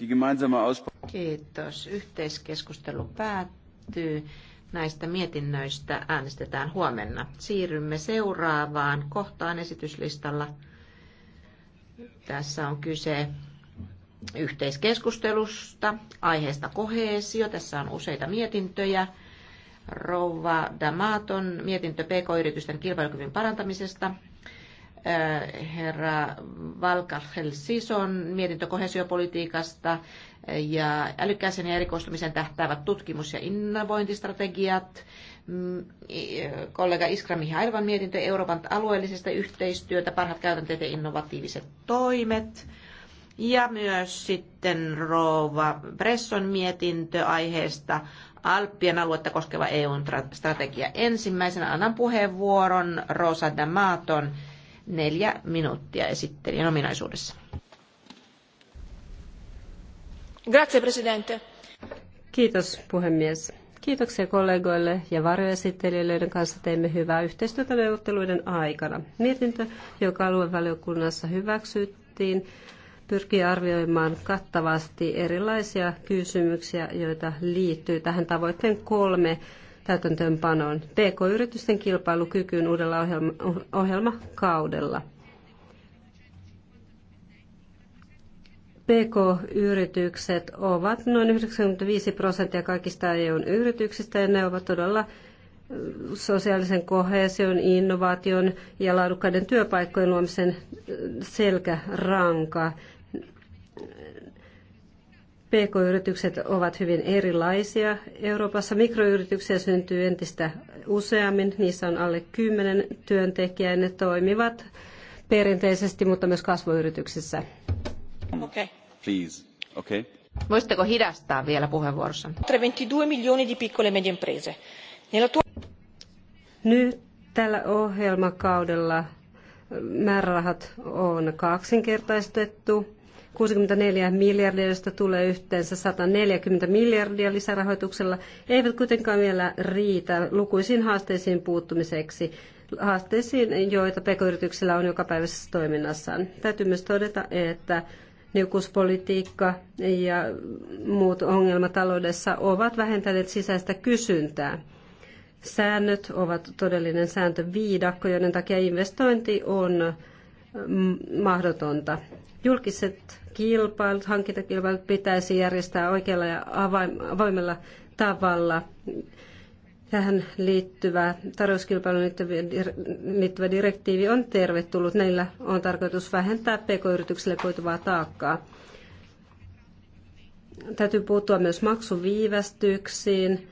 Die gemeinsame Kiitos. Yhteiskeskustelu päättyy. Näistä mietinnöistä äänestetään huomenna. Siirrymme seuraavaan kohtaan esityslistalla. Tässä on kyse yhteiskeskustelusta, aiheesta koheesio. Tässä on useita mietintöjä. Rouva Damaton mietintö PK-yritysten kilpailukyvyn parantamisesta, Äh, herra Valka Helsison mietintö kohesiopolitiikasta äh, ja älykkäisen ja erikoistumisen tähtäävät tutkimus- ja innovointistrategiat, mm, äh, kollega Iskra Mihailvan mietintö Euroopan alueellisesta yhteistyötä, parhaat käytänteet ja innovatiiviset toimet. Ja myös sitten rova Bresson mietintö aiheesta Alppien aluetta koskeva eu strategia. Ensimmäisenä annan puheenvuoron Rosa Damaton neljä minuuttia esittelijän ominaisuudessa. Grazie, presidente. Kiitos puhemies. Kiitoksia kollegoille ja varjoesittelijöille, joiden kanssa teimme hyvää yhteistyötä neuvotteluiden aikana. Mietintö, joka aluevaliokunnassa hyväksyttiin, pyrkii arvioimaan kattavasti erilaisia kysymyksiä, joita liittyy tähän tavoitteen kolme täytäntöönpanoon PK-yritysten kilpailukykyyn uudella ohjelma, ohjelmakaudella. PK-yritykset ovat noin 95 prosenttia kaikista eu yrityksistä ja ne ovat todella sosiaalisen kohesion, innovaation ja laadukkaiden työpaikkojen luomisen selkäranka. PK-yritykset ovat hyvin erilaisia. Euroopassa mikroyrityksiä syntyy entistä useammin. Niissä on alle 10 työntekijää ja ne toimivat perinteisesti, mutta myös kasvuyrityksissä. Okay. Please. Okay. Voisitteko hidastaa vielä puheenvuorossa? 22 miljoonia di piccole e medie imprese. Nyt tällä ohjelmakaudella määrärahat on kaksinkertaistettu 64 miljardia, josta tulee yhteensä 140 miljardia lisärahoituksella, eivät kuitenkaan vielä riitä lukuisiin haasteisiin puuttumiseksi, haasteisiin, joita pk-yrityksillä on jokapäiväisessä toiminnassaan. Täytyy myös todeta, että niukuspolitiikka ja muut ongelmat taloudessa ovat vähentäneet sisäistä kysyntää. Säännöt ovat todellinen sääntöviidakko, joiden takia investointi on mahdotonta. Julkiset kilpailut, hankintakilpailut pitäisi järjestää oikealla ja avoimella tavalla. Tähän liittyvä tarjouskilpailuun liittyvä direktiivi on tervetullut. Näillä on tarkoitus vähentää pk-yrityksille koituvaa taakkaa. Täytyy puuttua myös maksuviivästyksiin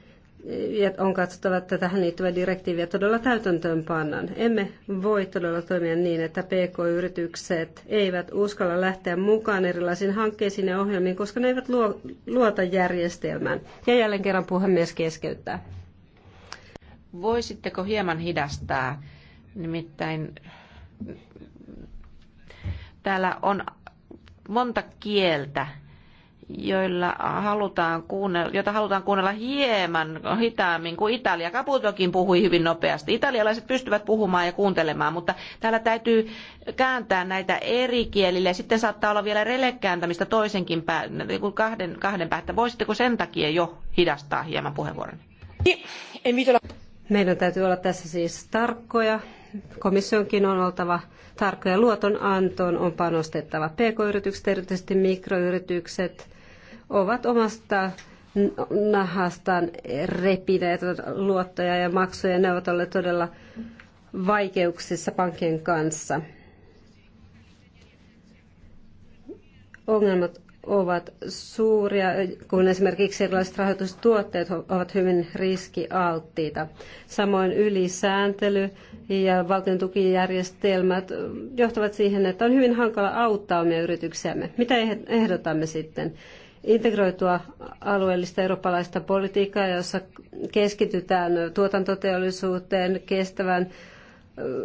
ja on katsottava, että tähän liittyvä direktiiviä todella täytäntöön pannaan. Emme voi todella toimia niin, että PK-yritykset eivät uskalla lähteä mukaan erilaisiin hankkeisiin ja ohjelmiin, koska ne eivät luo, luota järjestelmään. Ja jälleen kerran puhemies keskeyttää. Voisitteko hieman hidastaa? Nimittäin täällä on monta kieltä joilla halutaan kuunnella, jota halutaan kuunnella hieman hitaammin kuin Italia. Caputokin puhui hyvin nopeasti. Italialaiset pystyvät puhumaan ja kuuntelemaan, mutta täällä täytyy kääntää näitä eri kielille. Sitten saattaa olla vielä relekääntämistä toisenkin pää, kahden, kahden päättä. Voisitteko sen takia jo hidastaa hieman puheenvuoron? Meidän täytyy olla tässä siis tarkkoja. Komissionkin on oltava tarkkoja. Luotonantoon on panostettava pk-yritykset, erityisesti mikroyritykset – ovat omasta nahastaan repineet luottoja ja maksuja. Ne ovat olleet todella vaikeuksissa pankkien kanssa. Ongelmat ovat suuria, kun esimerkiksi erilaiset rahoitustuotteet ovat hyvin riskialttiita. Samoin ylisääntely ja valtion tukijärjestelmät johtavat siihen, että on hyvin hankala auttaa omia yrityksiämme. Mitä ehdotamme sitten? integroitua alueellista eurooppalaista politiikkaa, jossa keskitytään tuotantoteollisuuteen, kestävän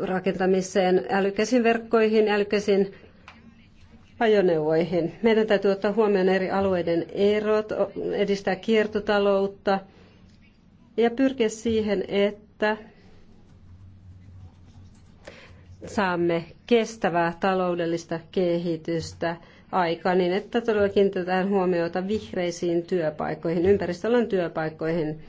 rakentamiseen, älykäsiin verkkoihin, älykäsiin ajoneuvoihin. Meidän täytyy ottaa huomioon eri alueiden erot, edistää kiertotaloutta ja pyrkiä siihen, että saamme kestävää taloudellista kehitystä – Aika niin, että todella kiinnitetään huomiota vihreisiin työpaikkoihin, ympäristöalan työpaikkoihin.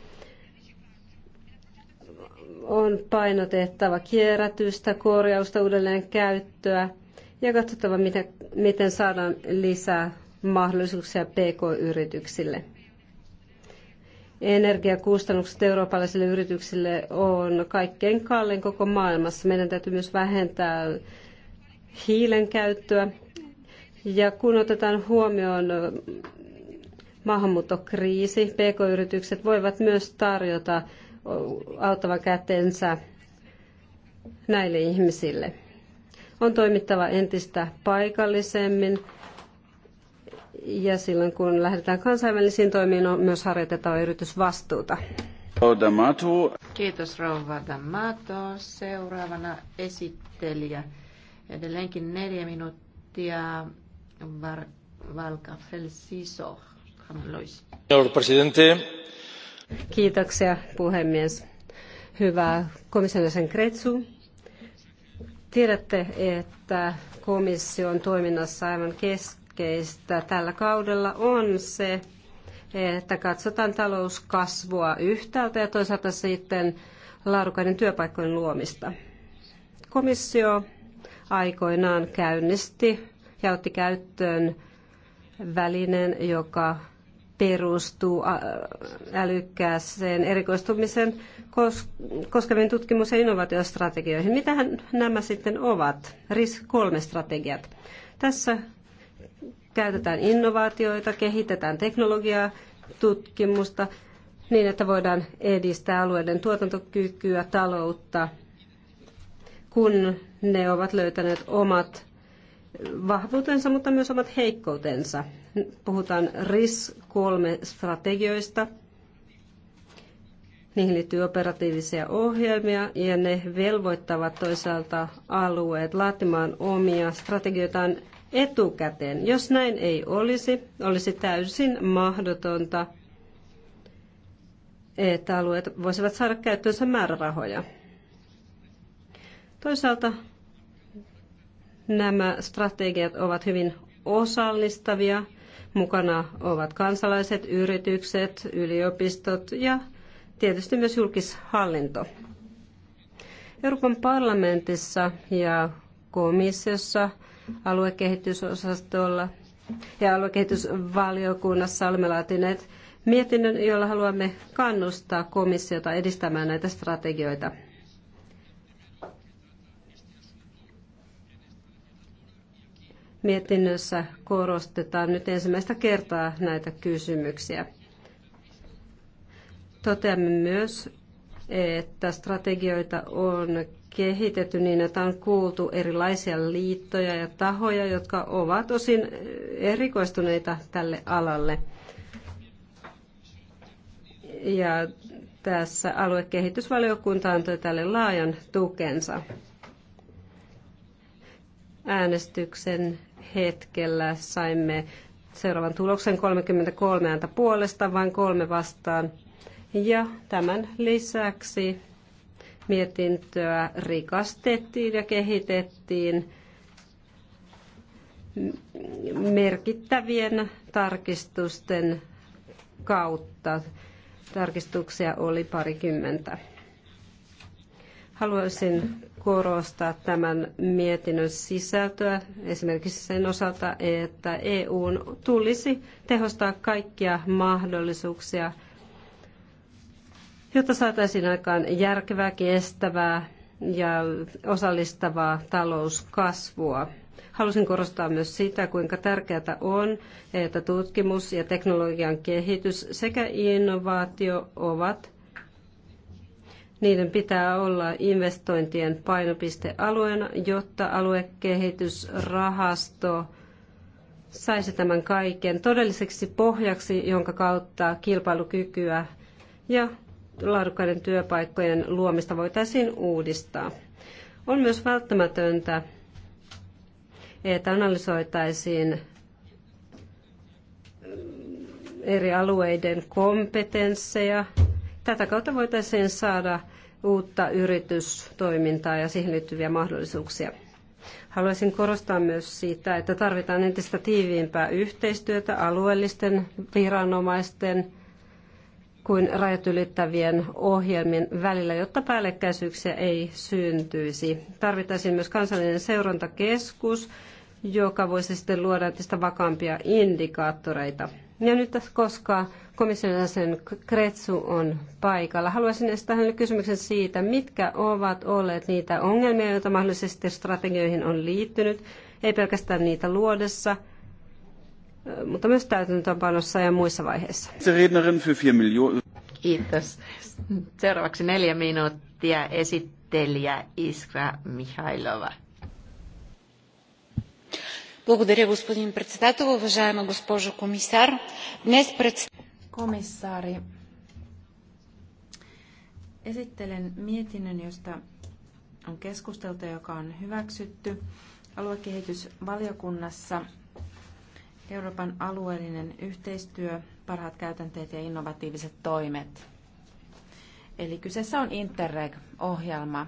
On painotettava kierrätystä, korjausta, uudelleen käyttöä ja katsottava, miten, miten saadaan lisää mahdollisuuksia PK-yrityksille. Energiakustannukset eurooppalaisille yrityksille on kaikkein kallein koko maailmassa. Meidän täytyy myös vähentää hiilen käyttöä ja kun otetaan huomioon maahanmuuttokriisi, pk-yritykset voivat myös tarjota auttava kätensä näille ihmisille. On toimittava entistä paikallisemmin ja silloin kun lähdetään kansainvälisiin toimiin on myös harjoitettava yritysvastuuta. Kiitos rouva D'Amato. Seuraavana esittelijä. Edelleenkin neljä minuuttia Valcafel Kiitoksia puhemies. Hyvä komission jäsen creu Tiedätte, että komission toiminnassa aivan keskeistä tällä kaudella on se, että katsotaan talouskasvua yhtäältä ja toisaalta sitten laadukkaiden työpaikkojen luomista. Komissio aikoinaan käynnisti ja otti käyttöön välinen, joka perustuu älykkääseen erikoistumisen koskeviin tutkimus- ja innovaatiostrategioihin. Mitähän nämä sitten ovat? RIS-3-strategiat. Tässä käytetään innovaatioita, kehitetään teknologiaa, tutkimusta niin, että voidaan edistää alueiden tuotantokykyä, taloutta, kun ne ovat löytäneet omat vahvuutensa, mutta myös omat heikkoutensa. Puhutaan RIS-3-strategioista. Niihin liittyy operatiivisia ohjelmia ja ne velvoittavat toisaalta alueet laatimaan omia strategioitaan etukäteen. Jos näin ei olisi, olisi täysin mahdotonta, että alueet voisivat saada käyttöönsä määrärahoja. Toisaalta Nämä strategiat ovat hyvin osallistavia. Mukana ovat kansalaiset, yritykset, yliopistot ja tietysti myös julkishallinto. Euroopan parlamentissa ja komissiossa aluekehitysosastolla ja aluekehitysvaliokunnassa olemme laatineet mietinnön, jolla haluamme kannustaa komissiota edistämään näitä strategioita. Mietinnössä korostetaan nyt ensimmäistä kertaa näitä kysymyksiä. Toteamme myös, että strategioita on kehitetty niin, että on kuultu erilaisia liittoja ja tahoja, jotka ovat osin erikoistuneita tälle alalle. Ja tässä aluekehitysvaliokunta antoi tälle laajan tukensa. Äänestyksen hetkellä saimme seuraavan tuloksen 33 ääntä puolesta, vain kolme vastaan. Ja tämän lisäksi mietintöä rikastettiin ja kehitettiin merkittävien tarkistusten kautta. Tarkistuksia oli parikymmentä. Haluaisin korostaa tämän mietinnön sisältöä esimerkiksi sen osalta, että EUn tulisi tehostaa kaikkia mahdollisuuksia, jotta saataisiin aikaan järkevää, kestävää ja osallistavaa talouskasvua. Halusin korostaa myös sitä, kuinka tärkeää on, että tutkimus ja teknologian kehitys sekä innovaatio ovat niiden pitää olla investointien painopistealueena, jotta aluekehitysrahasto saisi tämän kaiken todelliseksi pohjaksi, jonka kautta kilpailukykyä ja laadukkaiden työpaikkojen luomista voitaisiin uudistaa. On myös välttämätöntä, että analysoitaisiin eri alueiden kompetensseja Tätä kautta voitaisiin saada uutta yritystoimintaa ja siihen liittyviä mahdollisuuksia. Haluaisin korostaa myös sitä, että tarvitaan entistä tiiviimpää yhteistyötä alueellisten viranomaisten kuin rajat ylittävien ohjelmien välillä, jotta päällekkäisyyksiä ei syntyisi. Tarvittaisiin myös kansallinen seurantakeskus, joka voisi sitten luoda entistä vakaampia indikaattoreita. Ja nyt tässä koska komission jäsen Kretsu on paikalla, haluaisin esittää hänelle kysymyksen siitä, mitkä ovat olleet niitä ongelmia, joita mahdollisesti strategioihin on liittynyt, ei pelkästään niitä luodessa, mutta myös täytäntöönpanossa ja muissa vaiheissa. Kiitos. Seuraavaksi neljä minuuttia esittelijä Iskra Mihailova. Благодаря, господин председател. Уважаема госпожо комисар, днес пред... esittelen mietinnön, josta on keskusteltu, joka on hyväksytty aluekehitysvaliokunnassa. Euroopan alueellinen yhteistyö, parhaat käytänteet ja innovatiiviset toimet. Eli kyseessä on Interreg-ohjelma,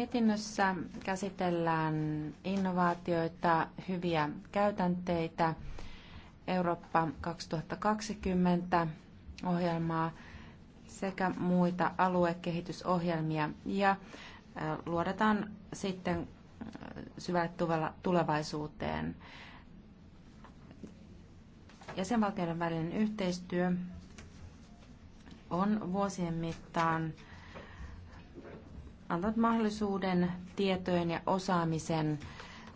Mietinnössä käsitellään innovaatioita, hyviä käytänteitä, Eurooppa 2020 ohjelmaa sekä muita aluekehitysohjelmia ja luodetaan sitten syvälle tulevaisuuteen. Jäsenvaltioiden välinen yhteistyö on vuosien mittaan antavat mahdollisuuden tietojen ja osaamisen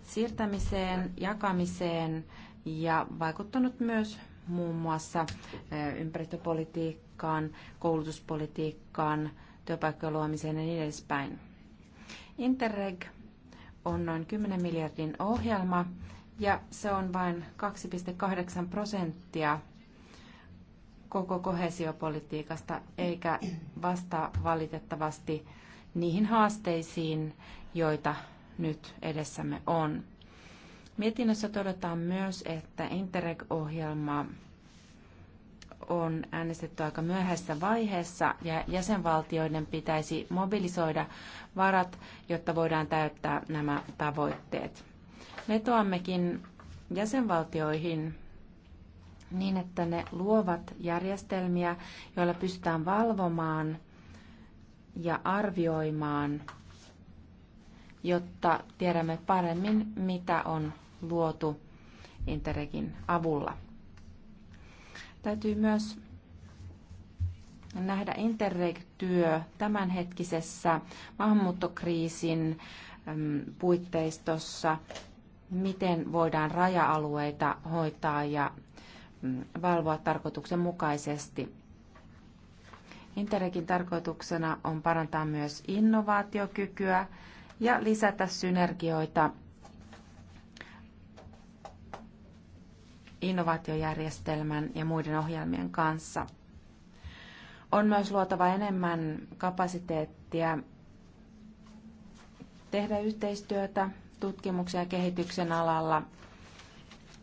siirtämiseen, jakamiseen ja vaikuttanut myös muun muassa ympäristöpolitiikkaan, koulutuspolitiikkaan, työpaikkojen luomiseen ja niin edespäin. Interreg on noin 10 miljardin ohjelma ja se on vain 2,8 prosenttia koko kohesiopolitiikasta eikä vastaa valitettavasti niihin haasteisiin, joita nyt edessämme on. Mietinnössä todetaan myös, että Interreg-ohjelma on äänestetty aika myöhäisessä vaiheessa ja jäsenvaltioiden pitäisi mobilisoida varat, jotta voidaan täyttää nämä tavoitteet. Vetoammekin jäsenvaltioihin niin, että ne luovat järjestelmiä, joilla pystytään valvomaan – ja arvioimaan, jotta tiedämme paremmin, mitä on luotu Interregin avulla. Täytyy myös nähdä Interreg-työ tämänhetkisessä maahanmuuttokriisin puitteistossa, miten voidaan raja-alueita hoitaa ja valvoa tarkoituksenmukaisesti. Interregin tarkoituksena on parantaa myös innovaatiokykyä ja lisätä synergioita innovaatiojärjestelmän ja muiden ohjelmien kanssa. On myös luotava enemmän kapasiteettia tehdä yhteistyötä tutkimuksen ja kehityksen alalla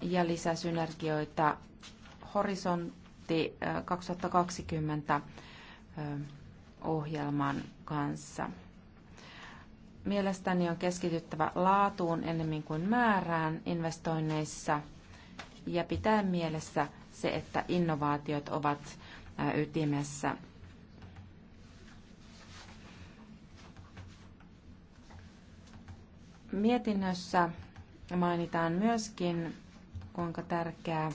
ja lisäsynergioita horisontti 2020 ohjelman kanssa. Mielestäni on keskityttävä laatuun ennemmin kuin määrään investoinneissa ja pitää mielessä se, että innovaatiot ovat ytimessä. Mietinnössä mainitaan myöskin, kuinka tärkeää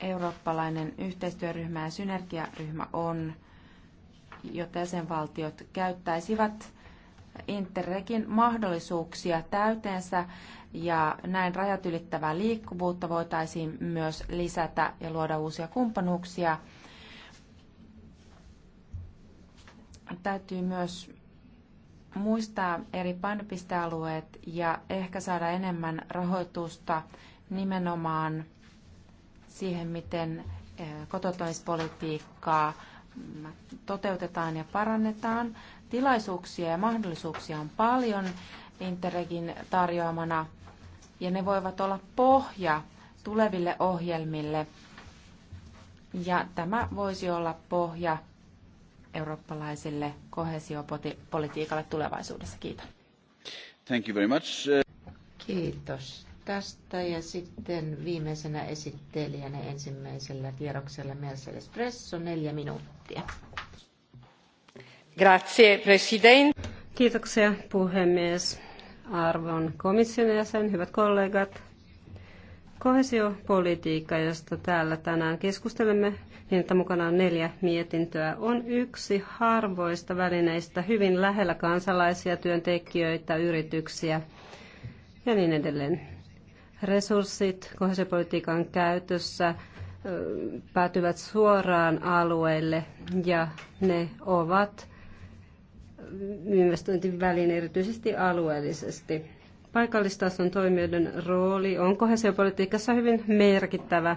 eurooppalainen yhteistyöryhmä ja synergiaryhmä on, jotta jäsenvaltiot käyttäisivät Interregin mahdollisuuksia täyteensä ja näin rajat ylittävää liikkuvuutta voitaisiin myös lisätä ja luoda uusia kumppanuuksia. Täytyy myös muistaa eri painopistealueet ja ehkä saada enemmän rahoitusta nimenomaan – siihen, miten eh, kotouttamispolitiikkaa mm, toteutetaan ja parannetaan. Tilaisuuksia ja mahdollisuuksia on paljon Interregin tarjoamana, ja ne voivat olla pohja tuleville ohjelmille. Ja tämä voisi olla pohja eurooppalaisille kohesiopolitiikalle tulevaisuudessa. Kiitos. Thank you very much. Kiitos tästä ja sitten viimeisenä esittelijänä ensimmäisellä kierroksella Mercedes Presso neljä minuuttia. Grazie, president. Kiitoksia puhemies, arvon komission jäsen, hyvät kollegat. Kohesiopolitiikka, josta täällä tänään keskustelemme, niin että mukana on neljä mietintöä, on yksi harvoista välineistä hyvin lähellä kansalaisia, työntekijöitä, yrityksiä ja niin edelleen. Resurssit kohesiopolitiikan käytössä päätyvät suoraan alueille ja ne ovat investointivälin erityisesti alueellisesti. Paikallistason toimijoiden rooli on kohesiopolitiikassa hyvin merkittävä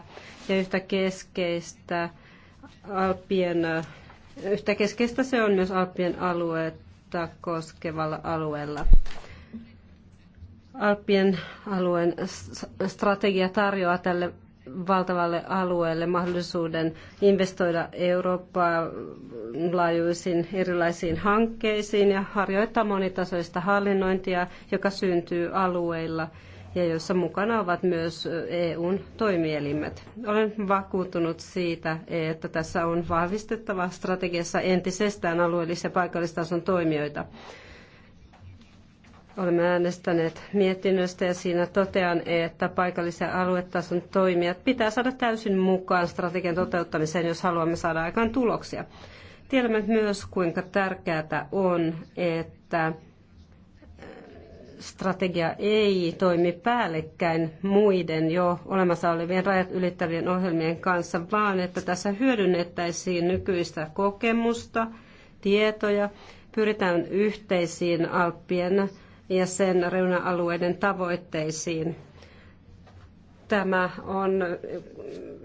ja yhtä keskeistä, Alppien, yhtä keskeistä se on myös Alppien aluetta koskevalla alueella. Alppien alueen strategia tarjoaa tälle valtavalle alueelle mahdollisuuden investoida Eurooppaan laajuisiin erilaisiin hankkeisiin ja harjoittaa monitasoista hallinnointia, joka syntyy alueilla ja jossa mukana ovat myös EUn toimielimet. Olen vakuuttunut siitä, että tässä on vahvistettava strategiassa entisestään alueellisia ja paikallistason toimijoita. Olemme äänestäneet mietinnöstä ja siinä totean, että paikallisen aluetason toimijat pitää saada täysin mukaan strategian toteuttamiseen, jos haluamme saada aikaan tuloksia. Tiedämme myös, kuinka tärkeää on, että strategia ei toimi päällekkäin muiden jo olemassa olevien rajat ylittävien ohjelmien kanssa, vaan että tässä hyödynnettäisiin nykyistä kokemusta, tietoja, pyritään yhteisiin Alppien ja sen reuna-alueiden tavoitteisiin. Tämä on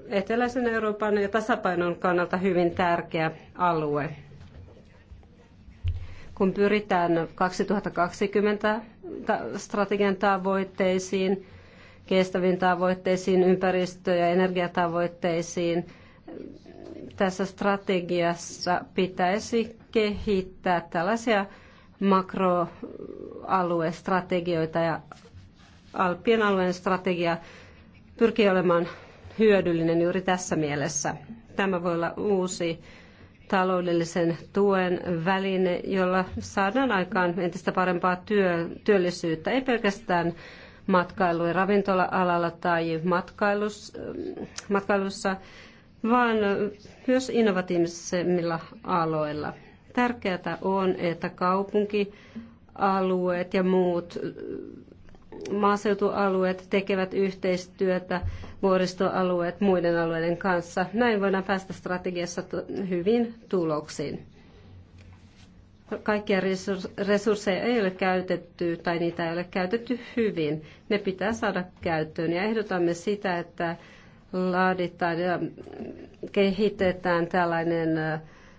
eteläisen Euroopan ja tasapainon kannalta hyvin tärkeä alue. Kun pyritään 2020 strategian tavoitteisiin, kestäviin tavoitteisiin, ympäristö- ja energiatavoitteisiin, tässä strategiassa pitäisi kehittää tällaisia makroaluestrategioita ja Alppien alueen strategia pyrkii olemaan hyödyllinen juuri tässä mielessä. Tämä voi olla uusi taloudellisen tuen väline, jolla saadaan aikaan entistä parempaa työ, työllisyyttä, ei pelkästään matkailu- ja ravintola-alalla tai matkailus, ähm, matkailussa, vaan myös innovatiivisemmilla aloilla. Tärkeää on, että kaupunkialueet ja muut maaseutualueet tekevät yhteistyötä vuoristoalueet muiden alueiden kanssa. Näin voidaan päästä strategiassa hyvin tuloksiin. Kaikkia resursseja ei ole käytetty tai niitä ei ole käytetty hyvin. Ne pitää saada käyttöön ja ehdotamme sitä, että laaditaan ja kehitetään tällainen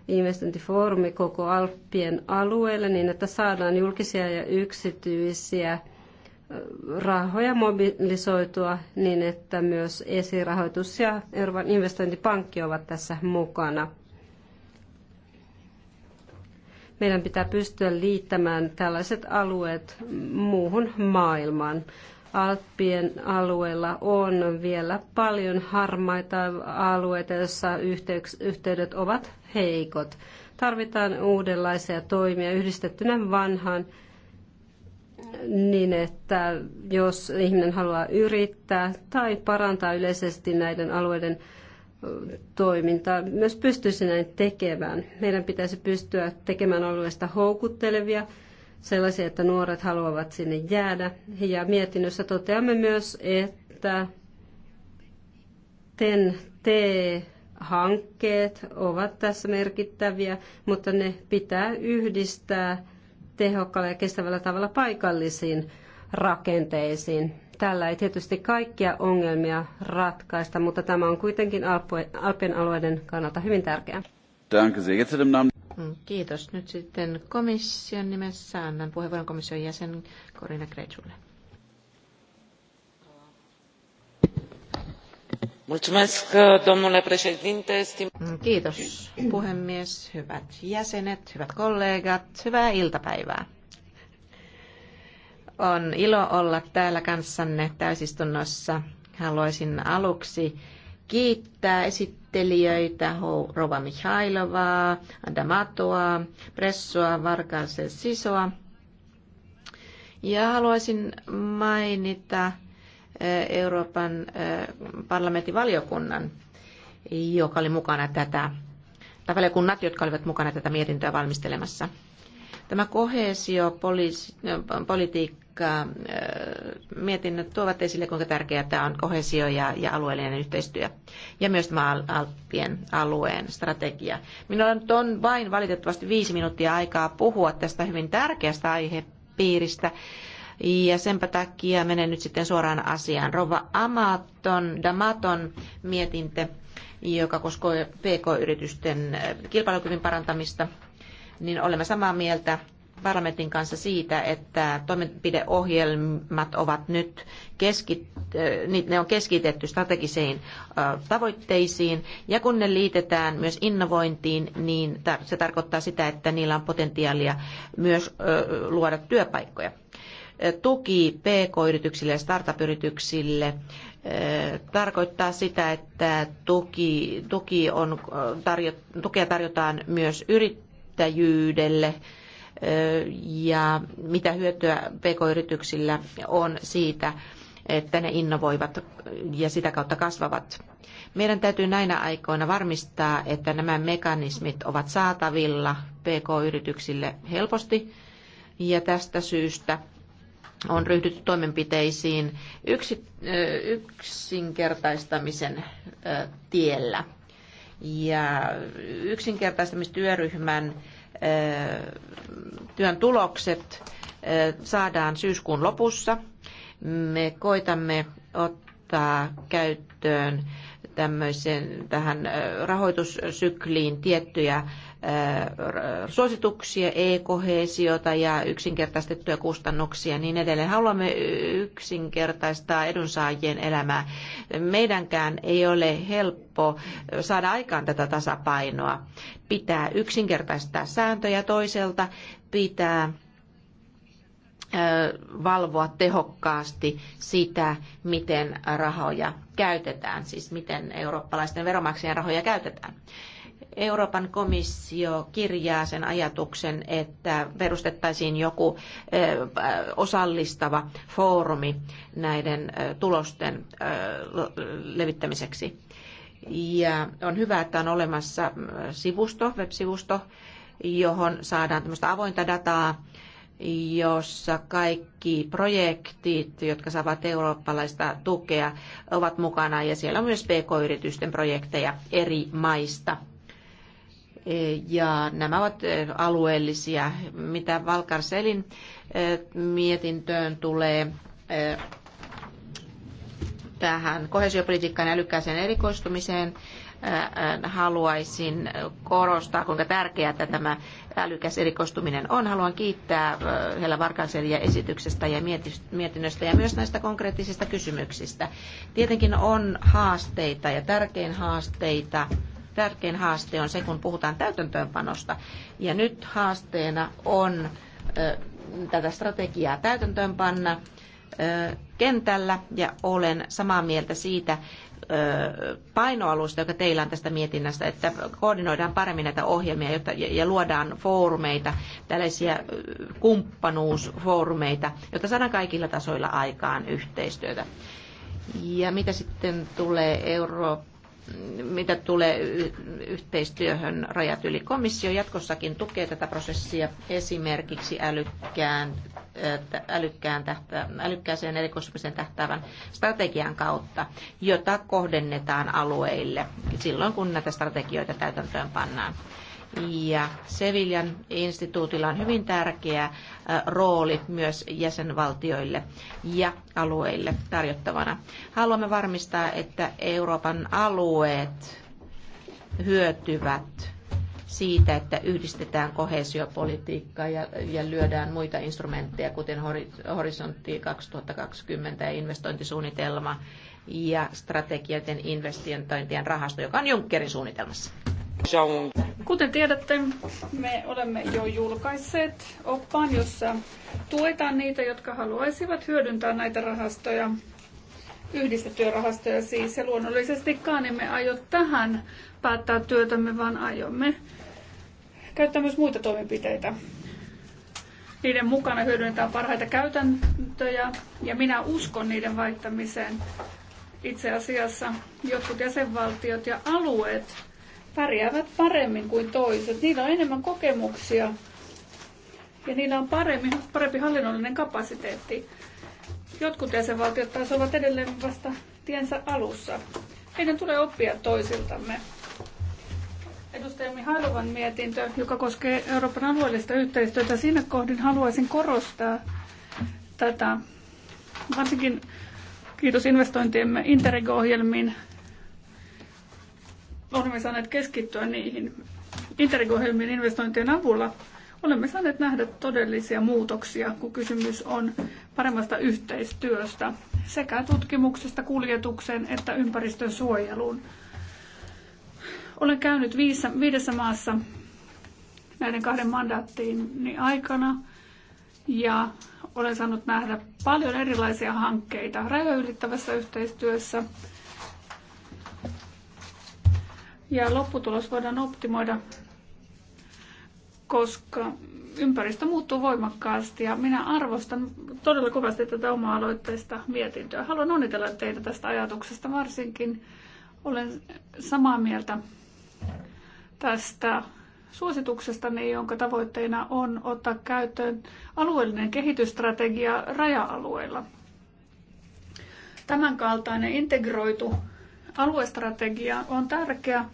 investointifoorumi koko Alppien alueelle niin, että saadaan julkisia ja yksityisiä rahoja mobilisoitua niin, että myös esirahoitus ja Euroopan investointipankki ovat tässä mukana. Meidän pitää pystyä liittämään tällaiset alueet muuhun maailmaan. Alppien alueella on vielä paljon harmaita alueita, joissa yhteydet ovat heikot. Tarvitaan uudenlaisia toimia yhdistettynä vanhaan niin, että jos ihminen haluaa yrittää tai parantaa yleisesti näiden alueiden toimintaa, myös pystyisi näin tekemään. Meidän pitäisi pystyä tekemään alueesta houkuttelevia sellaisia, että nuoret haluavat sinne jäädä. Ja mietinnössä toteamme myös, että TEN-T-hankkeet ovat tässä merkittäviä, mutta ne pitää yhdistää tehokkaalla ja kestävällä tavalla paikallisiin rakenteisiin. Tällä ei tietysti kaikkia ongelmia ratkaista, mutta tämä on kuitenkin Alpien alueiden kannalta hyvin tärkeää. Danke sehr. Jetzt Mm, kiitos. Nyt sitten komission nimessä annan puheenvuoron komission jäsen Korina Kretsulle. domnule președinte mm, kiitos puhemies hyvät jäsenet hyvät kollegat hyvää iltapäivää. On ilo olla täällä kanssanne täysistunnossa. Haluaisin aluksi kiittää esittelijöitä Rova Mihailovaa, Adamatoa, Pressoa, Varkaisen Sisoa. Ja haluaisin mainita eh, Euroopan eh, parlamentin valiokunnan, joka oli mukana tätä, tai valiokunnat, jotka olivat mukana tätä mietintöä valmistelemassa. Tämä kohesiopolitiikka eh, vaikka äh, mietinnöt tuovat esille, kuinka tärkeää tämä on kohesio ja, ja alueellinen yhteistyö ja myös Maalpien alueen strategia. Minulla nyt on vain valitettavasti viisi minuuttia aikaa puhua tästä hyvin tärkeästä aihepiiristä. Ja senpä takia menen nyt sitten suoraan asiaan. Rova Amaton, Damaton mietintö, joka koskee PK-yritysten äh, kilpailukyvyn parantamista, niin olemme samaa mieltä parlamentin kanssa siitä, että toimenpideohjelmat ovat nyt keskit, äh, niin ne on keskitetty strategisiin äh, tavoitteisiin ja kun ne liitetään myös innovointiin, niin se tarkoittaa sitä, että niillä on potentiaalia myös äh, luoda työpaikkoja. Tuki PK-yrityksille ja startup-yrityksille tarkoittaa sitä, että tuki, tuki on, tarjo, tukea tarjotaan myös yrittäjyydelle ja mitä hyötyä pk-yrityksillä on siitä, että ne innovoivat ja sitä kautta kasvavat. Meidän täytyy näinä aikoina varmistaa, että nämä mekanismit ovat saatavilla pk-yrityksille helposti ja tästä syystä on ryhdytty toimenpiteisiin yksi, yksinkertaistamisen tiellä. Ja yksinkertaistamistyöryhmän työn tulokset saadaan syyskuun lopussa. Me koitamme ottaa käyttöön tämmöisen tähän rahoitussykliin tiettyjä suosituksia, e-kohesiota ja yksinkertaistettuja kustannuksia ja niin edelleen. Haluamme yksinkertaistaa edunsaajien elämää. Meidänkään ei ole helppo saada aikaan tätä tasapainoa. Pitää yksinkertaistaa sääntöjä toiselta, pitää valvoa tehokkaasti sitä, miten rahoja käytetään, siis miten eurooppalaisten veromaksajien rahoja käytetään. Euroopan komissio kirjaa sen ajatuksen, että perustettaisiin joku osallistava foorumi näiden tulosten levittämiseksi. Ja on hyvä, että on olemassa sivusto, web-sivusto, johon saadaan tämmöistä avointa dataa, jossa kaikki projektit, jotka saavat eurooppalaista tukea, ovat mukana ja siellä on myös pk-yritysten projekteja eri maista. Ja nämä ovat eh, alueellisia. Mitä Valkarselin eh, mietintöön tulee eh, tähän kohesiopolitiikkaan älykkääseen erikoistumiseen, haluaisin korostaa, kuinka tärkeää tämä älykäs erikoistuminen on. Haluan kiittää Hella Varkanselia esityksestä ja mietinnöstä ja myös näistä konkreettisista kysymyksistä. Tietenkin on haasteita ja tärkein haasteita tärkein haaste on se, kun puhutaan täytäntöönpanosta. Ja nyt haasteena on tätä strategiaa täytäntöönpanna kentällä ja olen samaa mieltä siitä painoalusta, joka teillä on tästä mietinnästä, että koordinoidaan paremmin näitä ohjelmia jotta, ja luodaan foorumeita, tällaisia kumppanuusfoorumeita, jotta saadaan kaikilla tasoilla aikaan yhteistyötä. Ja mitä sitten tulee Euroopan mitä tulee yhteistyöhön rajat yli. Komissio jatkossakin tukee tätä prosessia esimerkiksi älykkään, älykkään tähtä, älykkääseen erikoistumisen tähtäävän strategian kautta, jota kohdennetaan alueille silloin, kun näitä strategioita täytäntöön pannaan ja Sevillan instituutilla on hyvin tärkeä rooli myös jäsenvaltioille ja alueille tarjottavana. Haluamme varmistaa, että Euroopan alueet hyötyvät siitä, että yhdistetään kohesiopolitiikkaa ja, ja lyödään muita instrumentteja, kuten horisontti 2020 ja investointisuunnitelma ja strategioiden investointien rahasto, joka on Junckerin suunnitelmassa. Kuten tiedätte, me olemme jo julkaisseet oppaan, jossa tuetaan niitä, jotka haluaisivat hyödyntää näitä rahastoja, yhdistettyjä rahastoja siis. Ja luonnollisestikaan emme aio tähän päättää työtämme, vaan aiomme käyttää myös muita toimenpiteitä. Niiden mukana hyödynnetään parhaita käytäntöjä ja minä uskon niiden vaihtamiseen. Itse asiassa jotkut jäsenvaltiot ja alueet pärjäävät paremmin kuin toiset. Niillä on enemmän kokemuksia ja niillä on paremmin, parempi hallinnollinen kapasiteetti. Jotkut jäsenvaltiot taas ovat edelleen vasta tiensä alussa. Meidän tulee oppia toisiltamme. Edustaja Mihailovan mietintö, joka koskee Euroopan alueellista yhteistyötä, siinä kohdin haluaisin korostaa tätä, varsinkin kiitos investointiemme Interreg-ohjelmiin, olemme saaneet keskittyä niihin. interreg investointien avulla olemme saaneet nähdä todellisia muutoksia, kun kysymys on paremmasta yhteistyöstä sekä tutkimuksesta kuljetukseen että ympäristön suojeluun. Olen käynyt viisissä, viidessä maassa näiden kahden mandaattiin aikana ja olen saanut nähdä paljon erilaisia hankkeita rajoja ylittävässä yhteistyössä ja lopputulos voidaan optimoida, koska ympäristö muuttuu voimakkaasti ja minä arvostan todella kovasti tätä omaa aloitteista mietintöä. Haluan onnitella teitä tästä ajatuksesta varsinkin. Olen samaa mieltä tästä suosituksesta, jonka tavoitteena on ottaa käyttöön alueellinen kehitysstrategia raja-alueilla. Tämänkaltainen integroitu Aluestrategia on tärkeä,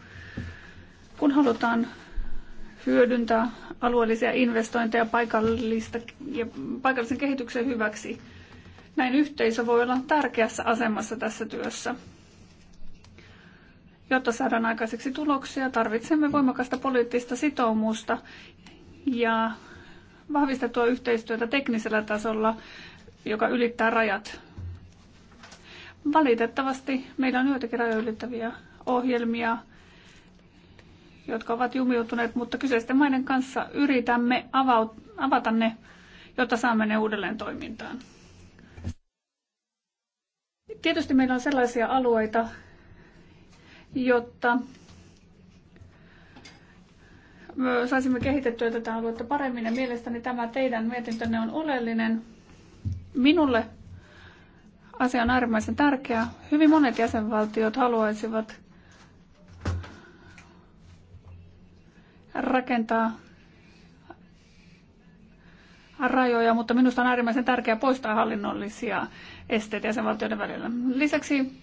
kun halutaan hyödyntää alueellisia investointeja paikallista ja paikallisen kehityksen hyväksi. Näin yhteisö voi olla tärkeässä asemassa tässä työssä. Jotta saadaan aikaiseksi tuloksia, tarvitsemme voimakasta poliittista sitoumusta ja vahvistettua yhteistyötä teknisellä tasolla, joka ylittää rajat Valitettavasti meillä on joitakin rajoitettavia ohjelmia, jotka ovat jumiutuneet, mutta kyseisten maiden kanssa yritämme avata ne, jotta saamme ne uudelleen toimintaan. Tietysti meillä on sellaisia alueita, jotta saisimme kehitettyä tätä aluetta paremmin ja mielestäni tämä teidän mietintönne on oleellinen. Minulle Asia on äärimmäisen tärkeä. Hyvin monet jäsenvaltiot haluaisivat rakentaa rajoja, mutta minusta on äärimmäisen tärkeää poistaa hallinnollisia esteitä jäsenvaltioiden välillä. Lisäksi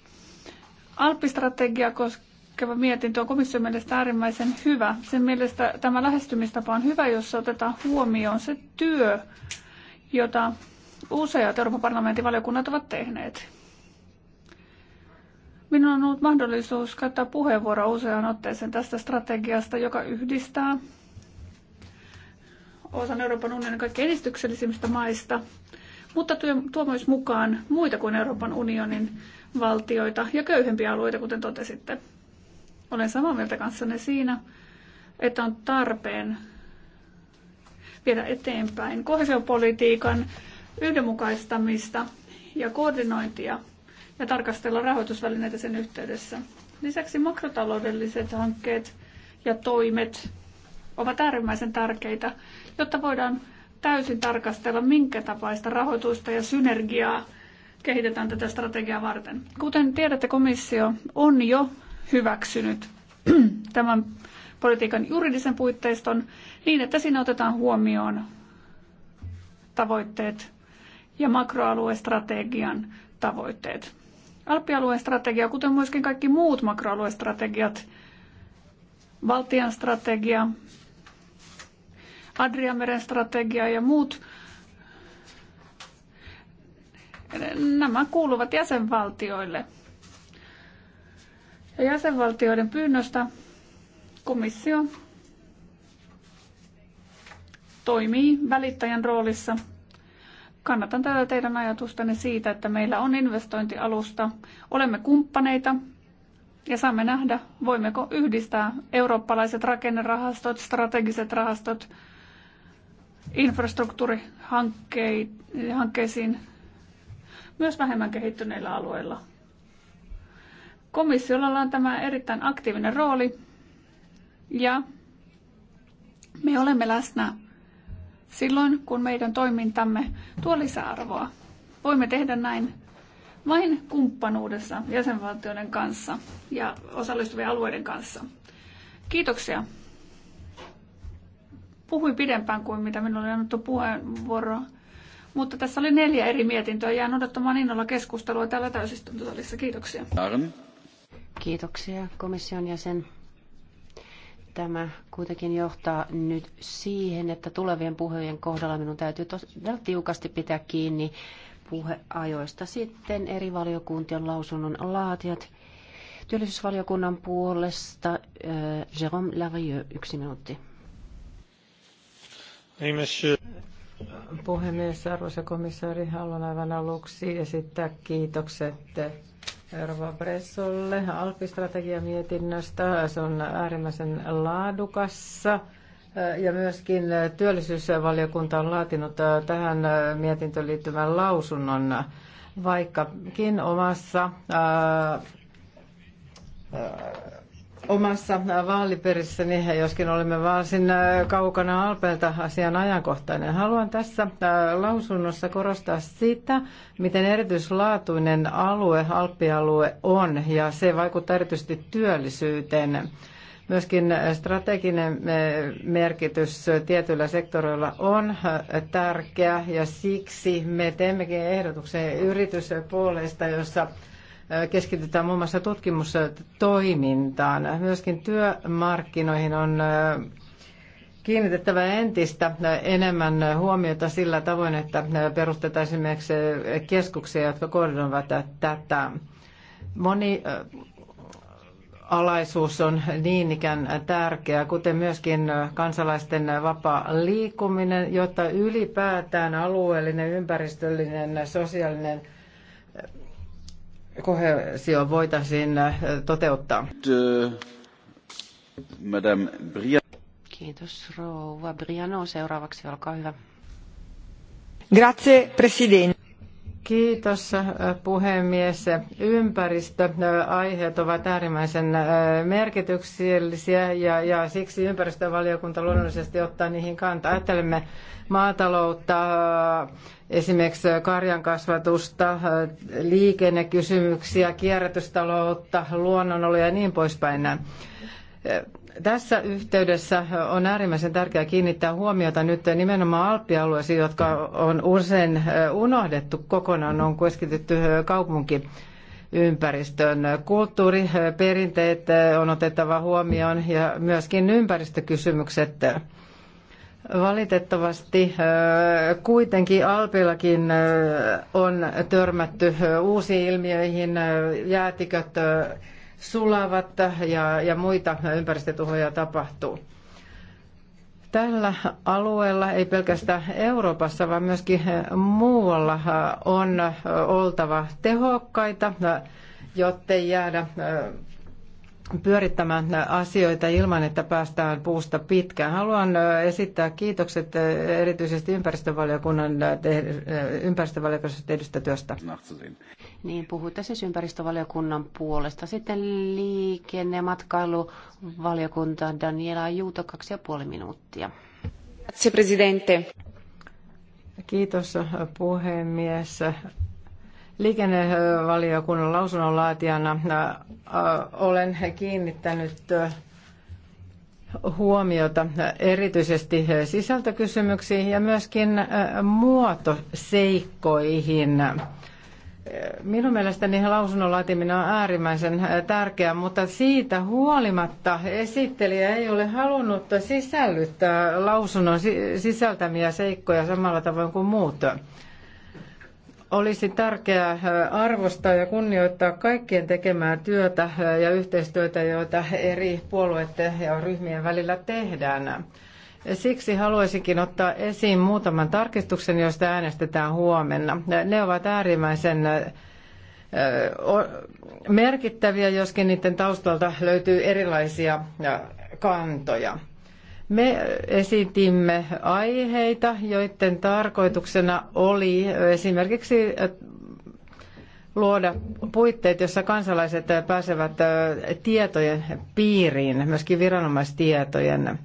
Alppistrategia koskeva mietintö on komission mielestä äärimmäisen hyvä. Sen mielestä tämä lähestymistapa on hyvä, jossa otetaan huomioon se työ, jota useat Euroopan parlamentin valiokunnat ovat tehneet. Minulla on ollut mahdollisuus käyttää puheenvuoroa useaan otteeseen tästä strategiasta, joka yhdistää osan Euroopan unionin kaikkein edistyksellisimmistä maista, mutta tuo myös mukaan muita kuin Euroopan unionin valtioita ja köyhempiä alueita, kuten totesitte. Olen samaa mieltä kanssanne siinä, että on tarpeen viedä eteenpäin kohesiopolitiikan yhdenmukaistamista ja koordinointia ja tarkastella rahoitusvälineitä sen yhteydessä. Lisäksi makrotaloudelliset hankkeet ja toimet ovat äärimmäisen tärkeitä, jotta voidaan täysin tarkastella, minkä tapaista rahoitusta ja synergiaa kehitetään tätä strategiaa varten. Kuten tiedätte, komissio on jo hyväksynyt tämän politiikan juridisen puitteiston niin, että siinä otetaan huomioon tavoitteet ja makroaluestrategian tavoitteet. Alppialueen strategia, kuten myöskin kaikki muut makroaluestrategiat, Baltian strategia, Adriameren strategia ja muut, nämä kuuluvat jäsenvaltioille. Ja jäsenvaltioiden pyynnöstä komissio toimii välittäjän roolissa – Kannatan tätä teidän ajatustanne siitä, että meillä on investointialusta, olemme kumppaneita ja saamme nähdä, voimmeko yhdistää eurooppalaiset rakennerahastot, strategiset rahastot infrastruktuurihankkeisiin myös vähemmän kehittyneillä alueilla. Komissiolla on tämä erittäin aktiivinen rooli ja me olemme läsnä Silloin, kun meidän toimintamme tuo lisäarvoa, voimme tehdä näin vain kumppanuudessa jäsenvaltioiden kanssa ja osallistuvien alueiden kanssa. Kiitoksia. Puhuin pidempään kuin mitä minulle on annettu puheenvuoro, mutta tässä oli neljä eri mietintöä. Jään odottamaan innolla keskustelua täällä täysistuntosalissa. Kiitoksia. Kiitoksia komission jäsen. Tämä kuitenkin johtaa nyt siihen, että tulevien puheen kohdalla minun täytyy tosiaan tiukasti pitää kiinni puheajoista. Sitten eri valiokuntien lausunnon laatijat. Työllisyysvaliokunnan puolesta Jérôme Larieux, yksi minuutti. Ei, monsieur puhemies, arvoisa komissaari, haluan aivan aluksi esittää kiitokset Rova Bressolle alppistrategiamietinnöstä. Se on äärimmäisen laadukassa. Ja myöskin työllisyysvaliokunta on laatinut tähän mietintöön liittyvän lausunnon, vaikkakin omassa omassa vaaliperissäni, joskin olemme varsin kaukana Alpelta asian ajankohtainen. Haluan tässä äh, lausunnossa korostaa sitä, miten erityislaatuinen alue, alppialue on, ja se vaikuttaa erityisesti työllisyyteen. Myöskin strateginen äh, merkitys tietyillä sektoreilla on äh, tärkeä ja siksi me teemmekin ehdotuksen yrityspuolesta, jossa keskitytään muun muassa tutkimustoimintaan. Myöskin työmarkkinoihin on kiinnitettävä entistä enemmän huomiota sillä tavoin, että perustetaan esimerkiksi keskuksia, jotka koordinoivat tätä. Moni alaisuus on niin ikään tärkeä, kuten myöskin kansalaisten vapaa liikkuminen, jotta ylipäätään alueellinen, ympäristöllinen, sosiaalinen – kohesio voitaisiin äh, toteuttaa. Äh, Madame Kiitos rouva Briano. Seuraavaksi olkaa hyvä. Grazie, presidente. Kiitos äh, puhemies. Ympäristöaiheet ovat äärimmäisen äh, merkityksellisiä ja, ja siksi ympäristövaliokunta luonnollisesti ottaa niihin kantaa. Ajattelemme maataloutta, äh, esimerkiksi karjan kasvatusta, liikennekysymyksiä, kierrätystaloutta, luonnonoloja ja niin poispäin tässä yhteydessä on äärimmäisen tärkeää kiinnittää huomiota nyt nimenomaan alppialueisiin, jotka on usein unohdettu kokonaan, on keskitytty kaupunki ympäristön kulttuuriperinteet on otettava huomioon ja myöskin ympäristökysymykset. Valitettavasti kuitenkin Alpillakin on törmätty uusiin ilmiöihin, jäätiköt sulavat ja, ja muita ympäristötuhoja tapahtuu. Tällä alueella, ei pelkästään Euroopassa, vaan myöskin muualla on oltava tehokkaita, jottei jäädä pyörittämään asioita ilman, että päästään puusta pitkään. Haluan esittää kiitokset erityisesti ympäristövaliokunnan ympäristövaliokunnassa tehdystä työstä. Niin, puhuitte siis ympäristövaliokunnan puolesta. Sitten liikenne- ja matkailuvaliokunta Daniela Juuto, kaksi ja puoli minuuttia. Grazie, presidente. Kiitos puhemies. Liikennevaliokunnan lausunnonlaatijana olen kiinnittänyt huomiota erityisesti sisältökysymyksiin ja myöskin muotoseikkoihin. Minun mielestäni lausunnon laatiminen on äärimmäisen tärkeää, mutta siitä huolimatta esittelijä ei ole halunnut sisällyttää lausunnon sisältämiä seikkoja samalla tavoin kuin muut. Olisi tärkeää äh, arvostaa ja kunnioittaa kaikkien tekemää työtä äh, ja yhteistyötä, joita eri puolueiden ja ryhmien välillä tehdään. Siksi haluaisinkin ottaa esiin muutaman tarkistuksen, josta äänestetään huomenna. Ne ovat äärimmäisen äh, merkittäviä, joskin niiden taustalta löytyy erilaisia kantoja. Me esitimme aiheita, joiden tarkoituksena oli esimerkiksi äh, luoda puitteet, jossa kansalaiset äh, pääsevät äh, tietojen piiriin, myöskin viranomaistietojen.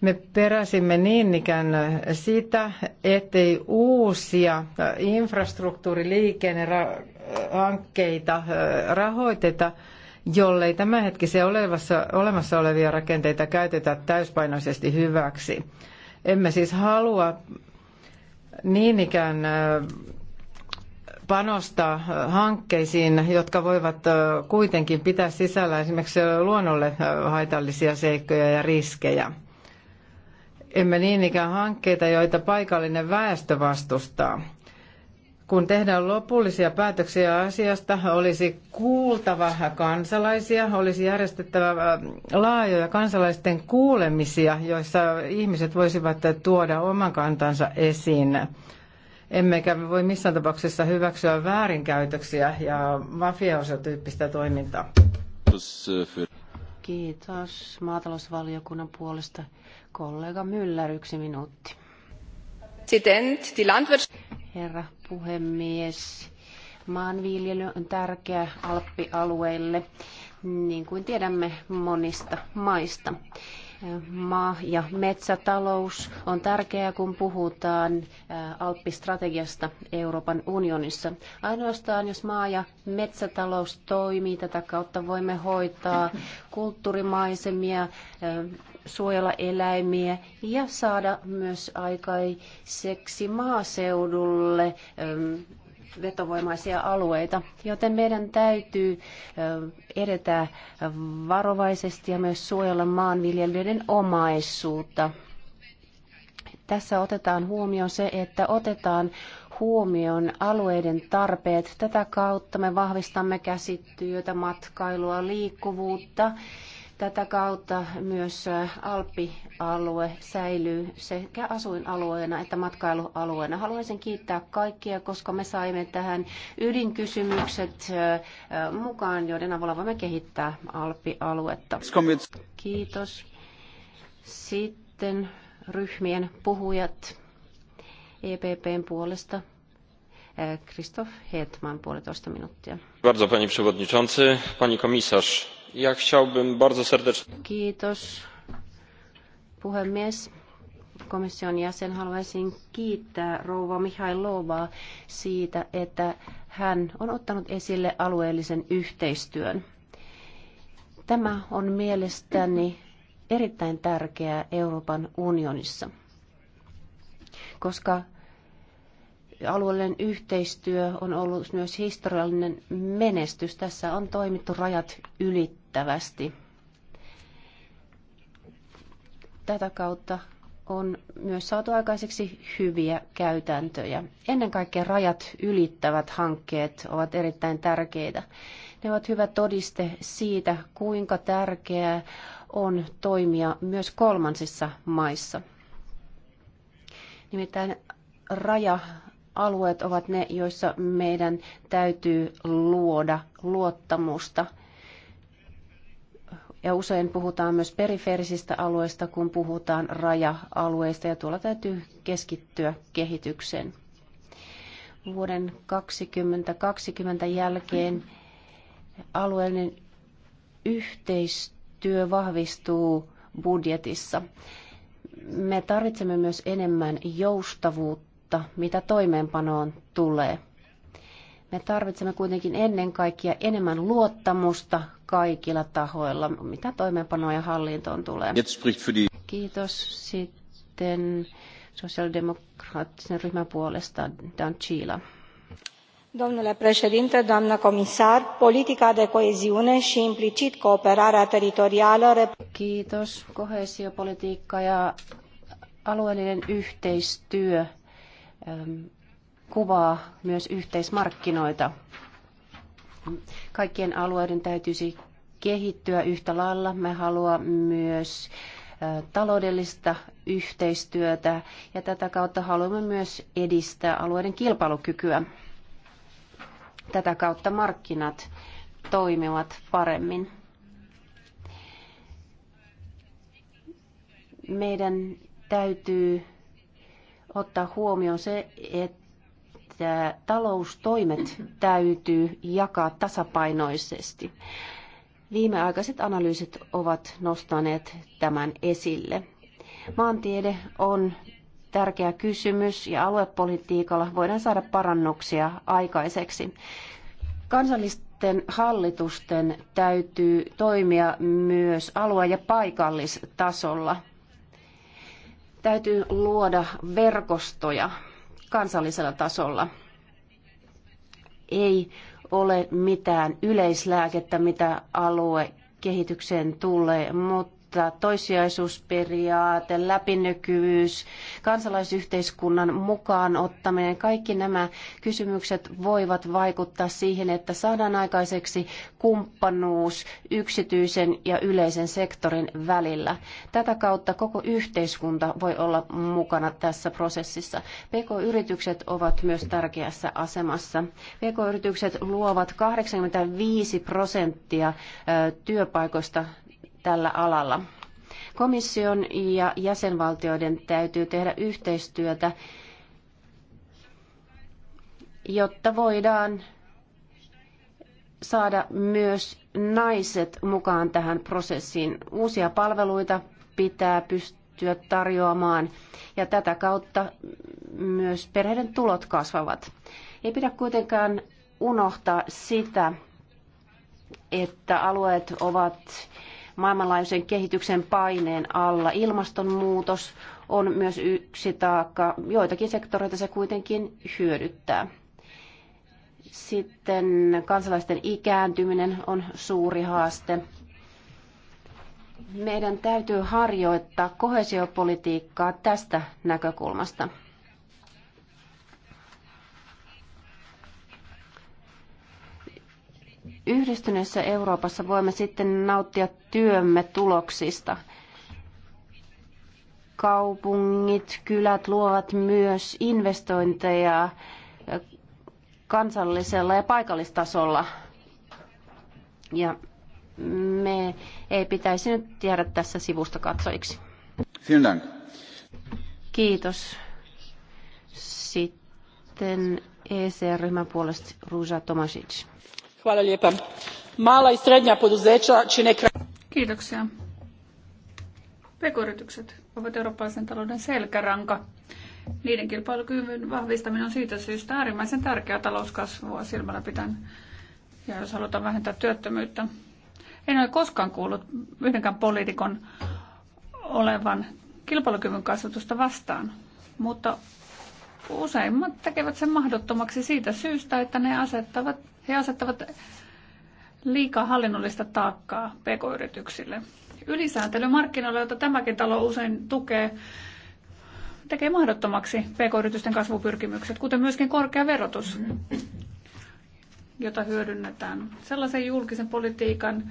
Me peräsimme niin ikään sitä, ettei uusia infrastruktuuriliikennehankkeita rahoiteta – jollei tämänhetkisiä olevassa, olemassa olevia rakenteita käytetä täyspainoisesti hyväksi. Emme siis halua niin ikään panostaa hankkeisiin, jotka voivat kuitenkin pitää sisällä esimerkiksi luonnolle haitallisia seikkoja ja riskejä. Emme niin ikään hankkeita, joita paikallinen väestö vastustaa kun tehdään lopullisia päätöksiä asiasta, olisi kuultava kansalaisia, olisi järjestettävä laajoja kansalaisten kuulemisia, joissa ihmiset voisivat tuoda oman kantansa esiin. Emmekä voi missään tapauksessa hyväksyä väärinkäytöksiä ja mafiaosatyyppistä toimintaa. Kiitos maatalousvaliokunnan puolesta. Kollega Myller, yksi minuutti. die Landwirtschaft herra puhemies. Maanviljely on tärkeä Alppialueille, niin kuin tiedämme monista maista. Maa- ja metsätalous on tärkeää, kun puhutaan Alppistrategiasta Euroopan unionissa. Ainoastaan jos maa- ja metsätalous toimii, tätä kautta voimme hoitaa kulttuurimaisemia, suojella eläimiä ja saada myös aikaiseksi maaseudulle ähm, vetovoimaisia alueita, joten meidän täytyy ähm, edetä varovaisesti ja myös suojella maanviljelijöiden omaisuutta. Tässä otetaan huomioon se, että otetaan huomioon alueiden tarpeet. Tätä kautta me vahvistamme käsityötä, matkailua, liikkuvuutta Tätä kautta myös Alppialue säilyy sekä asuinalueena että matkailualueena. Haluaisin kiittää kaikkia, koska me saimme tähän ydinkysymykset mukaan, joiden avulla voimme kehittää Alppialuetta. Kiitos. Sitten ryhmien puhujat EPPn puolesta. Kristof Hetman, puolitoista minuuttia. Bardzo, pani przewodniczący, pani komisarz. Ja chciałbym bardzo serdecznie... Kiitos puhemies. Komission jäsen haluaisin kiittää rouva Mihailovaa siitä, että hän on ottanut esille alueellisen yhteistyön. Tämä on mielestäni erittäin tärkeää Euroopan unionissa, koska alueellinen yhteistyö on ollut myös historiallinen menestys. Tässä on toimittu rajat ylittäen merkittävästi. Tätä kautta on myös saatu aikaiseksi hyviä käytäntöjä. Ennen kaikkea rajat ylittävät hankkeet ovat erittäin tärkeitä. Ne ovat hyvä todiste siitä, kuinka tärkeää on toimia myös kolmansissa maissa. Nimittäin raja-alueet ovat ne, joissa meidän täytyy luoda luottamusta – ja usein puhutaan myös perifeerisistä alueista, kun puhutaan raja-alueista, ja tuolla täytyy keskittyä kehitykseen. Vuoden 2020 jälkeen alueellinen yhteistyö vahvistuu budjetissa. Me tarvitsemme myös enemmän joustavuutta, mitä toimeenpanoon tulee. Me tarvitsemme kuitenkin ennen kaikkea enemmän luottamusta kaikilla tahoilla, mitä toimeenpanoa ja hallintoon tulee. Kiitos sitten sosiaalidemokraattisen ryhmän puolesta Dan Chila. Domnule președinte, doamnă comisar, politica de coeziune și implicit cooperarea teritorială... Kiitos. Kohesiopolitiikka ja alueellinen yhteistyö ähm, kuvaa myös yhteismarkkinoita. Kaikkien alueiden täytyisi kehittyä yhtä lailla. Me haluamme myös taloudellista yhteistyötä ja tätä kautta haluamme myös edistää alueiden kilpailukykyä. Tätä kautta markkinat toimivat paremmin. Meidän täytyy ottaa huomioon se, että taloustoimet täytyy jakaa tasapainoisesti. Viimeaikaiset analyysit ovat nostaneet tämän esille. Maantiede on tärkeä kysymys ja aluepolitiikalla voidaan saada parannuksia aikaiseksi. Kansallisten hallitusten täytyy toimia myös alue- ja paikallistasolla. Täytyy luoda verkostoja kansallisella tasolla. Ei ole mitään yleislääkettä, mitä alue kehitykseen tulee, mutta mutta toissijaisuusperiaate, läpinäkyvyys, kansalaisyhteiskunnan mukaan ottaminen. Kaikki nämä kysymykset voivat vaikuttaa siihen, että saadaan aikaiseksi kumppanuus yksityisen ja yleisen sektorin välillä. Tätä kautta koko yhteiskunta voi olla mukana tässä prosessissa. PK-yritykset ovat myös tärkeässä asemassa. PK-yritykset luovat 85 prosenttia työpaikoista tällä alalla. Komission ja jäsenvaltioiden täytyy tehdä yhteistyötä, jotta voidaan saada myös naiset mukaan tähän prosessiin. Uusia palveluita pitää pystyä tarjoamaan ja tätä kautta myös perheiden tulot kasvavat. Ei pidä kuitenkaan unohtaa sitä, että alueet ovat maailmanlaajuisen kehityksen paineen alla. Ilmastonmuutos on myös yksi taakka. Joitakin sektoreita se kuitenkin hyödyttää. Sitten kansalaisten ikääntyminen on suuri haaste. Meidän täytyy harjoittaa kohesiopolitiikkaa tästä näkökulmasta. yhdistyneessä Euroopassa voimme sitten nauttia työmme tuloksista. Kaupungit, kylät luovat myös investointeja kansallisella ja paikallistasolla. Ja me ei pitäisi nyt jäädä tässä sivusta katsojiksi. Vielen Kiitos. Sitten ECR-ryhmän puolesta Ruusa Tomasic. Hvala Mala i srednja poduzeća čine... Kiitoksia. Pekoyritykset ovat eurooppalaisen talouden selkäranka. Niiden kilpailukyvyn vahvistaminen on siitä syystä äärimmäisen tärkeää talouskasvua silmällä pitäen, ja jos halutaan vähentää työttömyyttä. En ole koskaan kuullut yhdenkään poliitikon olevan kilpailukyvyn kasvatusta vastaan, mutta useimmat tekevät sen mahdottomaksi siitä syystä, että ne asettavat he asettavat liikaa hallinnollista taakkaa pk-yrityksille. Ylisääntely markkinoilla, jota tämäkin talo usein tukee, tekee mahdottomaksi pk-yritysten kasvupyrkimykset, kuten myöskin korkea verotus, jota hyödynnetään sellaisen julkisen politiikan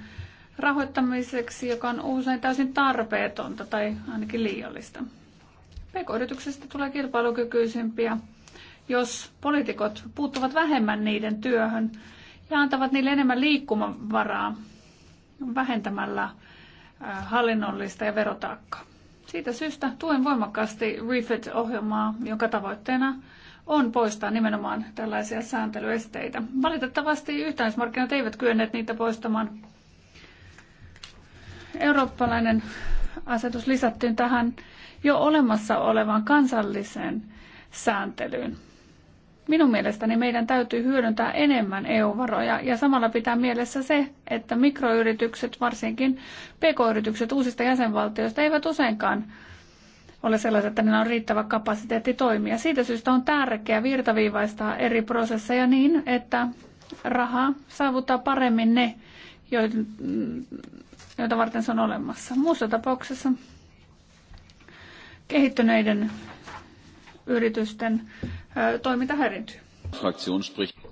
rahoittamiseksi, joka on usein täysin tarpeetonta tai ainakin liiallista. pk yrityksestä tulee kilpailukykyisempiä jos poliitikot puuttuvat vähemmän niiden työhön ja antavat niille enemmän liikkumavaraa vähentämällä hallinnollista ja verotaakkaa. Siitä syystä tuen voimakkaasti REFIT-ohjelmaa, jonka tavoitteena on poistaa nimenomaan tällaisia sääntelyesteitä. Valitettavasti yhteismarkkinat eivät kyenneet niitä poistamaan. Eurooppalainen asetus lisättiin tähän jo olemassa olevaan kansalliseen sääntelyyn. Minun mielestäni meidän täytyy hyödyntää enemmän EU-varoja ja samalla pitää mielessä se, että mikroyritykset, varsinkin pk-yritykset uusista jäsenvaltioista, eivät useinkaan ole sellaiset, että niillä on riittävä kapasiteetti toimia. Siitä syystä on tärkeää virtaviivaistaa eri prosesseja niin, että raha saavuttaa paremmin ne, joita varten se on olemassa. Muussa tapauksessa kehittyneiden yritysten toiminta häirintyy.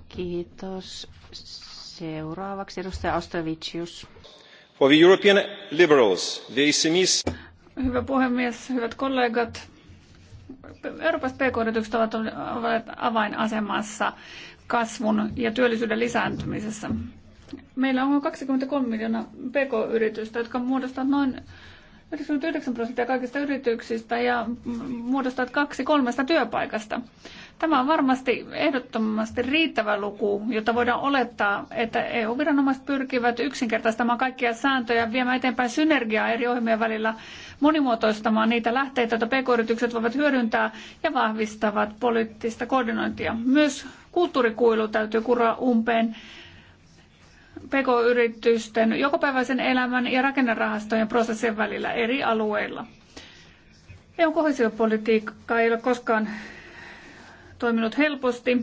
Kiitos. Seuraavaksi edustaja Ostrovicius. For the European Liberals, the Hyvä puhemies, hyvät kollegat. Euroopan pk-yritykset ovat olleet avainasemassa kasvun ja työllisyyden lisääntymisessä. Meillä on 23 miljoonaa pk-yritystä, jotka muodostavat noin 99 prosenttia kaikista yrityksistä ja muodostavat kaksi kolmesta työpaikasta. Tämä on varmasti ehdottomasti riittävä luku, jota voidaan olettaa, että EU-viranomaiset pyrkivät yksinkertaistamaan kaikkia sääntöjä, viemään eteenpäin synergiaa eri ohjelmien välillä, monimuotoistamaan niitä lähteitä, joita pk-yritykset voivat hyödyntää ja vahvistavat poliittista koordinointia. Myös kulttuurikuilu täytyy kuroa umpeen pk-yritysten jokapäiväisen elämän ja rakennerahastojen prosessien välillä eri alueilla. EUn kohesiopolitiikka ei ole koskaan toiminut helposti.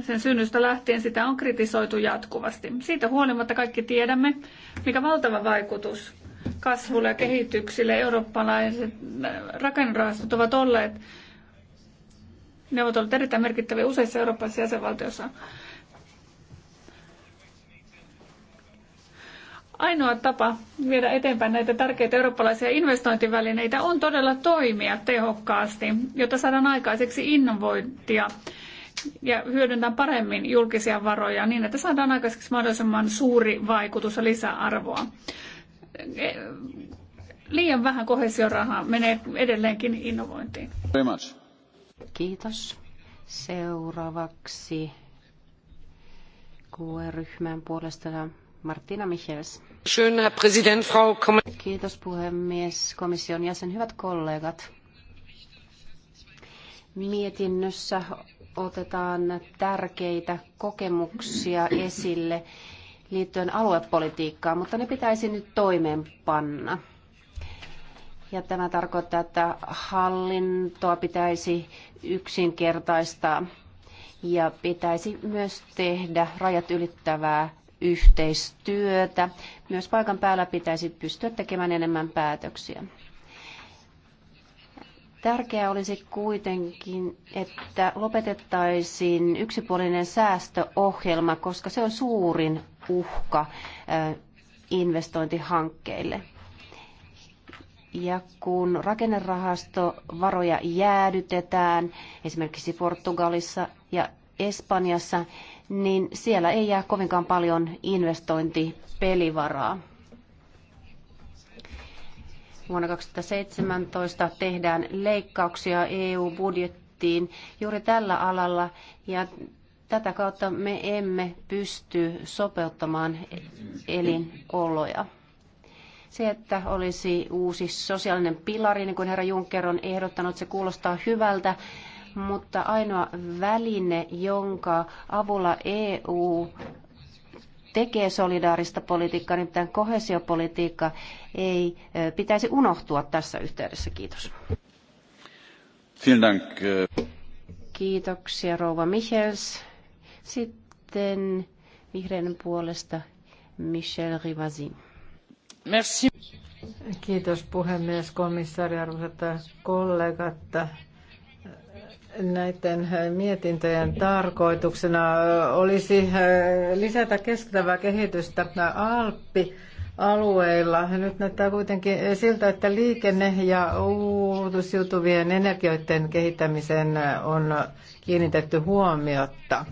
Sen synnystä lähtien sitä on kritisoitu jatkuvasti. Siitä huolimatta kaikki tiedämme, mikä valtava vaikutus kasvulle ja kehityksille eurooppalaiset rakennerahastot ovat olleet. Ne ovat olleet erittäin merkittäviä useissa eurooppalaisissa jäsenvaltioissa. Ainoa tapa viedä eteenpäin näitä tärkeitä eurooppalaisia investointivälineitä on todella toimia tehokkaasti, jotta saadaan aikaiseksi innovointia ja hyödyntää paremmin julkisia varoja niin, että saadaan aikaiseksi mahdollisimman suuri vaikutus ja lisäarvoa. E, liian vähän kohesiorahaa menee edelleenkin innovointiin. Kiitos. Seuraavaksi QR-ryhmän puolesta Martina Kiitos puhemies, komission jäsen, hyvät kollegat. Mietinnössä otetaan tärkeitä kokemuksia esille liittyen aluepolitiikkaan, mutta ne pitäisi nyt toimeenpanna. Ja tämä tarkoittaa, että hallintoa pitäisi yksinkertaistaa ja pitäisi myös tehdä rajat ylittävää yhteistyötä. Myös paikan päällä pitäisi pystyä tekemään enemmän päätöksiä. Tärkeää olisi kuitenkin, että lopetettaisiin yksipuolinen säästöohjelma, koska se on suurin uhka äh, investointihankkeille. Ja kun rakennerahastovaroja jäädytetään esimerkiksi Portugalissa ja Espanjassa, niin siellä ei jää kovinkaan paljon investointipelivaraa. Vuonna 2017 tehdään leikkauksia EU-budjettiin juuri tällä alalla ja tätä kautta me emme pysty sopeuttamaan elinoloja. Se, että olisi uusi sosiaalinen pilari, niin kuin herra Juncker on ehdottanut, se kuulostaa hyvältä, mutta ainoa väline, jonka avulla EU tekee solidaarista politiikkaa, niin tämän kohesiopolitiikka ei pitäisi unohtua tässä yhteydessä. Kiitos. Kiitoksia rouva Michels. Sitten vihreän puolesta Michel Rivasin. Merci. Kiitos puhemies, komissaari, arvoisat kollegat. Näiden äh, mietintöjen tarkoituksena olisi äh, lisätä kestävää kehitystä Alppi alueilla. Nyt näyttää kuitenkin äh, siltä, että liikenne ja uutusjutuvien energioiden kehittämiseen on kiinnitetty huomiota.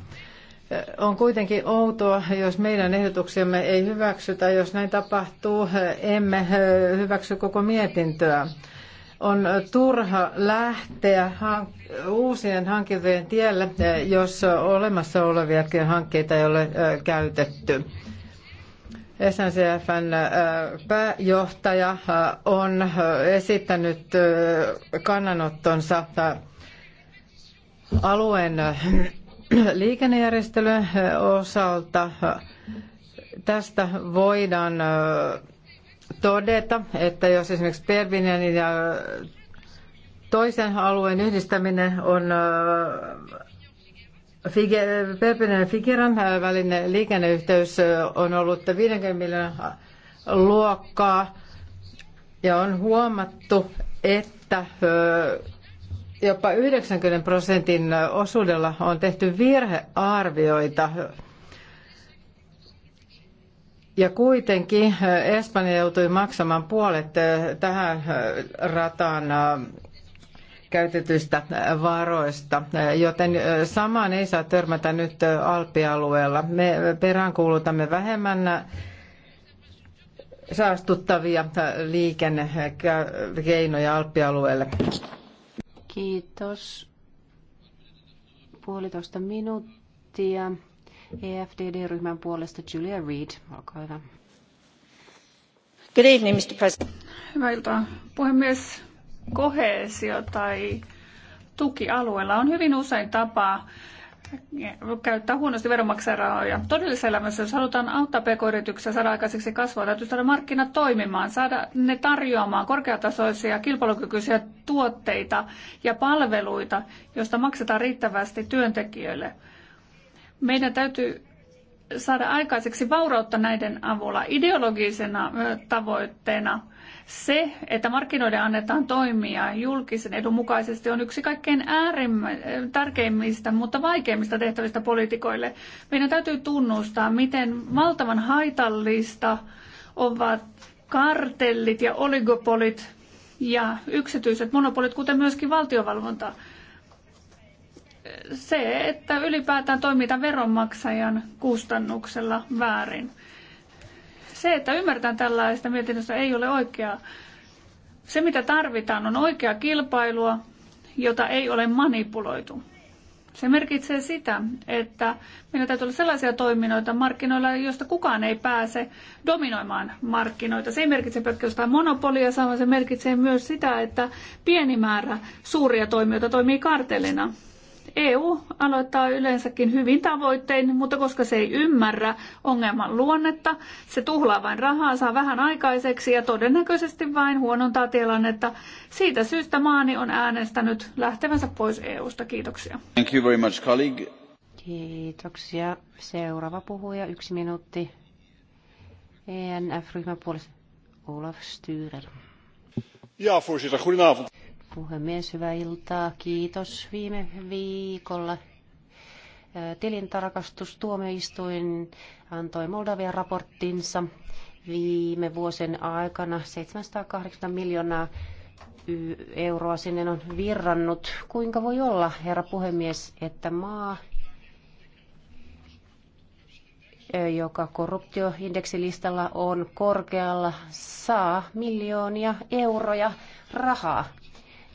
On kuitenkin outoa, jos meidän ehdotuksemme ei hyväksytä. Jos näin tapahtuu, emme hyväksy koko mietintöä on turha lähteä hank- uusien hankintojen tielle, jos olemassa oleviakin hankkeita ei ole käytetty. SNCFn pääjohtaja on esittänyt kannanottonsa alueen liikennejärjestelyn osalta. Tästä voidaan todeta, että jos esimerkiksi Pervinen ja toisen alueen yhdistäminen on Pervinen ja Fikiran välinen liikenneyhteys on ollut 50 miljoonan luokkaa ja on huomattu, että jopa 90 prosentin osuudella on tehty virhearvioita ja kuitenkin äh, Espanja joutui maksamaan puolet äh, tähän äh, rataan käytetyistä varoista, joten samaan ei saa törmätä nyt Alppialueella. Me peräänkuulutamme vähemmän saastuttavia liikennekeinoja Alppialueelle. Kiitos. Puolitoista minuuttia. EFDD-ryhmän puolesta Julia Reed, olkaa hyvä. Good evening, Mr. President. Hyvää iltaa. Puhemies, kohesio tai tuki alueella on hyvin usein tapa käyttää huonosti veronmaksajarahoja. Todellisessa elämässä, jos halutaan auttaa pk-yrityksiä saada aikaiseksi kasvua, täytyy saada markkinat toimimaan, saada ne tarjoamaan korkeatasoisia, kilpailukykyisiä tuotteita ja palveluita, joista maksetaan riittävästi työntekijöille. Meidän täytyy saada aikaiseksi vaurautta näiden avulla ideologisena tavoitteena. Se, että markkinoiden annetaan toimia julkisen edun mukaisesti, on yksi kaikkein äärimmä, tärkeimmistä, mutta vaikeimmista tehtävistä poliitikoille. Meidän täytyy tunnustaa, miten valtavan haitallista ovat kartellit ja oligopolit ja yksityiset monopolit, kuten myöskin valtiovalvonta se, että ylipäätään toimitaan veronmaksajan kustannuksella väärin. Se, että ymmärretään tällaista mietinnössä ei ole oikeaa. Se, mitä tarvitaan, on oikea kilpailua, jota ei ole manipuloitu. Se merkitsee sitä, että meillä täytyy olla sellaisia toiminnoita markkinoilla, joista kukaan ei pääse dominoimaan markkinoita. Se ei merkitse pelkästään monopolia, vaan se merkitsee myös sitä, että pieni määrä suuria toimijoita toimii kartelina. EU aloittaa yleensäkin hyvin tavoittein, mutta koska se ei ymmärrä ongelman luonnetta, se tuhlaa vain rahaa, saa vähän aikaiseksi ja todennäköisesti vain huonontaa tilannetta. Siitä syystä maani on äänestänyt lähtevänsä pois EUsta. Kiitoksia. Thank you very much, colleague. Kiitoksia. Seuraava puhuja, yksi minuutti. ENF-ryhmän puolesta Olaf Stürer. Ja, voorzitter, goedenavond puhemies, hyvää iltaa. Kiitos viime viikolla. Tilintarkastustuomioistuin antoi Moldavian raporttinsa viime vuosien aikana 780 miljoonaa euroa sinne on virrannut. Kuinka voi olla, herra puhemies, että maa, joka korruptioindeksilistalla on korkealla, saa miljoonia euroja rahaa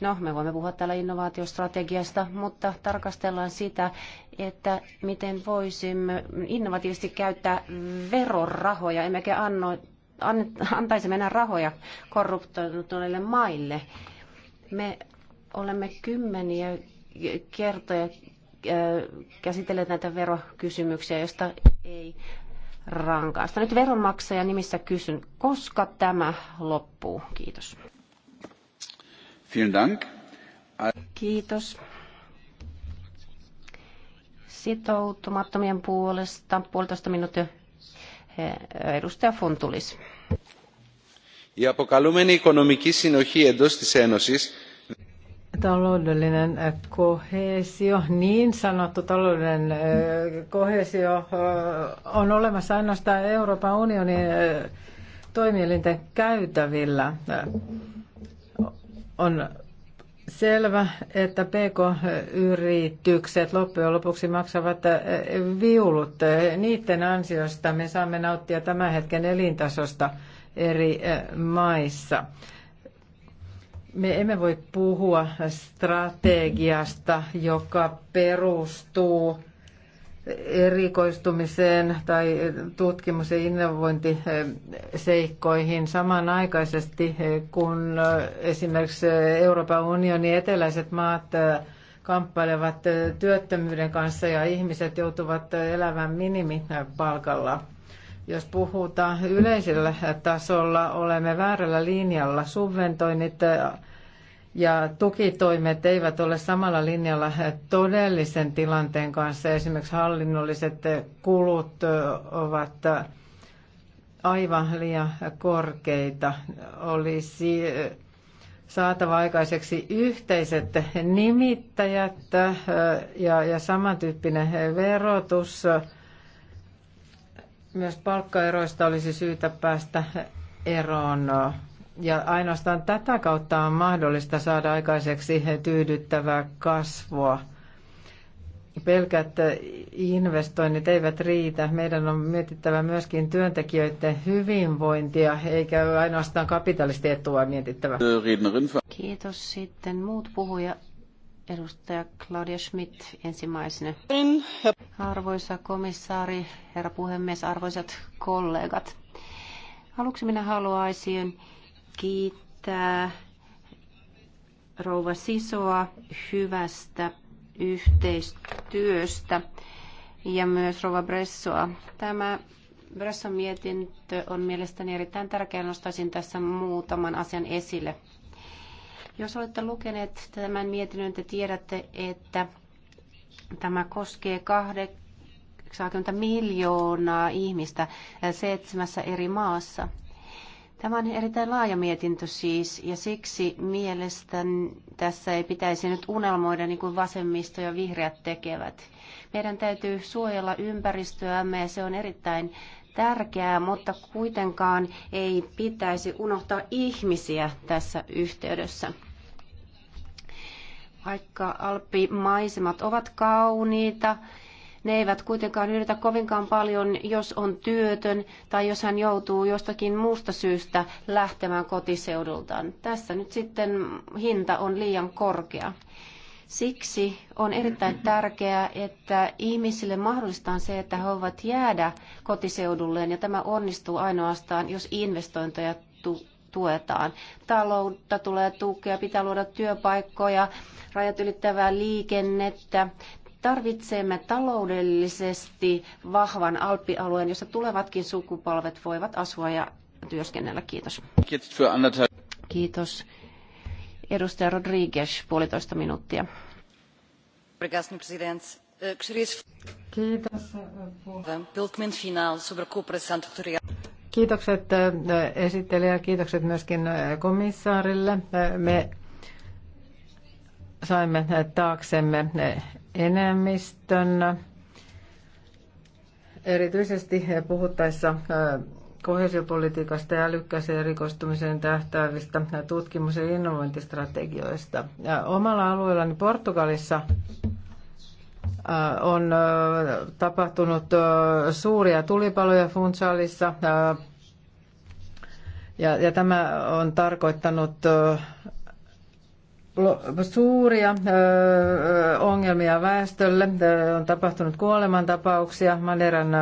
No, me voimme puhua täällä innovaatiostrategiasta, mutta tarkastellaan sitä, että miten voisimme innovatiivisesti käyttää verorahoja, emmekä anno, an, antaisi mennä rahoja korruptoituneille maille. Me olemme kymmeniä kertoja käsitelleet näitä verokysymyksiä, joista ei rankaista. Nyt veronmaksaja nimissä kysyn, koska tämä loppuu? Kiitos. Kiitos. Sitoutumattomien puolesta puolitoista minuuttia edustaja Funtulis. Η αποκαλούμενη οικονομική συνοχή εντός της Ένωσης taloudellinen äh, kohesio, niin sanottu taloudellinen äh, kohesio äh, on olemassa ainoastaan Euroopan unionin toimielinten käytävillä. On selvä, että PK-yritykset loppujen lopuksi maksavat äh, viulut. Niiden ansiosta me saamme nauttia tämän hetken elintasosta eri äh, maissa. Me emme voi puhua strategiasta, joka perustuu erikoistumiseen tai tutkimus- ja innovointiseikkoihin samanaikaisesti, kun esimerkiksi Euroopan unionin eteläiset maat kamppailevat työttömyyden kanssa ja ihmiset joutuvat elämään minimipalkalla. Jos puhutaan yleisellä tasolla, olemme väärällä linjalla. Subventoinnit ja tukitoimet eivät ole samalla linjalla todellisen tilanteen kanssa. Esimerkiksi hallinnolliset kulut ovat aivan liian korkeita. Olisi saatava aikaiseksi yhteiset nimittäjät ja, ja samantyyppinen verotus. Myös palkkaeroista olisi syytä päästä eroon ja ainoastaan tätä kautta on mahdollista saada aikaiseksi tyydyttävää kasvua. Pelkät investoinnit eivät riitä. Meidän on mietittävä myöskin työntekijöiden hyvinvointia, eikä ainoastaan kapitalistietua mietittävä. Kiitos. Sitten muut puhuja. Edustaja Claudia Schmidt ensimmäisenä. Arvoisa komissaari, herra puhemies, arvoisat kollegat. Aluksi minä haluaisin kiittää rouva Sisoa hyvästä yhteistyöstä ja myös rouva Bressoa. Tämä Bresson mietintö on mielestäni erittäin tärkeä. Nostaisin tässä muutaman asian esille. Jos olette lukeneet tämän mietinnön, te tiedätte, että tämä koskee 80 miljoonaa ihmistä seitsemässä eri maassa – Tämä on erittäin laaja mietintö siis, ja siksi mielestäni tässä ei pitäisi nyt unelmoida niin kuin vasemmisto ja vihreät tekevät. Meidän täytyy suojella ympäristöämme, ja se on erittäin tärkeää, mutta kuitenkaan ei pitäisi unohtaa ihmisiä tässä yhteydessä. Vaikka alppimaisemat ovat kauniita, ne eivät kuitenkaan yritä kovinkaan paljon, jos on työtön tai jos hän joutuu jostakin muusta syystä lähtemään kotiseudultaan. Tässä nyt sitten hinta on liian korkea. Siksi on erittäin tärkeää, että ihmisille mahdollistetaan se, että he voivat jäädä kotiseudulleen ja tämä onnistuu ainoastaan, jos investointeja tuetaan. Taloutta tulee tukea, pitää luoda työpaikkoja, rajat ylittävää liikennettä, Tarvitsemme taloudellisesti vahvan alppialueen, jossa tulevatkin sukupolvet voivat asua ja työskennellä. Kiitos. Kiitos. Edustaja Rodriguez, puolitoista minuuttia. Kiitos. Kiitokset äh, esittelijä, kiitokset myöskin äh, komissaarille. Äh, me saimme taaksemme enemmistön erityisesti puhuttaessa kohesiopolitiikasta ja älykkäiseen erikoistumiseen tähtäävistä tutkimus- ja innovointistrategioista. Ja omalla alueellani Portugalissa on tapahtunut suuria tulipaloja Funchalissa. ja, ja tämä on tarkoittanut suuria ongelmia väestölle. On tapahtunut kuolemantapauksia. Maderan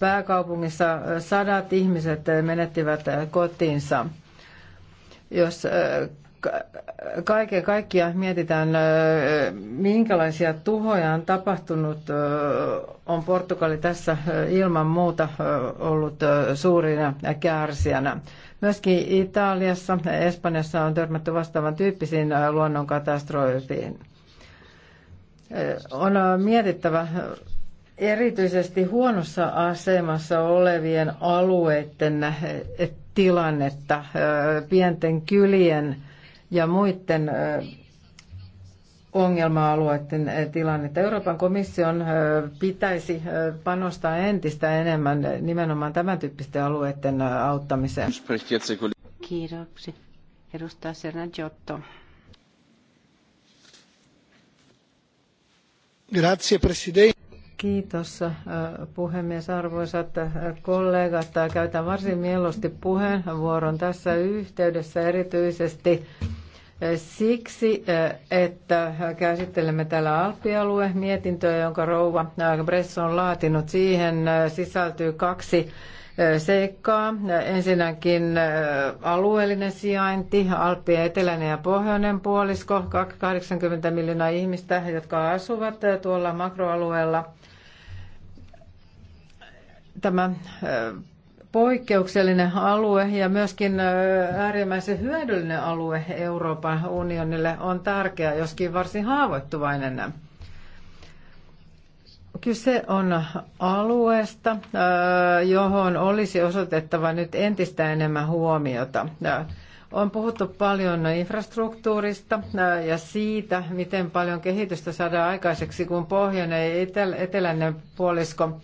pääkaupungissa sadat ihmiset menettivät kotiinsa. Jos kaiken kaikkiaan mietitään, minkälaisia tuhoja on tapahtunut, on Portugali tässä ilman muuta ollut suurina kärsijänä. Myöskin Italiassa ja Espanjassa on törmätty vastaavan tyyppisiin äh, luonnonkatastrofiin. Äh, on äh, mietittävä erityisesti huonossa asemassa olevien alueiden tilannetta, pienten kylien ja muiden ongelma-alueiden eh, tilannetta. Euroopan komission eh, pitäisi eh, panostaa entistä enemmän nimenomaan tämän tyyppisten alueiden auttamiseen. Kiitoksia. Edustaja Serna Giotto. Grazie, Presidente. Kiitos puhemies, arvoisat kollegat. Käytän varsin mieluusti puheenvuoron tässä yhteydessä erityisesti siksi, että käsittelemme täällä Alppialue mietintöä, jonka rouva Bress on laatinut. Siihen sisältyy kaksi seikkaa. Ensinnäkin alueellinen sijainti, Alppien eteläinen ja pohjoinen puolisko, 80 miljoonaa ihmistä, jotka asuvat tuolla makroalueella. Tämä poikkeuksellinen alue ja myöskin äärimmäisen hyödyllinen alue Euroopan unionille on tärkeä, joskin varsin haavoittuvainen. Kyse on alueesta, johon olisi osoitettava nyt entistä enemmän huomiota. On puhuttu paljon infrastruktuurista ja siitä, miten paljon kehitystä saadaan aikaiseksi, kun pohjoinen ja eteläinen puolisko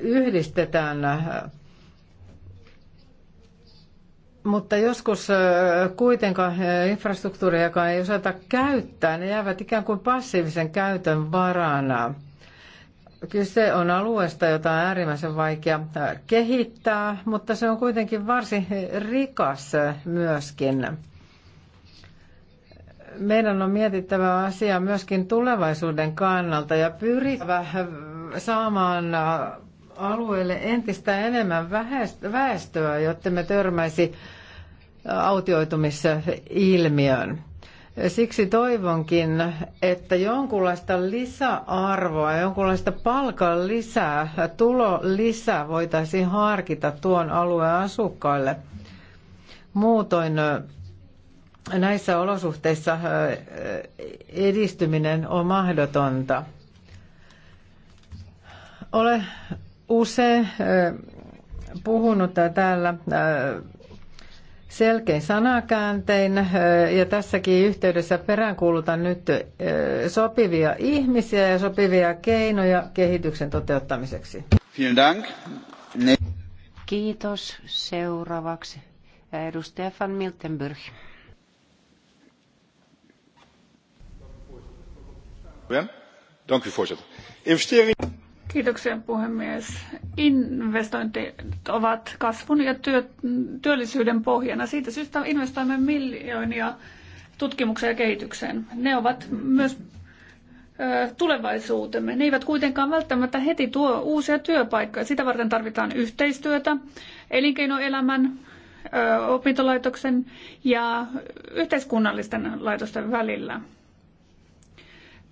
yhdistetään mutta joskus kuitenkaan infrastruktuuriakaan ei osata käyttää. Ne jäävät ikään kuin passiivisen käytön varana. Kyse on alueesta, jota on äärimmäisen vaikea kehittää, mutta se on kuitenkin varsin rikas myöskin. Meidän on mietittävä asia myöskin tulevaisuuden kannalta ja pyrittävä saamaan alueelle entistä enemmän väestöä, jotta me törmäisi autioitumisilmiön. Siksi toivonkin, että jonkunlaista lisäarvoa, jonkunlaista palkan lisää, tulo lisää voitaisiin harkita tuon alueen asukkaille. Muutoin näissä olosuhteissa edistyminen on mahdotonta. Ole usein puhunut täällä selkein sanakääntein. Ja tässäkin yhteydessä peräänkuulutan nyt sopivia ihmisiä ja sopivia keinoja kehityksen toteuttamiseksi. Kiitos. Seuraavaksi edustaja van Miltenburg. Dank u, voorzitter. Investeringen. Kiitoksia puhemies. Investointit ovat kasvun ja työ, työllisyyden pohjana. Siitä syystä investoimme miljoonia tutkimukseen ja kehitykseen. Ne ovat myös ö, tulevaisuutemme. Ne eivät kuitenkaan välttämättä heti tuo uusia työpaikkoja. Sitä varten tarvitaan yhteistyötä elinkeinoelämän, ö, opintolaitoksen ja yhteiskunnallisten laitosten välillä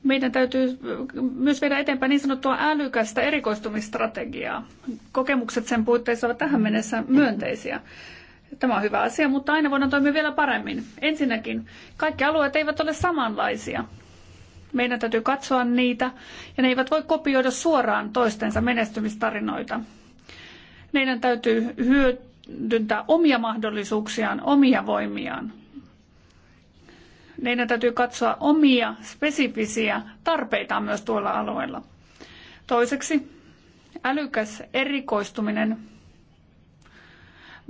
meidän täytyy myös viedä eteenpäin niin sanottua älykästä erikoistumistrategiaa. Kokemukset sen puitteissa ovat tähän mennessä myönteisiä. Tämä on hyvä asia, mutta aina voidaan toimia vielä paremmin. Ensinnäkin, kaikki alueet eivät ole samanlaisia. Meidän täytyy katsoa niitä, ja ne eivät voi kopioida suoraan toistensa menestymistarinoita. Meidän täytyy hyödyntää omia mahdollisuuksiaan, omia voimiaan. Meidän täytyy katsoa omia spesifisiä tarpeitaan myös tuolla alueella. Toiseksi älykäs erikoistuminen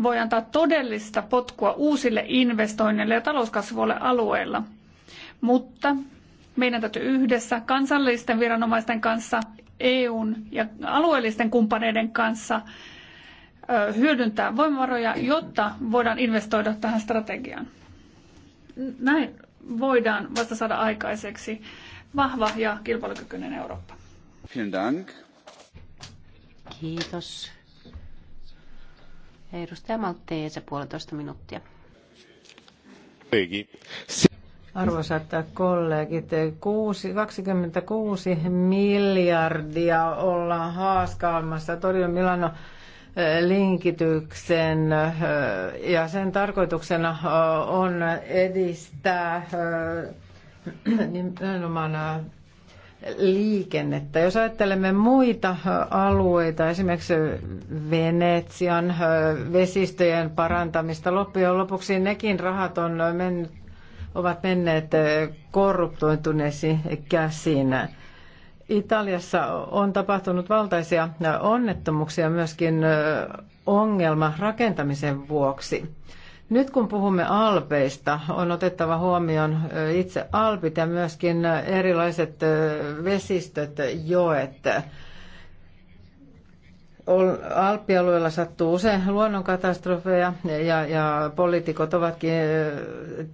voi antaa todellista potkua uusille investoinneille ja talouskasvulle alueella. Mutta meidän täytyy yhdessä kansallisten viranomaisten kanssa, EUn ja alueellisten kumppaneiden kanssa hyödyntää voimavaroja, jotta voidaan investoida tähän strategiaan. Näin voidaan vasta saada aikaiseksi vahva ja kilpailukykyinen Eurooppa. Vielen dank. Kiitos. Edustaja Maltteese, puolitoista minuuttia. Arvoisat kollegit, 6, 26 miljardia ollaan haaskaamassa Torino Milano linkityksen ja sen tarkoituksena on edistää nimenomaan liikennettä. Jos ajattelemme muita alueita, esimerkiksi Venetsian vesistöjen parantamista, loppujen lopuksi nekin rahat on mennyt, ovat menneet korruptoituneisiin käsiin. Italiassa on tapahtunut valtaisia onnettomuuksia myöskin ongelma rakentamisen vuoksi. Nyt kun puhumme alpeista, on otettava huomioon itse alpit ja myöskin erilaiset vesistöt, joet. Alppialueella sattuu usein luonnonkatastrofeja ja, ja poliitikot ovatkin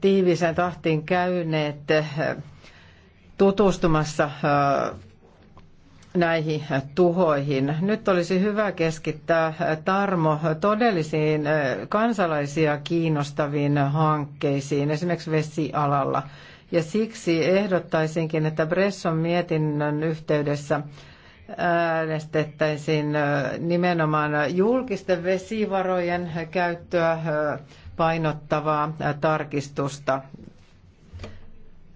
tiiviseen tahtiin käyneet tutustumassa näihin tuhoihin. Nyt olisi hyvä keskittää tarmo todellisiin eh, kansalaisia kiinnostaviin hankkeisiin, esimerkiksi vesialalla. Ja siksi ehdottaisinkin, että Bresson mietinnön yhteydessä äänestettäisiin eh, nimenomaan julkisten vesivarojen käyttöä eh, painottavaa tarkistusta.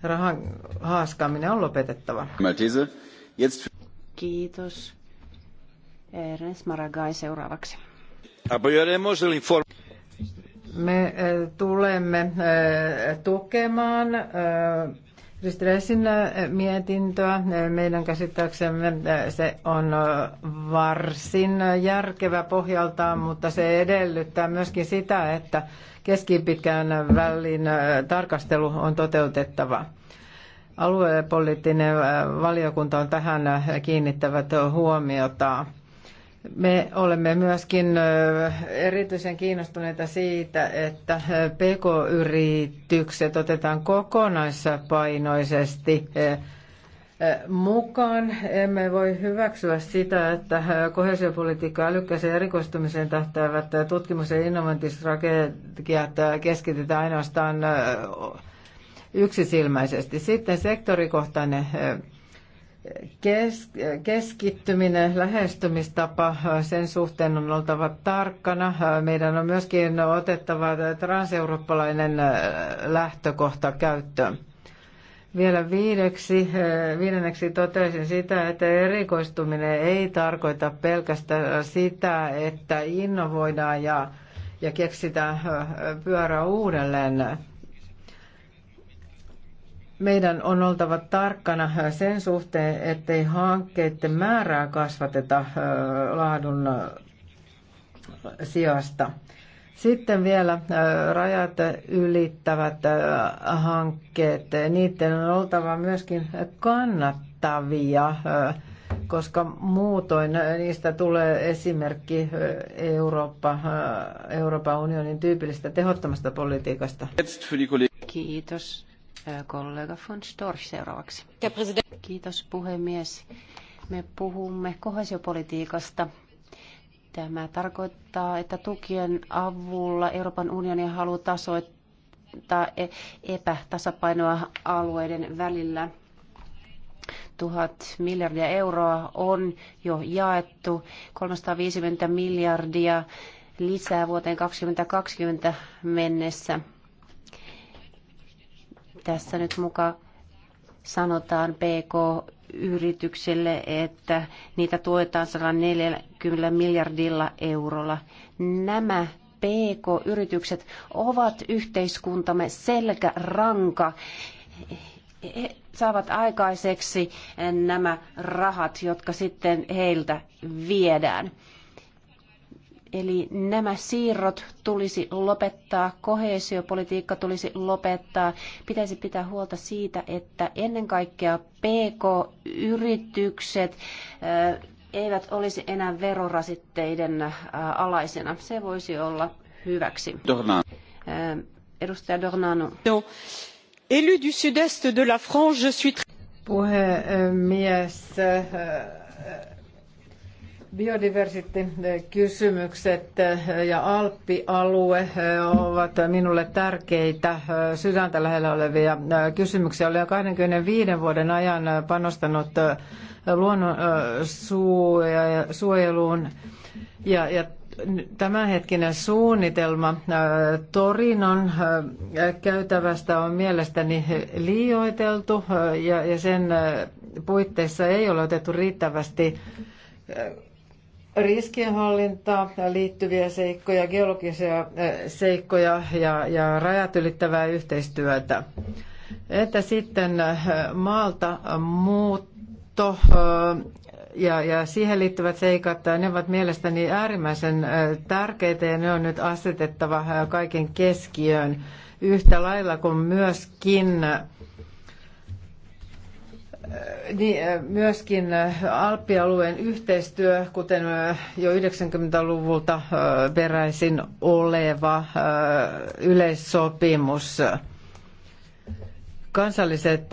Rahan haaskaaminen on lopetettava. jetzt... Kiitos. Ernest Maragai seuraavaksi. Me eh, tulemme eh, tukemaan Kristressin eh, mietintöä. Meidän käsittääksemme se on varsin järkevä pohjaltaan, mutta se edellyttää myöskin sitä, että keskipitkän välin tarkastelu on toteutettava. Aluepoliittinen äh, valiokunta on tähän äh, kiinnittävät huomiota. Me olemme myöskin äh, erityisen kiinnostuneita siitä, että PK-yritykset otetaan kokonaispainoisesti mukaan. Emme voi hyväksyä sitä, että kohesiopolitiikka älykkäisen erikoistumiseen tähtäävät tutkimus- ja innovointistrategiat keskitetään ainoastaan yksisilmäisesti. Sitten sektorikohtainen keskittyminen, lähestymistapa, sen suhteen on oltava tarkkana. Meidän on myöskin otettava transeurooppalainen lähtökohta käyttöön. Vielä viideksi, viidenneksi totesin sitä, että erikoistuminen ei tarkoita pelkästään sitä, että innovoidaan ja, ja keksitään pyörä uudelleen meidän on oltava tarkkana äh, sen suhteen, ettei hankkeiden määrää kasvateta äh, laadun äh, sijasta. Sitten vielä rajat ylittävät hankkeet. Niiden on oltava myöskin kannattavia, koska muutoin niistä tulee esimerkki Eurooppa, Euroopan unionin tyypillistä tehottomasta politiikasta. Kiitos. Kollega von Storch seuraavaksi. Kiitos puhemies. Me puhumme kohesiopolitiikasta. Tämä tarkoittaa, että tukien avulla Euroopan unioni haluaa tasoittaa e- epätasapainoa alueiden välillä. Tuhat miljardia euroa on jo jaettu, 350 miljardia lisää vuoteen 2020 mennessä – tässä nyt muka sanotaan PK-yrityksille, että niitä tuetaan 140 miljardilla eurolla. Nämä PK-yritykset ovat yhteiskuntamme selkäranka. He saavat aikaiseksi nämä rahat, jotka sitten heiltä viedään. Eli nämä siirrot tulisi lopettaa, kohesiopolitiikka tulisi lopettaa. Pitäisi pitää huolta siitä, että ennen kaikkea PK-yritykset eh, eivät olisi enää verorasitteiden eh, alaisena. Se voisi olla hyväksi. Dornan. Eh, edustaja Dornanu. Élu du sud-est de la France, je suis... Puhemies, Biodiversiteettikysymykset eh, ja Alppialue eh, ovat minulle tärkeitä eh, sydäntä lähellä olevia kysymyksiä. Olen jo 25 vuoden ajan panostanut luonnonsuojeluun ja, ja tämänhetkinen suunnitelma Torinon käytävästä on mielestäni liioiteltu ja sen puitteissa ei ole otettu riittävästi riskienhallintaa liittyviä seikkoja, geologisia äh, seikkoja ja, ja rajat ylittävää yhteistyötä. Että sitten äh, maalta muutto äh, ja, ja siihen liittyvät seikat, ne ovat mielestäni äärimmäisen tärkeitä ja ne on nyt asetettava kaiken keskiöön yhtä lailla kuin myöskin niin, myöskin Alppialueen yhteistyö, kuten jo 90-luvulta peräisin oleva yleissopimus. Kansalliset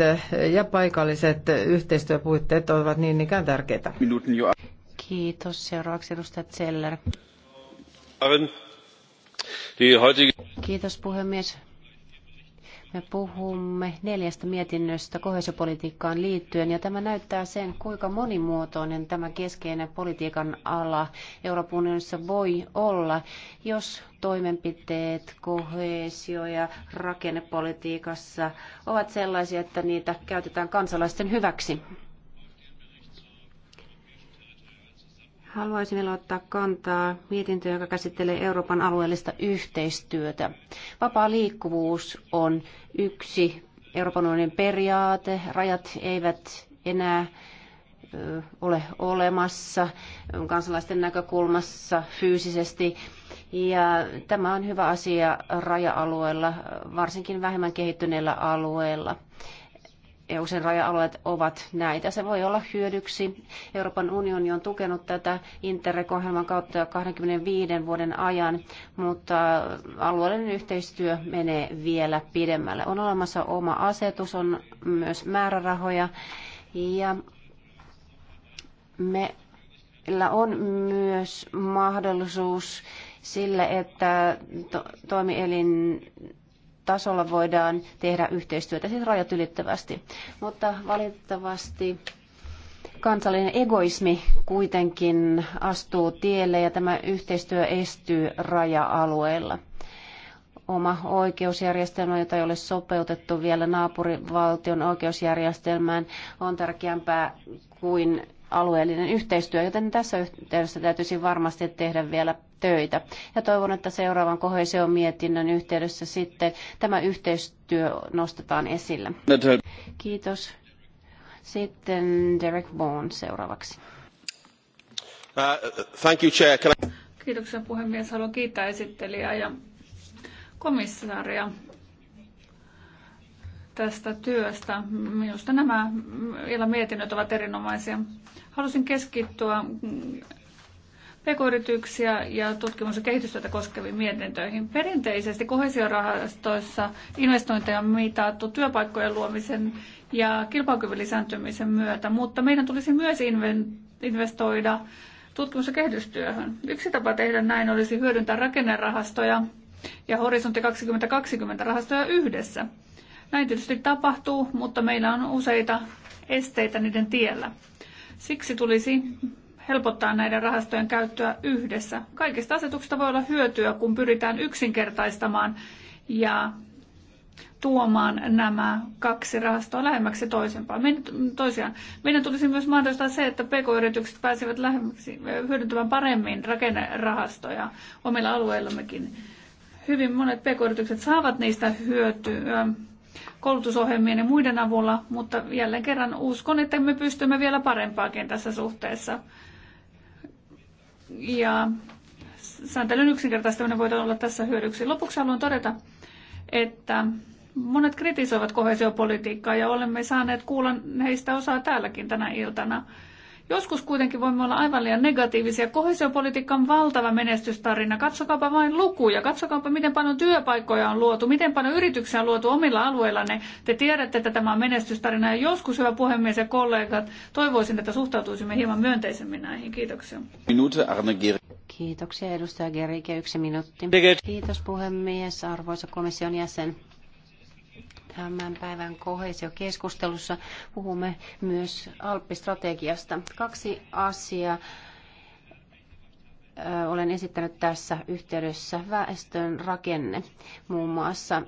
ja paikalliset yhteistyöpuitteet ovat niin ikään tärkeitä. Kiitos. Seuraavaksi edustaja Zeller. Kiitos puhemies. Me puhumme neljästä mietinnöstä kohesiopolitiikkaan liittyen ja tämä näyttää sen, kuinka monimuotoinen tämä keskeinen politiikan ala Euroopan unionissa voi olla, jos toimenpiteet kohesio- ja rakennepolitiikassa ovat sellaisia, että niitä käytetään kansalaisten hyväksi. Haluaisin vielä ottaa kantaa mietintöön, joka käsittelee Euroopan alueellista yhteistyötä. Vapaa liikkuvuus on yksi Euroopan unionin periaate. Rajat eivät enää ole olemassa kansalaisten näkökulmassa fyysisesti. Ja tämä on hyvä asia raja-alueella, varsinkin vähemmän kehittyneillä alueilla. EU-sen raja-alueet ovat näitä. Se voi olla hyödyksi. Euroopan unioni on tukenut tätä Interreg-ohjelman kautta 25 vuoden ajan, mutta alueellinen yhteistyö menee vielä pidemmälle. On olemassa oma asetus, on myös määrärahoja ja meillä on myös mahdollisuus sille, että to- toimielin tasolla voidaan tehdä yhteistyötä siis rajat ylittävästi. Mutta valitettavasti kansallinen egoismi kuitenkin astuu tielle ja tämä yhteistyö estyy raja-alueella. Oma oikeusjärjestelmä, jota ei ole sopeutettu vielä naapurivaltion oikeusjärjestelmään, on tärkeämpää kuin alueellinen yhteistyö, joten tässä yhteydessä täytyisi varmasti tehdä vielä töitä. Ja toivon, että seuraavan kohesion mietinnön yhteydessä sitten tämä yhteistyö nostetaan esille. Kiitos. Sitten Derek Vaughan seuraavaksi. Uh, thank you, Chair. Can I... Kiitoksia puhemies. Haluan kiittää esittelijää ja komissaaria tästä työstä. Minusta nämä vielä mietinnöt ovat erinomaisia. Halusin keskittyä pk-yrityksiä ja tutkimus- ja kehitystyötä koskeviin mietintöihin. Perinteisesti kohesiorahastoissa investointeja on mitattu työpaikkojen luomisen ja kilpailukyvyn lisääntymisen myötä, mutta meidän tulisi myös investoida tutkimus- ja kehitystyöhön. Yksi tapa tehdä näin olisi hyödyntää rakennerahastoja ja horisontti 2020 rahastoja yhdessä – näin tietysti tapahtuu, mutta meillä on useita esteitä niiden tiellä. Siksi tulisi helpottaa näiden rahastojen käyttöä yhdessä. Kaikista asetuksista voi olla hyötyä, kun pyritään yksinkertaistamaan ja tuomaan nämä kaksi rahastoa lähemmäksi toisempaa. Meidän, Meidän tulisi myös mahdollistaa se, että pk-yritykset pääsevät lähemmäksi, hyödyntämään paremmin rakennerahastoja omilla alueillammekin. Hyvin monet pk-yritykset saavat niistä hyötyä koulutusohjelmien ja muiden avulla, mutta jälleen kerran uskon, että me pystymme vielä parempaakin tässä suhteessa. Ja sääntelyn yksinkertaistaminen voi olla tässä hyödyksi. Lopuksi haluan todeta, että monet kritisoivat kohesiopolitiikkaa ja olemme saaneet kuulla heistä osaa täälläkin tänä iltana. Joskus kuitenkin voimme olla aivan liian negatiivisia. Kohesiopolitiikka on valtava menestystarina. Katsokaapa vain lukuja. Katsokaapa, miten paljon työpaikkoja on luotu, miten paljon yrityksiä on luotu omilla alueillanne. Te tiedätte, että tämä on menestystarina. Ja joskus, hyvä puhemies ja kollegat, toivoisin, että suhtautuisimme hieman myönteisemmin näihin. Kiitoksia. Minuutti, Arne Kiitoksia edustaja Gerike, yksi minuutti. Kiitos puhemies, arvoisa komission jäsen tämän päivän keskustelussa puhumme myös Alppistrategiasta. Kaksi asiaa olen esittänyt tässä yhteydessä väestön rakenne muun muassa.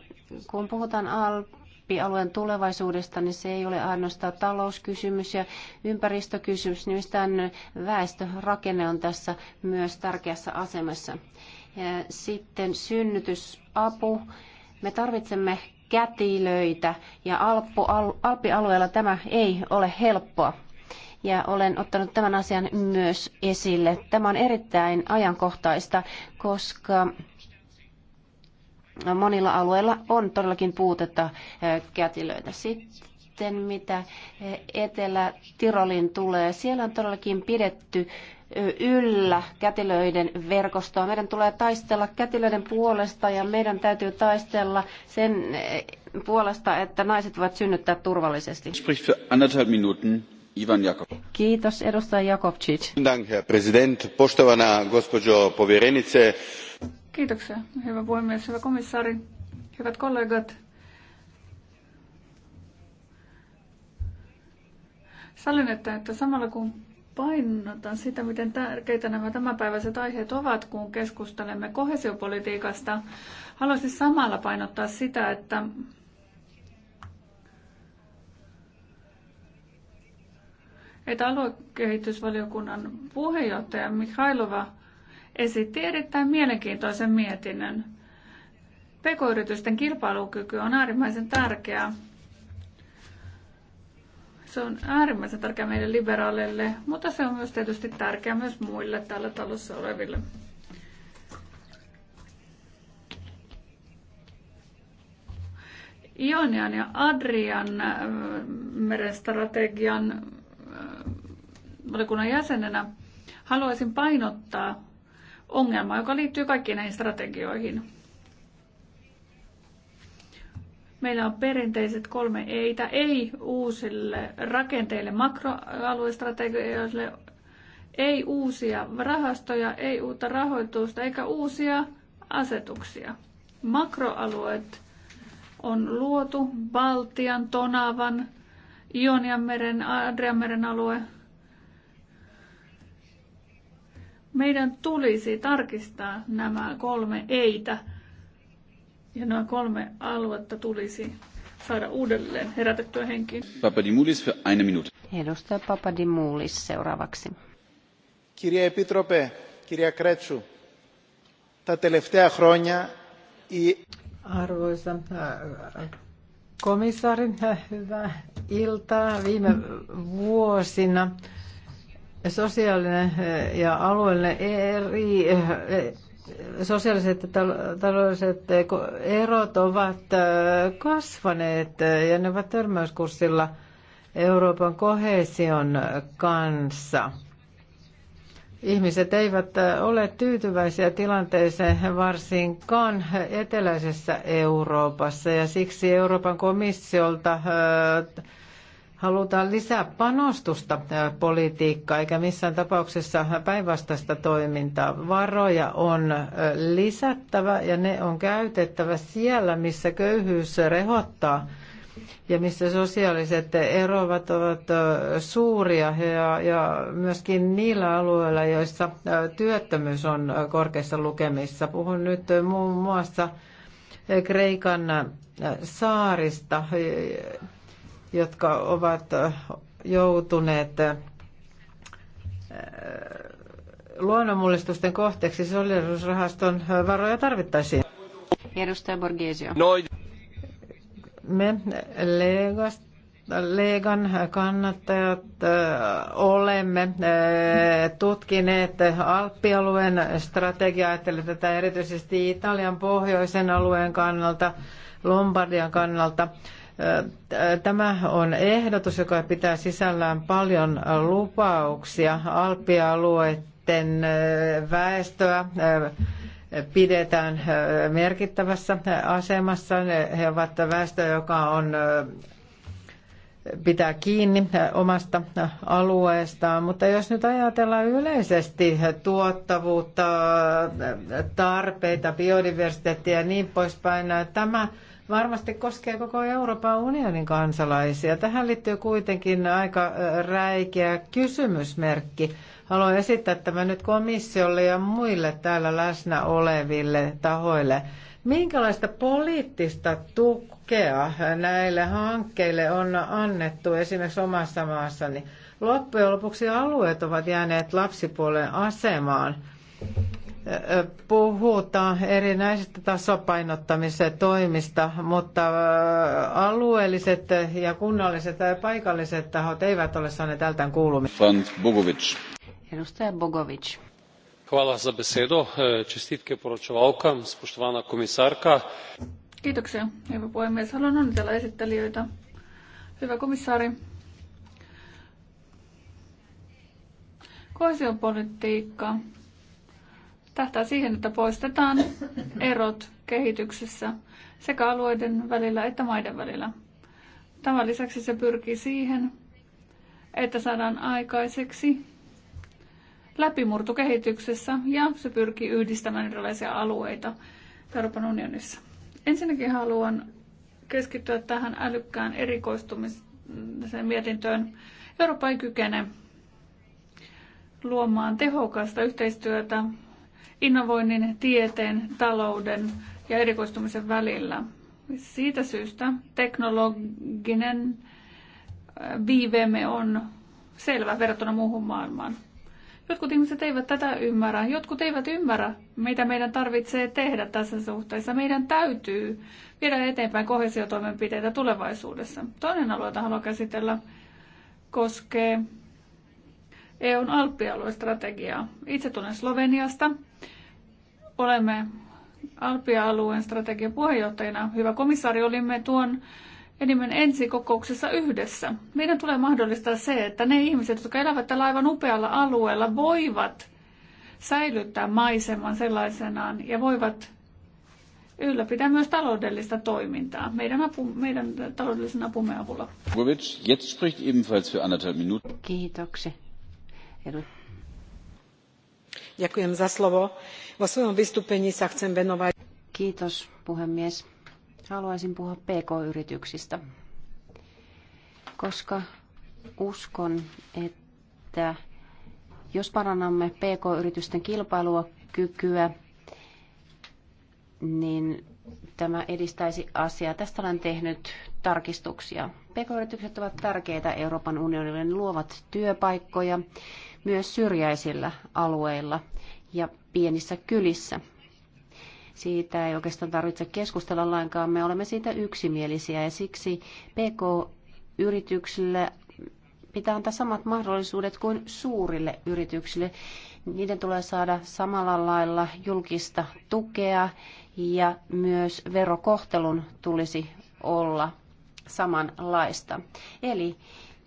Kun puhutaan Alppialueen tulevaisuudesta, niin se ei ole ainoastaan talouskysymys ja ympäristökysymys, nimittäin väestörakenne on tässä myös tärkeässä asemassa. Ja sitten synnytysapu. Me tarvitsemme kätilöitä ja Alppu, al, Alppialueella tämä ei ole helppoa. Ja olen ottanut tämän asian myös esille. Tämä on erittäin ajankohtaista, koska monilla alueilla on todellakin puutetta kätilöitä. Sitten mitä Etelä-Tirolin tulee, siellä on todellakin pidetty yllä kätilöiden verkostoa. Meidän tulee taistella kätilöiden puolesta ja meidän täytyy taistella sen eh, puolesta, että naiset voivat synnyttää turvallisesti. Ivan Kiitos edustaja Jakovčić. Kiitoksia, hyvä puhemies, hyvä komissaari, hyvät kollegat. Sallin, että, että samalla kun painotan sitä, miten tärkeitä nämä tämänpäiväiset aiheet ovat, kun keskustelemme kohesiopolitiikasta. Haluaisin samalla painottaa sitä, että että aluekehitysvaliokunnan puheenjohtaja Mikhailova esitti erittäin mielenkiintoisen mietinnön. Pekoyritysten kilpailukyky on äärimmäisen tärkeää se on äärimmäisen tärkeä meille liberaaleille, mutta se on myös tietysti tärkeä myös muille täällä talossa oleville. Ionian ja Adrian merenstrategian valikunnan jäsenenä haluaisin painottaa ongelmaa, joka liittyy kaikkiin näihin strategioihin. Meillä on perinteiset kolme eitä, ei uusille rakenteille makroaluestrategioille, ei uusia rahastoja, ei uutta rahoitusta eikä uusia asetuksia. Makroalueet on luotu Baltian, Tonavan, Ionianmeren, Adrianmeren alue. Meidän tulisi tarkistaa nämä kolme eitä – ja nämä kolme aluetta tulisi saada uudelleen herätettyä henkiin. Papadimoulis für eine Minute. Edustaja Papadimoulis seuraavaksi. Kirja Epitrope, kirja Kretsu, τα τελευταία χρόνια i... Arvoisa äh, komissaari, äh, hyvää iltaa. Viime vuosina sosiaalinen äh, ja alueellinen eri, sosiaaliset ja taloudelliset erot ovat äh, kasvaneet äh, ja ne ovat törmäyskurssilla Euroopan kohesion äh, kanssa. Ihmiset eivät ole tyytyväisiä tilanteeseen varsinkaan eteläisessä Euroopassa ja siksi Euroopan komissiolta halutaan lisää panostusta politiikkaa, eikä missään tapauksessa päinvastaista toimintaa. Varoja on lisättävä ja ne on käytettävä siellä, missä köyhyys rehottaa ja missä sosiaaliset erovat ovat suuria ja, ja myöskin niillä alueilla, joissa työttömyys on korkeissa lukemissa. Puhun nyt muun muassa Kreikan saarista, jotka ovat joutuneet luonnonmullistusten kohteeksi solidarisuusrahaston varoja tarvittaisiin. Edustaja Borgesio. No. Me Legas, Legan kannattajat olemme tutkineet Alppialueen strategiaa, ajattelen tätä erityisesti Italian pohjoisen alueen kannalta, Lombardian kannalta. Tämä on ehdotus, joka pitää sisällään paljon lupauksia. Alppialueiden väestöä pidetään merkittävässä asemassa. He ovat väestö, joka on pitää kiinni omasta alueestaan, mutta jos nyt ajatellaan yleisesti tuottavuutta, tarpeita, biodiversiteettiä ja niin poispäin, tämä varmasti koskee koko Euroopan unionin kansalaisia. Tähän liittyy kuitenkin aika räikeä kysymysmerkki. Haluan esittää tämän nyt komissiolle ja muille täällä läsnä oleville tahoille. Minkälaista poliittista tukea näille hankkeille on annettu esimerkiksi omassa maassani? Loppujen lopuksi alueet ovat jääneet lapsipuolen asemaan puhutaan erinäisistä toimista, mutta alueelliset ja kunnalliset ja paikalliset tahot eivät ole saaneet tältään kuulumista. Bogovic. Edustaja Bogovic. Hvala za besedo. E, čestitke poročevalkam, spoštovana komisarka. Kiitoksia, hyvä puhemies. Haluan onnitella esittelijöitä. Hyvä komissaari. Koesiopolitiikka tähtää siihen, että poistetaan erot kehityksessä sekä alueiden välillä että maiden välillä. Tämän lisäksi se pyrkii siihen, että saadaan aikaiseksi läpimurto kehityksessä ja se pyrkii yhdistämään erilaisia alueita Euroopan unionissa. Ensinnäkin haluan keskittyä tähän älykkään erikoistumisen mietintöön. Eurooppa ei kykene luomaan tehokasta yhteistyötä innovoinnin, tieteen, talouden ja erikoistumisen välillä. Siitä syystä teknologinen äh, viiveemme on selvä verrattuna muuhun maailmaan. Jotkut ihmiset eivät tätä ymmärrä. Jotkut eivät ymmärrä, mitä meidän tarvitsee tehdä tässä suhteessa. Meidän täytyy viedä eteenpäin kohesiotoimenpiteitä tulevaisuudessa. Toinen alue, jota haluan käsitellä, koskee EUn alppialuestrategiaa. Itse tulen Sloveniasta olemme Alpia-alueen strategian puheenjohtajina. Hyvä komissaari, olimme tuon enimmän ensi kokouksessa yhdessä. Meidän tulee mahdollistaa se, että ne ihmiset, jotka elävät tällä aivan upealla alueella, voivat säilyttää maiseman sellaisenaan ja voivat ylläpitää myös taloudellista toimintaa meidän, apu, meidän taloudellisen apumme avulla. Kiitoksia vo svojom vystúpení sa chcem venovať. Kiitos puhemies. Haluaisin puhua PK-yrityksistä, koska uskon, että jos parannamme PK-yritysten kilpailua kykyä, niin tämä edistäisi asiaa. Tästä olen tehnyt tarkistuksia. PK-yritykset ovat tärkeitä Euroopan unionille. Ne luovat työpaikkoja, myös syrjäisillä alueilla ja pienissä kylissä. Siitä ei oikeastaan tarvitse keskustella lainkaan, me olemme siitä yksimielisiä ja siksi PK-yrityksille pitää antaa samat mahdollisuudet kuin suurille yrityksille. Niiden tulee saada samalla lailla julkista tukea ja myös verokohtelun tulisi olla samanlaista. Eli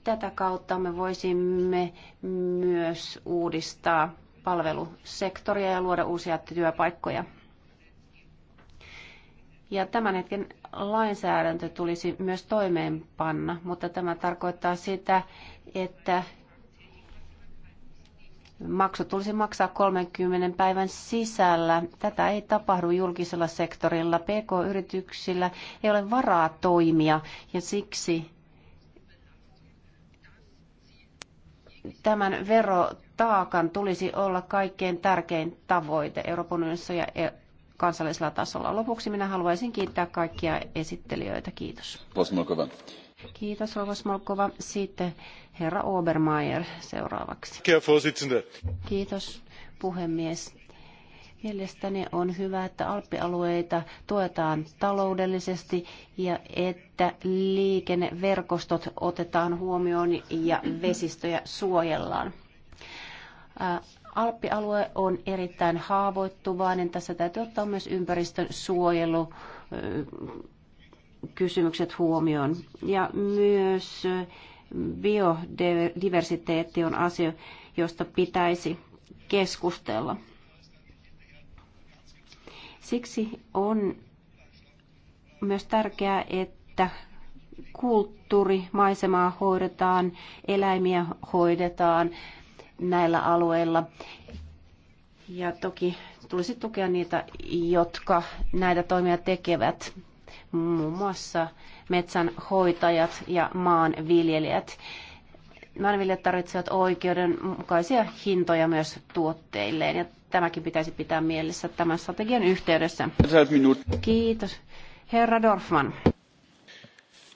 Tätä kautta me voisimme myös uudistaa palvelusektoria ja luoda uusia työpaikkoja. Ja tämän hetken lainsäädäntö tulisi myös toimeenpanna, mutta tämä tarkoittaa sitä, että maksu tulisi maksaa 30 päivän sisällä. Tätä ei tapahdu julkisella sektorilla. PK-yrityksillä ei ole varaa toimia ja siksi tämän verotaakan tulisi olla kaikkein tärkein tavoite Euroopan unionissa ja e- kansallisella tasolla. Lopuksi minä haluaisin kiittää kaikkia esittelijöitä. Kiitos. Vosmolkova. Kiitos, Rova Smolkova. Sitten herra Obermeier seuraavaksi. Kiitos, puhemies. Mielestäni on hyvä, että alppialueita tuetaan taloudellisesti ja että liikenneverkostot otetaan huomioon ja vesistöjä suojellaan. Alppialue on erittäin haavoittuvainen. Tässä täytyy ottaa myös ympäristön suojelu kysymykset huomioon. Ja myös biodiversiteetti on asia, josta pitäisi keskustella. Siksi on myös tärkeää, että kulttuurimaisemaa hoidetaan, eläimiä hoidetaan näillä alueilla. Ja toki tulisi tukea niitä, jotka näitä toimia tekevät, muun muassa metsänhoitajat ja maanviljelijät. Maanviljelijät tarvitsevat oikeudenmukaisia hintoja myös tuotteilleen ja tämäkin pitäisi pitää mielessä tämän strategian yhteydessä. Kiitos. Herra Dorfman.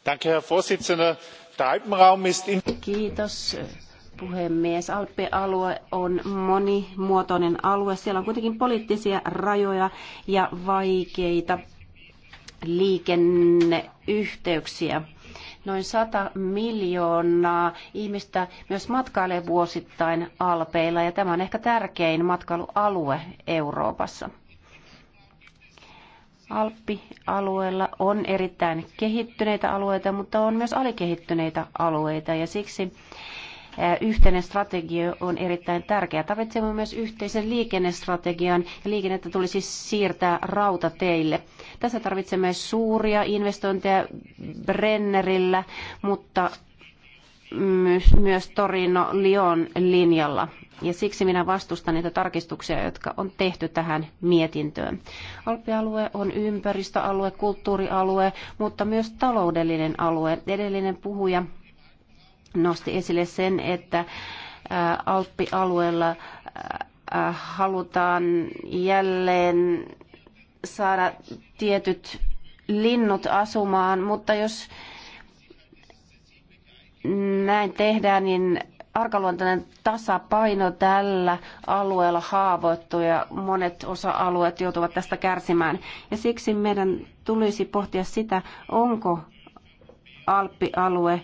Danke, Herr Vorsitzender. Der Alpenraum ist in... Kiitos puhemies. Alppialue on monimuotoinen alue. Siellä on kuitenkin poliittisia rajoja ja vaikeita liikenneyhteyksiä. Noin 100 miljoonaa ihmistä myös matkailee vuosittain Alpeilla ja tämä on ehkä tärkein matkailualue Euroopassa. Alppialueella on erittäin kehittyneitä alueita, mutta on myös alikehittyneitä alueita ja siksi Eh, yhteinen strategia on erittäin tärkeä. Tarvitsemme myös yhteisen liikennestrategian ja liikennettä tulisi siirtää rautateille. Tässä tarvitsemme suuria investointeja Brennerillä, mutta myös Torino-Lyon linjalla. Ja siksi minä vastustan niitä tarkistuksia, jotka on tehty tähän mietintöön. Alppialue on ympäristöalue, kulttuurialue, mutta myös taloudellinen alue. Edellinen puhuja nosti esille sen, että äh, Alppialueella äh, halutaan jälleen saada tietyt linnut asumaan, mutta jos näin tehdään, niin arkaluontainen tasapaino tällä alueella haavoittuu ja monet osa-alueet joutuvat tästä kärsimään. Ja siksi meidän tulisi pohtia sitä, onko alppialue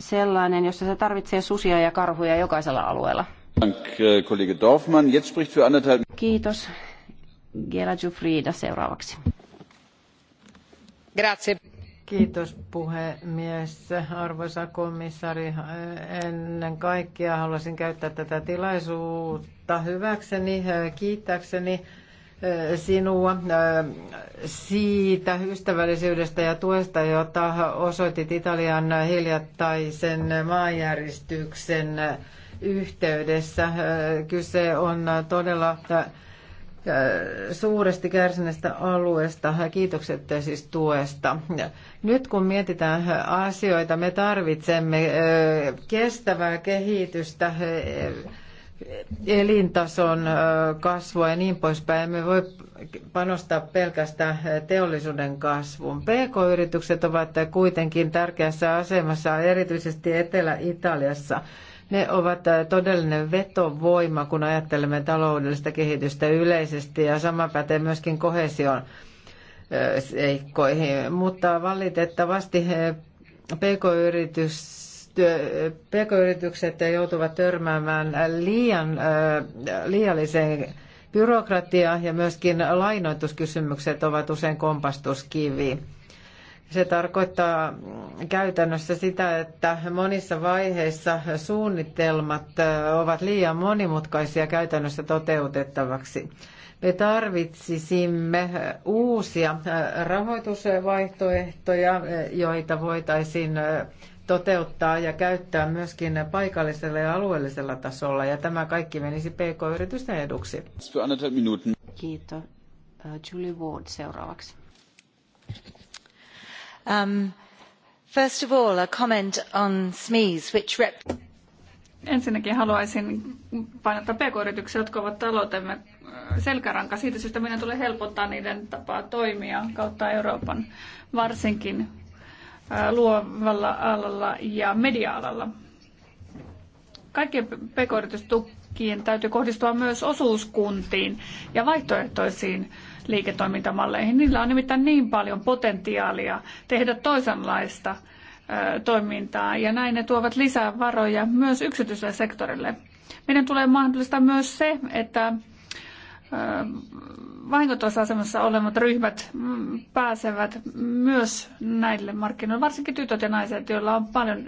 sellainen, jossa se tarvitsee susia ja karhuja jokaisella alueella. Äh, Kiitos. Gela Jufrida seuraavaksi. Grazie. Kiitos puhemies. Arvoisa komissaari, ennen kaikkea haluaisin käyttää tätä tilaisuutta hyväkseni, äh, kiittääkseni sinua siitä ystävällisyydestä ja tuesta, jota osoitit Italian hiljattaisen maanjäristyksen yhteydessä. Kyse on todella suuresti kärsineestä alueesta. Kiitokset siis tuesta. Nyt kun mietitään asioita, me tarvitsemme kestävää kehitystä elintason kasvua ja niin poispäin. Emme voi panostaa pelkästään teollisuuden kasvuun. PK-yritykset ovat kuitenkin tärkeässä asemassa, erityisesti Etelä-Italiassa. Ne ovat todellinen vetovoima, kun ajattelemme taloudellista kehitystä yleisesti ja sama pätee myöskin kohesion seikkoihin. Mutta valitettavasti PK-yritys pk-yritykset joutuvat törmäämään liian, liialliseen byrokratia ja myöskin lainoituskysymykset ovat usein kompastuskivi. Se tarkoittaa käytännössä sitä, että monissa vaiheissa suunnitelmat ovat liian monimutkaisia käytännössä toteutettavaksi. Me tarvitsisimme uusia rahoitusvaihtoehtoja, joita voitaisiin toteuttaa ja käyttää myöskin paikallisella ja alueellisella tasolla, ja tämä kaikki menisi PK-yritysten eduksi. Kiitos. Äh, Julie Ward seuraavaksi. Um, first of all, a comment on SMEs, e which rep... Ensinnäkin haluaisin painottaa pk-yrityksiä, jotka ovat taloutemme äh, selkäranka. Siitä syystä minä tulee helpottaa niiden tapaa toimia kautta Euroopan, varsinkin luovalla alalla ja media-alalla. Kaikkien pk-yritystukien täytyy kohdistua myös osuuskuntiin ja vaihtoehtoisiin liiketoimintamalleihin. Niillä on nimittäin niin paljon potentiaalia tehdä toisenlaista toimintaa ja näin ne tuovat lisää varoja myös yksityiselle sektorille. Meidän tulee mahdollistaa myös se, että vahingoittavassa asemassa olevat ryhmät pääsevät myös näille markkinoille, varsinkin tytöt ja naiset, joilla on paljon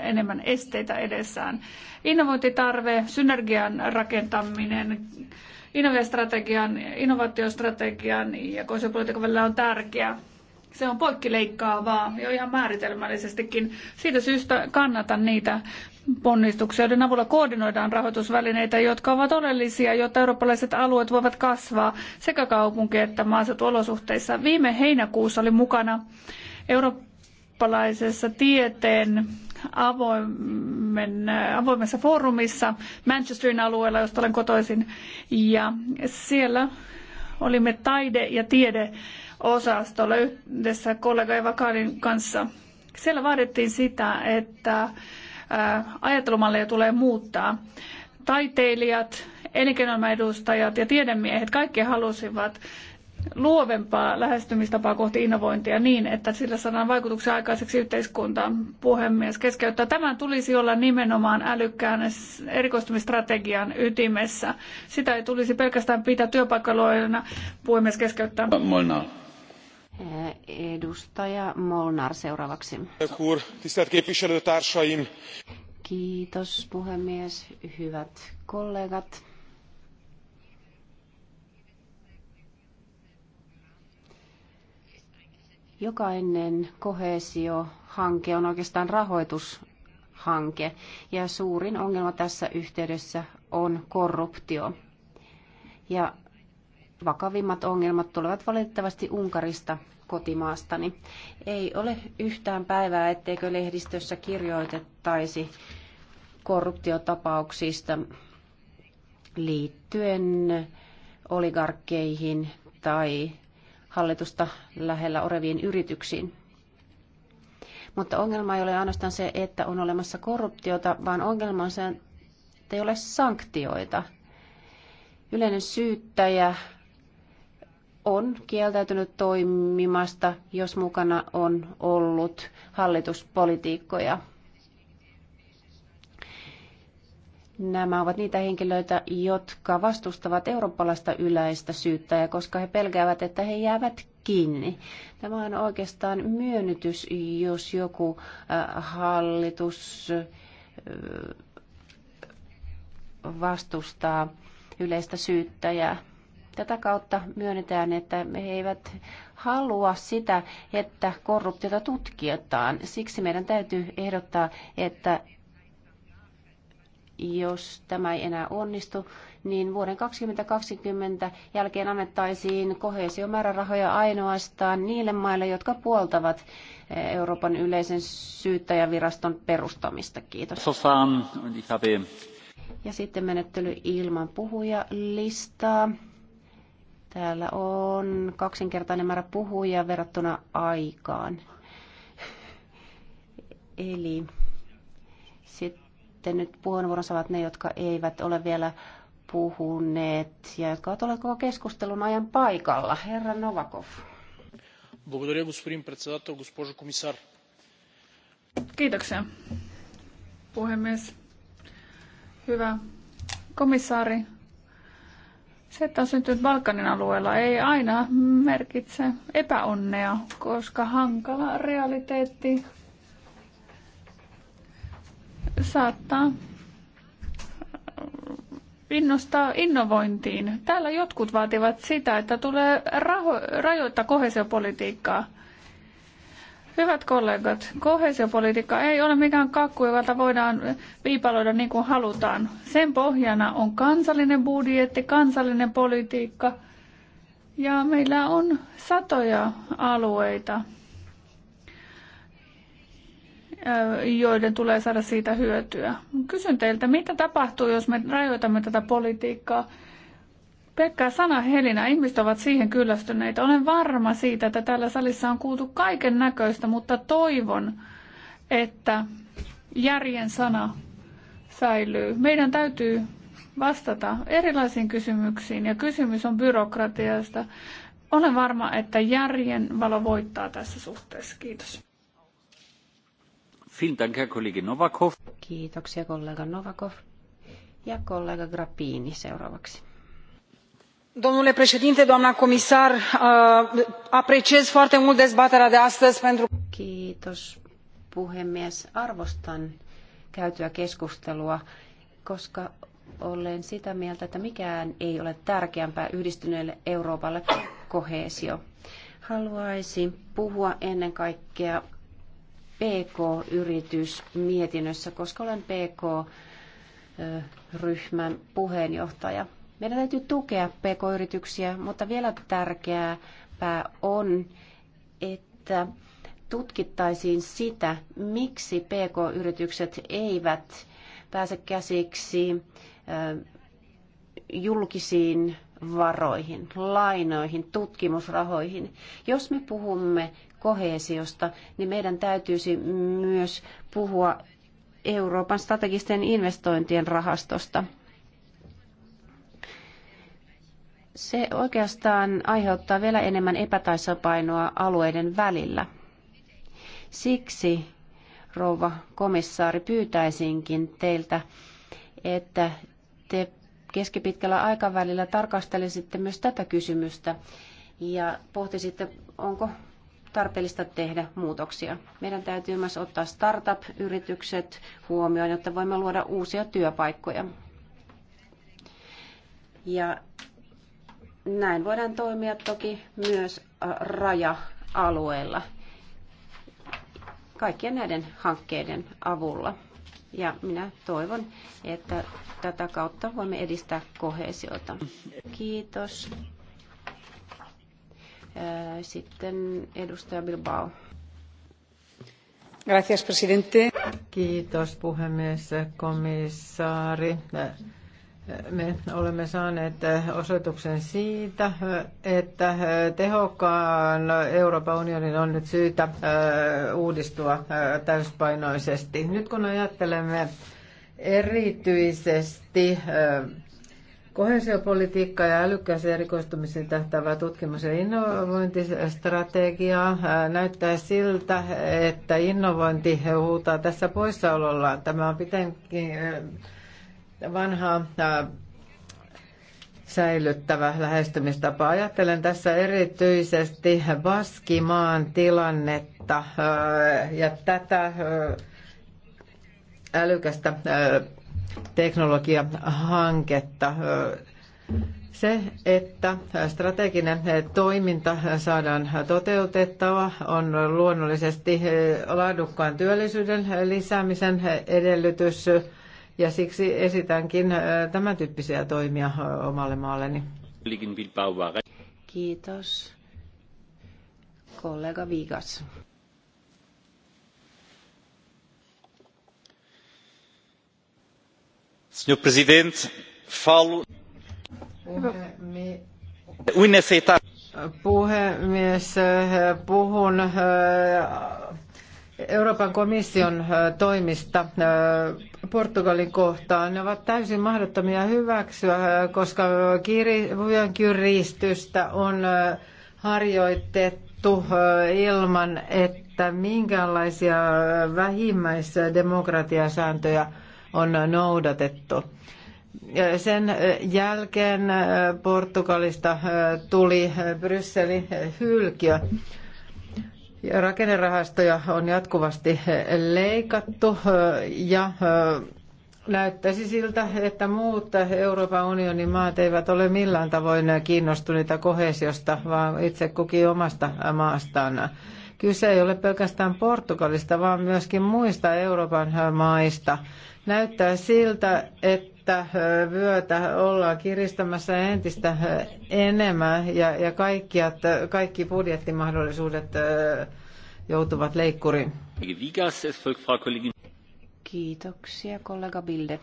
enemmän esteitä edessään. Innovointitarve, synergian rakentaminen, innovaatiostrategian, innovaatiostrategian ja konsulipolitiikan välillä on tärkeää. Se on poikkileikkaavaa jo ihan määritelmällisestikin. Siitä syystä kannatan niitä ponnistuksia, joiden avulla koordinoidaan rahoitusvälineitä, jotka ovat oleellisia, jotta eurooppalaiset alueet voivat kasvaa sekä kaupunki- että maaseutuolosuhteissa. Viime heinäkuussa oli mukana eurooppalaisessa tieteen avoimen, avoimessa foorumissa Manchesterin alueella, josta olen kotoisin, ja siellä olimme taide- ja tiedeosastolla yhdessä kollega Eva Kaalin kanssa. Siellä vaadittiin sitä, että ajattelumalleja tulee muuttaa. Taiteilijat, elinkeinoelämän edustajat ja tiedemiehet kaikki halusivat luovempaa lähestymistapaa kohti innovointia niin, että sillä saadaan vaikutuksia aikaiseksi yhteiskuntaan. Puhemies keskeyttää. Tämän tulisi olla nimenomaan älykkään erikoistumistrategian ytimessä. Sitä ei tulisi pelkästään pitää työpaikkaluojana. Puhemies keskeyttää. Molnar. Edustaja Molnar seuraavaksi. Kiitos puhemies, hyvät kollegat. Jokainen koheesiohanke on oikeastaan rahoitushanke ja suurin ongelma tässä yhteydessä on korruptio. Ja vakavimmat ongelmat tulevat valitettavasti Unkarista kotimaastani. Ei ole yhtään päivää, etteikö lehdistössä kirjoitettaisi korruptiotapauksista liittyen oligarkkeihin tai hallitusta lähellä oleviin yrityksiin. Mutta ongelma ei ole ainoastaan se, että on olemassa korruptiota, vaan ongelma on se, että ei ole sanktioita. Yleinen syyttäjä on kieltäytynyt toimimasta, jos mukana on ollut hallituspolitiikkoja. Nämä ovat niitä henkilöitä, jotka vastustavat eurooppalaista yleistä syyttäjää, koska he pelkäävät, että he jäävät kiinni. Tämä on oikeastaan myönnytys, jos joku hallitus vastustaa yleistä syyttäjää. Tätä kautta myönnetään, että he eivät halua sitä, että korruptiota tutkitaan. Siksi meidän täytyy ehdottaa, että jos tämä ei enää onnistu, niin vuoden 2020 jälkeen annettaisiin kohesiomäärärahoja ainoastaan niille maille, jotka puoltavat eh, Euroopan yleisen syyttäjäviraston perustamista. Kiitos. Ja sitten menettely ilman puhuja listaa. Täällä on kaksinkertainen määrä puhujia verrattuna aikaan. Eli sitten nyt puheenvuoron saavat ne, jotka eivät ole vielä puhuneet ja jotka ovat olleet koko keskustelun ajan paikalla. Herra Novakov. Kiitoksia, puhemies. Hyvä komissaari, se, että on syntynyt Balkanin alueella, ei aina merkitse epäonnea, koska hankala realiteetti saattaa innostaa innovointiin. Täällä jotkut vaativat sitä, että tulee raho- rajoittaa kohesiopolitiikkaa – Hyvät kollegat, kohesiopolitiikka ei ole mikään kakku, jota voidaan viipaloida niin kuin halutaan. Sen pohjana on kansallinen budjetti, kansallinen politiikka ja meillä on satoja alueita, joiden tulee saada siitä hyötyä. Kysyn teiltä, mitä tapahtuu, jos me rajoitamme tätä politiikkaa sana Helina, Ihmiset ovat siihen kyllästyneitä. Olen varma siitä, että täällä salissa on kuultu kaiken näköistä, mutta toivon, että järjen sana säilyy. Meidän täytyy vastata erilaisiin kysymyksiin ja kysymys on byrokratiasta. Olen varma, että järjen valo voittaa tässä suhteessa. Kiitos. Kiitoksia kollega Novakov ja kollega Grappini seuraavaksi domnule președinte doamnă comisar uh, apreciez foarte mult dezbaterea de astăzi pentru. kiitos puhemies arvostan käytyä keskustelua koska olen sitä mieltä että mikään ei ole tärkeämpää yhdistyneelle euroopalle kuin koheesio. haluaisin puhua ennen kaikkea pk mietinnössä, koska olen pk ryhmän puheenjohtaja meidän täytyy tukea pk-yrityksiä, mutta vielä tärkeämpää on, että tutkittaisiin sitä, miksi pk-yritykset eivät pääse käsiksi julkisiin varoihin, lainoihin, tutkimusrahoihin. Jos me puhumme kohesiosta, niin meidän täytyisi myös puhua Euroopan strategisten investointien rahastosta. se oikeastaan aiheuttaa vielä enemmän epätasapainoa alueiden välillä. Siksi, rouva komissaari, pyytäisinkin teiltä, että te keskipitkällä aikavälillä tarkastelisitte myös tätä kysymystä ja pohtisitte, onko tarpeellista tehdä muutoksia. Meidän täytyy myös ottaa startup-yritykset huomioon, jotta voimme luoda uusia työpaikkoja. Ja näin voidaan toimia toki myös raja alueella kaikkien näiden hankkeiden avulla. Ja minä toivon, että tätä kautta voimme edistää kohesiota. Kiitos. Sitten edustaja Bilbao. Gracias, presidente. Kiitos puhemies, komissaari me olemme saaneet osoituksen siitä, että tehokkaan Euroopan unionin on nyt syytä uudistua täyspainoisesti. Nyt kun ajattelemme erityisesti kohesiopolitiikkaa ja älykkäisen erikoistumisen tähtävää tutkimus- ja innovointistrategiaa, näyttää siltä, että innovointi huutaa tässä poissaolollaan. Tämä on pitenkin vanhaa säilyttävä lähestymistapa. Ajattelen tässä erityisesti Baskimaan tilannetta ja tätä älykästä teknologiahanketta. Se, että strateginen toiminta saadaan toteutettava, on luonnollisesti laadukkaan työllisyyden lisäämisen edellytys – ja siksi esitänkin tämän tyyppisiä toimia omalle maalleni. Kiitos. Kollega Vigas. Signor Presidente, falo. Puhemies, puhun Euroopan komission toimista Portugalin kohtaan. Ne ovat täysin mahdottomia hyväksyä, koska kyristystä on harjoitettu ilman, että minkäänlaisia vähimmäisdemokratiasääntöjä on noudatettu. Sen jälkeen Portugalista tuli Brysselin hylkiö. Rakennerahastoja on jatkuvasti leikattu ja näyttäisi siltä, että muut Euroopan unionin maat eivät ole millään tavoin kiinnostuneita kohesiosta, vaan itse kukin omasta maastaan. Kyse ei ole pelkästään Portugalista, vaan myöskin muista Euroopan maista – Näyttää siltä, että vyötä ollaan kiristämässä entistä enemmän ja, ja että kaikki budjettimahdollisuudet joutuvat leikkuriin. Kiitoksia, kollega Bilde.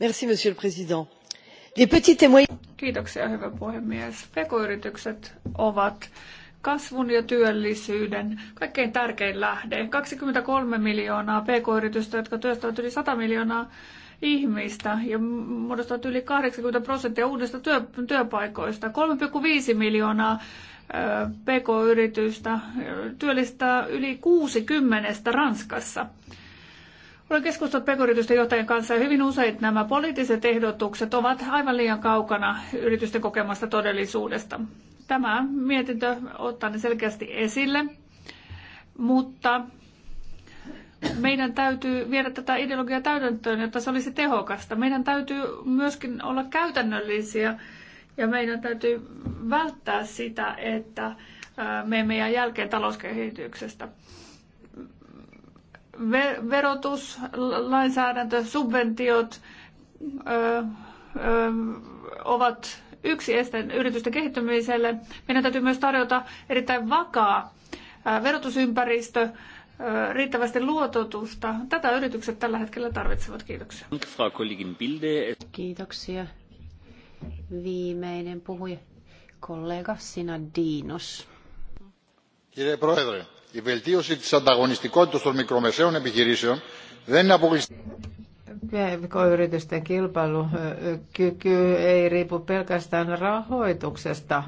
Merci, monsieur le président. Les petites et moyennes... Kiitoksia, hyvä puhemies. Pekoyritykset ovat kasvun ja työllisyyden kaikkein tärkein lähde. 23 miljoonaa pk-yritystä, jotka työstävät yli 100 miljoonaa ihmistä ja muodostavat yli 80 prosenttia uudesta työ, työpaikoista. 3,5 miljoonaa PK-yritystä työllistää yli 60 Ranskassa. Olen keskustellut pekoyritysten yritysten johtajien kanssa ja hyvin usein nämä poliittiset ehdotukset ovat aivan liian kaukana yritysten kokemasta todellisuudesta. Tämä mietintö ottaa ne selkeästi esille, mutta meidän täytyy viedä tätä ideologiaa täydentöön, jotta se olisi tehokasta. Meidän täytyy myöskin olla käytännöllisiä ja meidän täytyy välttää sitä, että me emme jää jälkeen talouskehityksestä. Verotus, lainsäädäntö, subventiot ö, ö, ovat yksi este yritysten kehittymiselle. Meidän täytyy myös tarjota erittäin vakaa verotusympäristö, riittävästi luototusta. Tätä yritykset tällä hetkellä tarvitsevat. Kiitoksia. Kiitoksia. Viimeinen puhuja, kollega Sina Dinos. Κύριε Πρόεδρε, η βελτίωση της ανταγωνιστικότητας των μικρομεσαίων επιχειρήσεων δεν είναι αποκλειστική. PK-yritysten kilpailukyky ei riipu pelkästään rahoituksesta.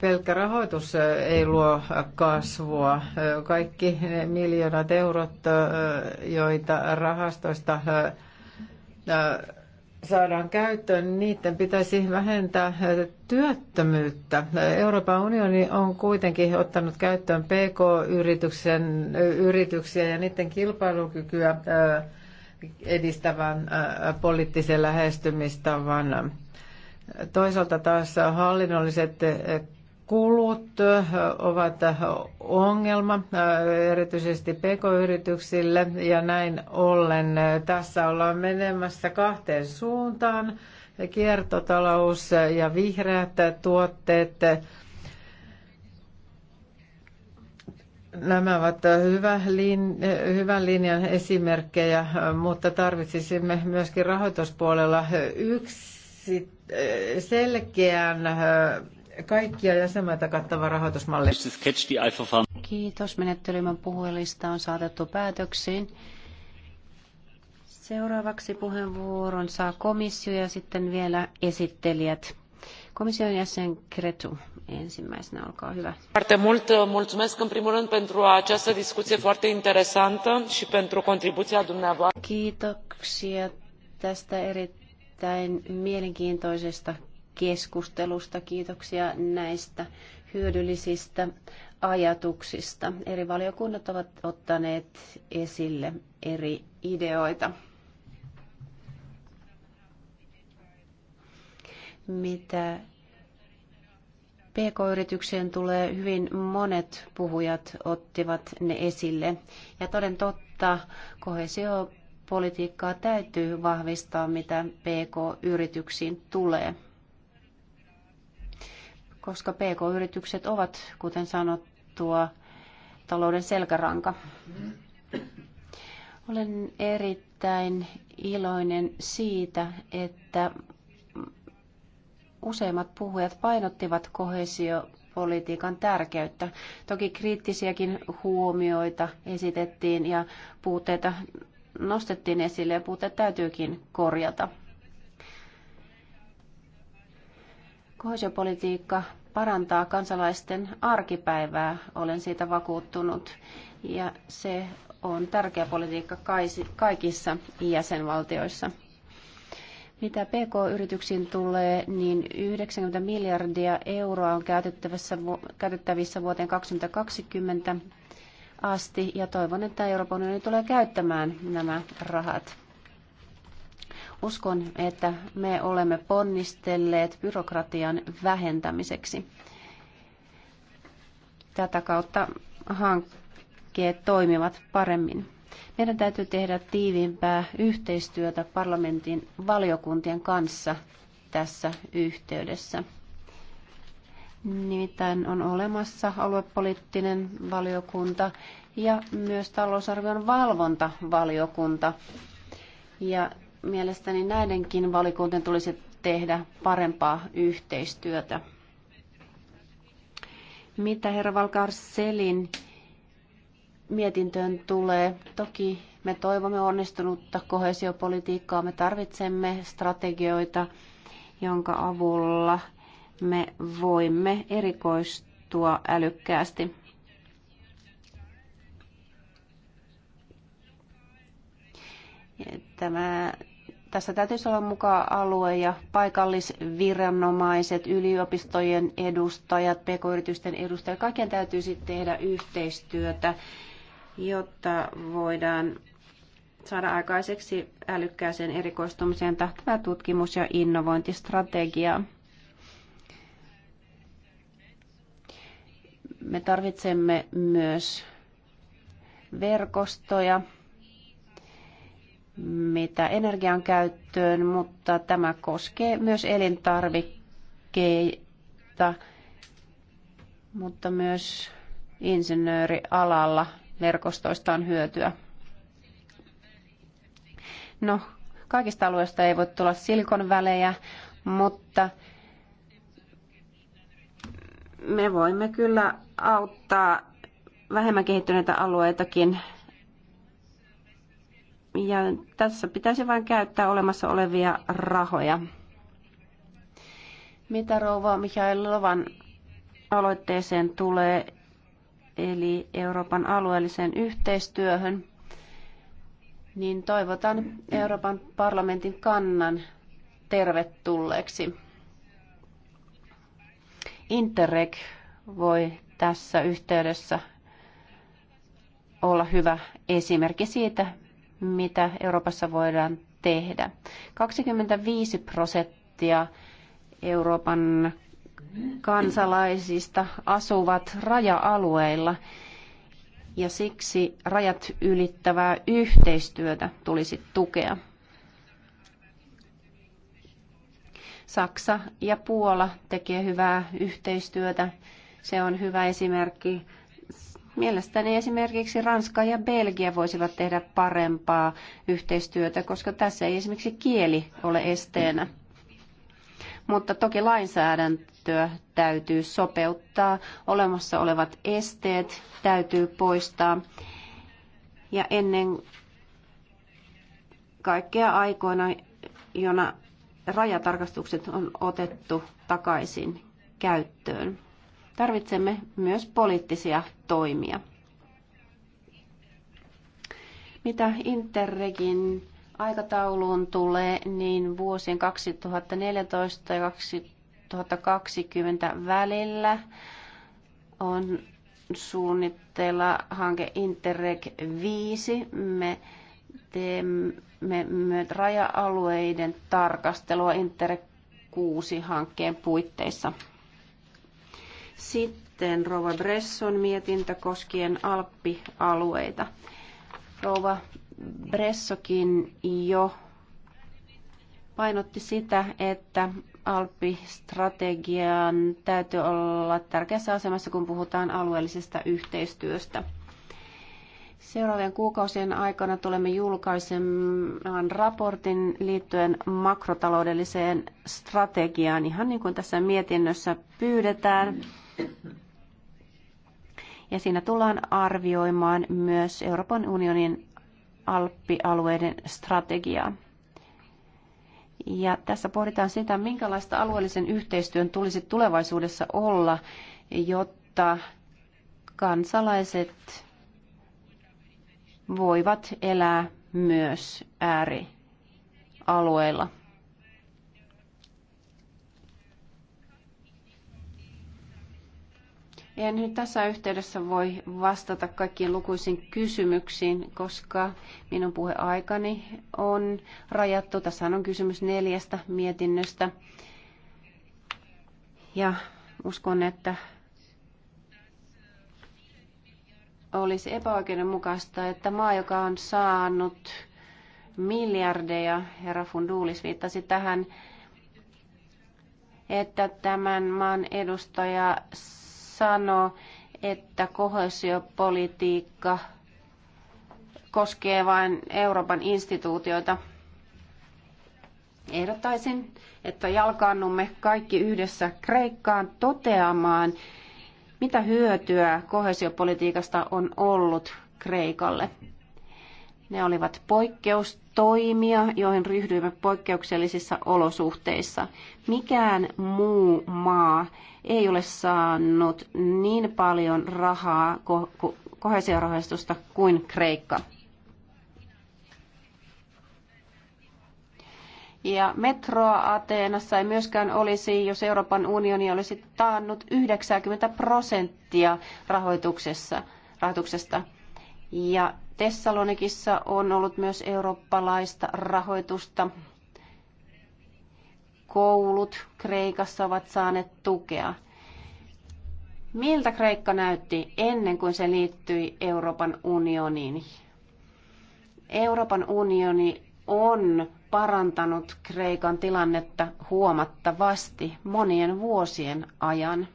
Pelkkä rahoitus ei luo kasvua. Kaikki ne miljoonat eurot, joita rahastoista saadaan käyttöön, niiden pitäisi vähentää työttömyyttä. Euroopan unioni on kuitenkin ottanut käyttöön PK-yrityksiä ja niiden kilpailukykyä edistävän poliittisen lähestymistavan. Toisaalta taas hallinnolliset kulut ovat ongelma erityisesti pk-yrityksille ja näin ollen tässä ollaan menemässä kahteen suuntaan. Kiertotalous ja vihreät tuotteet Nämä ovat hyvä lin, hyvän linjan esimerkkejä, mutta tarvitsisimme myöskin rahoituspuolella yksi selkeän kaikkia jäsenmaita kattava rahoitusmalli. Kiitos. Menettelymän puhelista on saatettu päätöksiin. Seuraavaksi puheenvuoron saa komissio ja sitten vielä esittelijät. Komission jäsen Kretu ensimmäisenä, olkaa hyvä. Foarte mult mulțumesc în primul rând pentru această discuție foarte interesantă și pentru contribuția dumneavoastră. Kiitoksia tästä erittäin mielenkiintoisesta keskustelusta. Kiitoksia näistä hyödyllisistä ajatuksista. Eri valiokunnat ovat ottaneet esille eri ideoita. mitä PK-yritykseen tulee, hyvin monet puhujat ottivat ne esille. Ja toden totta, kohesiopolitiikkaa täytyy vahvistaa, mitä PK-yrityksiin tulee. Koska PK-yritykset ovat, kuten sanottua, talouden selkäranka. Olen erittäin iloinen siitä, että useimmat puhujat painottivat kohesiopolitiikan tärkeyttä. Toki kriittisiäkin huomioita esitettiin ja puutteita nostettiin esille ja puutteet täytyykin korjata. Kohesiopolitiikka parantaa kansalaisten arkipäivää, olen siitä vakuuttunut, ja se on tärkeä politiikka kaikissa jäsenvaltioissa. Mitä PK-yrityksiin tulee, niin 90 miljardia euroa on käytettävissä, käytettävissä vuoteen 2020 asti ja toivon, että Euroopan unioni tulee käyttämään nämä rahat. Uskon, että me olemme ponnistelleet byrokratian vähentämiseksi. Tätä kautta hankkeet toimivat paremmin. Meidän täytyy tehdä tiiviimpää yhteistyötä parlamentin valiokuntien kanssa tässä yhteydessä. Nimittäin on olemassa aluepoliittinen valiokunta ja myös talousarvion valvontavaliokunta. Ja mielestäni näidenkin valiokuntien tulisi tehdä parempaa yhteistyötä. Mitä herra Valkar Selin mietintöön tulee, toki me toivomme onnistunutta kohesiopolitiikkaa, me tarvitsemme strategioita, jonka avulla me voimme erikoistua älykkäästi. Tämä, tässä täytyisi olla mukaan alue- ja paikallisviranomaiset, yliopistojen edustajat, pk-yritysten edustajat. Kaiken täytyisi tehdä yhteistyötä jotta voidaan saada aikaiseksi älykkääseen erikoistumiseen tähtävää tutkimus- ja innovointistrategiaa. Me tarvitsemme myös verkostoja, mitä energian käyttöön, mutta tämä koskee myös elintarvikkeita, mutta myös insinöörialalla – verkostoista on hyötyä. No, kaikista alueista ei voi tulla silikonvälejä, mutta me voimme kyllä auttaa vähemmän kehittyneitä alueitakin. Ja tässä pitäisi vain käyttää olemassa olevia rahoja. Mitä rouva Michail Lovan aloitteeseen tulee, eli Euroopan alueelliseen yhteistyöhön, niin toivotan Euroopan parlamentin kannan tervetulleeksi. Interreg voi tässä yhteydessä olla hyvä esimerkki siitä, mitä Euroopassa voidaan tehdä. 25 prosenttia Euroopan kansalaisista asuvat raja-alueilla ja siksi rajat ylittävää yhteistyötä tulisi tukea. Saksa ja Puola tekee hyvää yhteistyötä. Se on hyvä esimerkki. Mielestäni esimerkiksi Ranska ja Belgia voisivat tehdä parempaa yhteistyötä, koska tässä ei esimerkiksi kieli ole esteenä mutta toki lainsäädäntöä täytyy sopeuttaa, olemassa olevat esteet täytyy poistaa ja ennen kaikkea aikoina, jona rajatarkastukset on otettu takaisin käyttöön. Tarvitsemme myös poliittisia toimia. Mitä Interregin aikatauluun tulee, niin vuosien 2014 ja 2020 välillä on suunnitteilla hanke Interreg 5. Me teemme myös raja-alueiden tarkastelua Interreg 6-hankkeen puitteissa. Sitten Rova Bresson mietintä koskien Alppialueita. Rova Bressokin jo painotti sitä, että Alppi-strategian täytyy olla tärkeässä asemassa, kun puhutaan alueellisesta yhteistyöstä. Seuraavien kuukausien aikana tulemme julkaisemaan raportin liittyen makrotaloudelliseen strategiaan, ihan niin kuin tässä mietinnössä pyydetään. Ja siinä tullaan arvioimaan myös Euroopan unionin alppialueiden strategiaa. Ja tässä pohditaan sitä, minkälaista alueellisen yhteistyön tulisi tulevaisuudessa olla, jotta kansalaiset voivat elää myös äärialueilla. En nyt tässä yhteydessä voi vastata kaikkiin lukuisiin kysymyksiin, koska minun puheaikani on rajattu. Tässä on kysymys neljästä mietinnöstä. Ja uskon, että olisi epäoikeudenmukaista, että maa, joka on saanut miljardeja, herra Fundulis viittasi tähän, että tämän maan edustaja sanoo, että kohesiopolitiikka koskee vain Euroopan instituutioita. Ehdottaisin, että jalkaannumme kaikki yhdessä Kreikkaan toteamaan, mitä hyötyä kohesiopolitiikasta on ollut Kreikalle. Ne olivat poikkeustoimia, joihin ryhdyimme poikkeuksellisissa olosuhteissa. Mikään muu maa ei ole saanut niin paljon rahaa ko- kohesiorahoitusta kuin Kreikka. Ja metroa Ateenassa ei myöskään olisi, jos Euroopan unioni olisi taannut 90 prosenttia rahoituksessa, rahoituksesta. Ja Tessalonikissa on ollut myös eurooppalaista rahoitusta koulut Kreikassa ovat saaneet tukea. Miltä Kreikka näytti ennen kuin se liittyi Euroopan unioniin? Euroopan unioni on parantanut Kreikan tilannetta huomattavasti monien vuosien ajan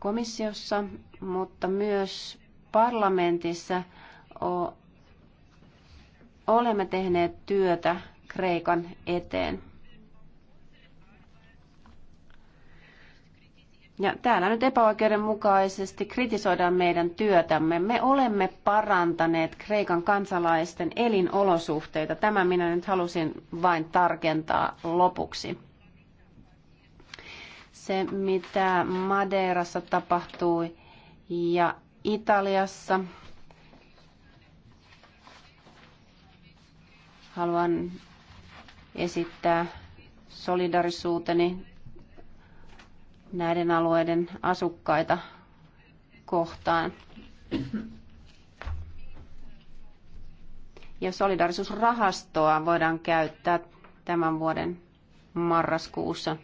komissiossa, mutta myös parlamentissa olemme tehneet työtä Kreikan eteen. Ja täällä nyt epäoikeudenmukaisesti kritisoidaan meidän työtämme. Me olemme parantaneet Kreikan kansalaisten elinolosuhteita. Tämä minä nyt halusin vain tarkentaa lopuksi. Se, mitä Madeirassa tapahtui ja Italiassa, haluan esittää solidarisuuteni näiden alueiden asukkaita kohtaan. Ja solidarisuusrahastoa voidaan käyttää tämän vuoden marraskuussa.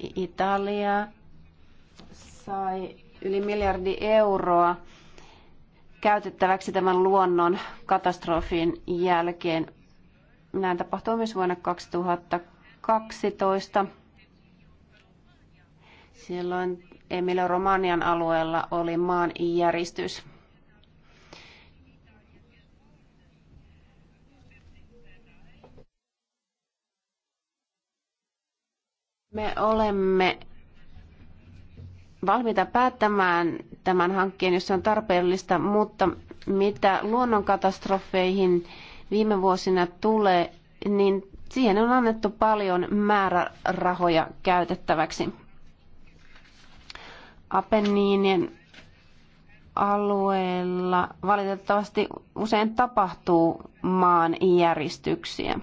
Italia sai yli miljardi euroa käytettäväksi tämän luonnon katastrofin jälkeen. Näin tapahtui myös vuonna 2012. Silloin Emilio-Romanian alueella oli maan järjestys. Me olemme valmiita päättämään tämän hankkeen, jos se on tarpeellista, mutta mitä luonnonkatastrofeihin viime vuosina tulee, niin siihen on annettu paljon määrärahoja käytettäväksi. Apenniinien alueella valitettavasti usein tapahtuu maanjäristyksiä.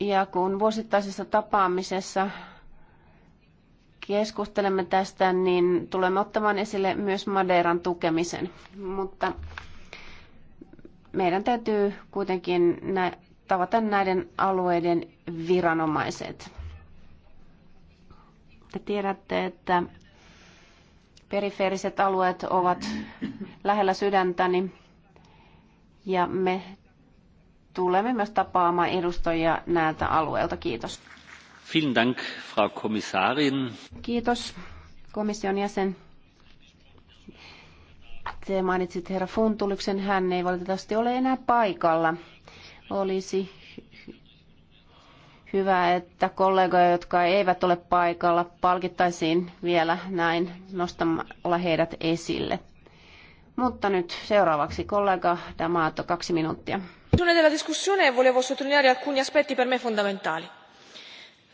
Ja kun vuosittaisessa tapaamisessa keskustelemme tästä, niin tulemme ottamaan esille myös Madeiran tukemisen. Mutta meidän täytyy kuitenkin nä- tavata näiden alueiden viranomaiset. Te tiedätte, että perifeeriset alueet ovat lähellä sydäntäni ja me tulemme myös tapaamaan edustajia näiltä alueilta. Kiitos. Vielen Dank, Frau Kommissarin. Kiitos, komission jäsen. Te mainitsit herra Funtuliksen, hän ei valitettavasti ole enää paikalla. Olisi hyvä, että kollegoja, jotka eivät ole paikalla, palkittaisiin vielä näin nostamalla heidät esille. Mutta nyt seuraavaksi kollega Damato, kaksi minuuttia. della discussione volevo sottolineare alcuni aspetti per me fondamentali.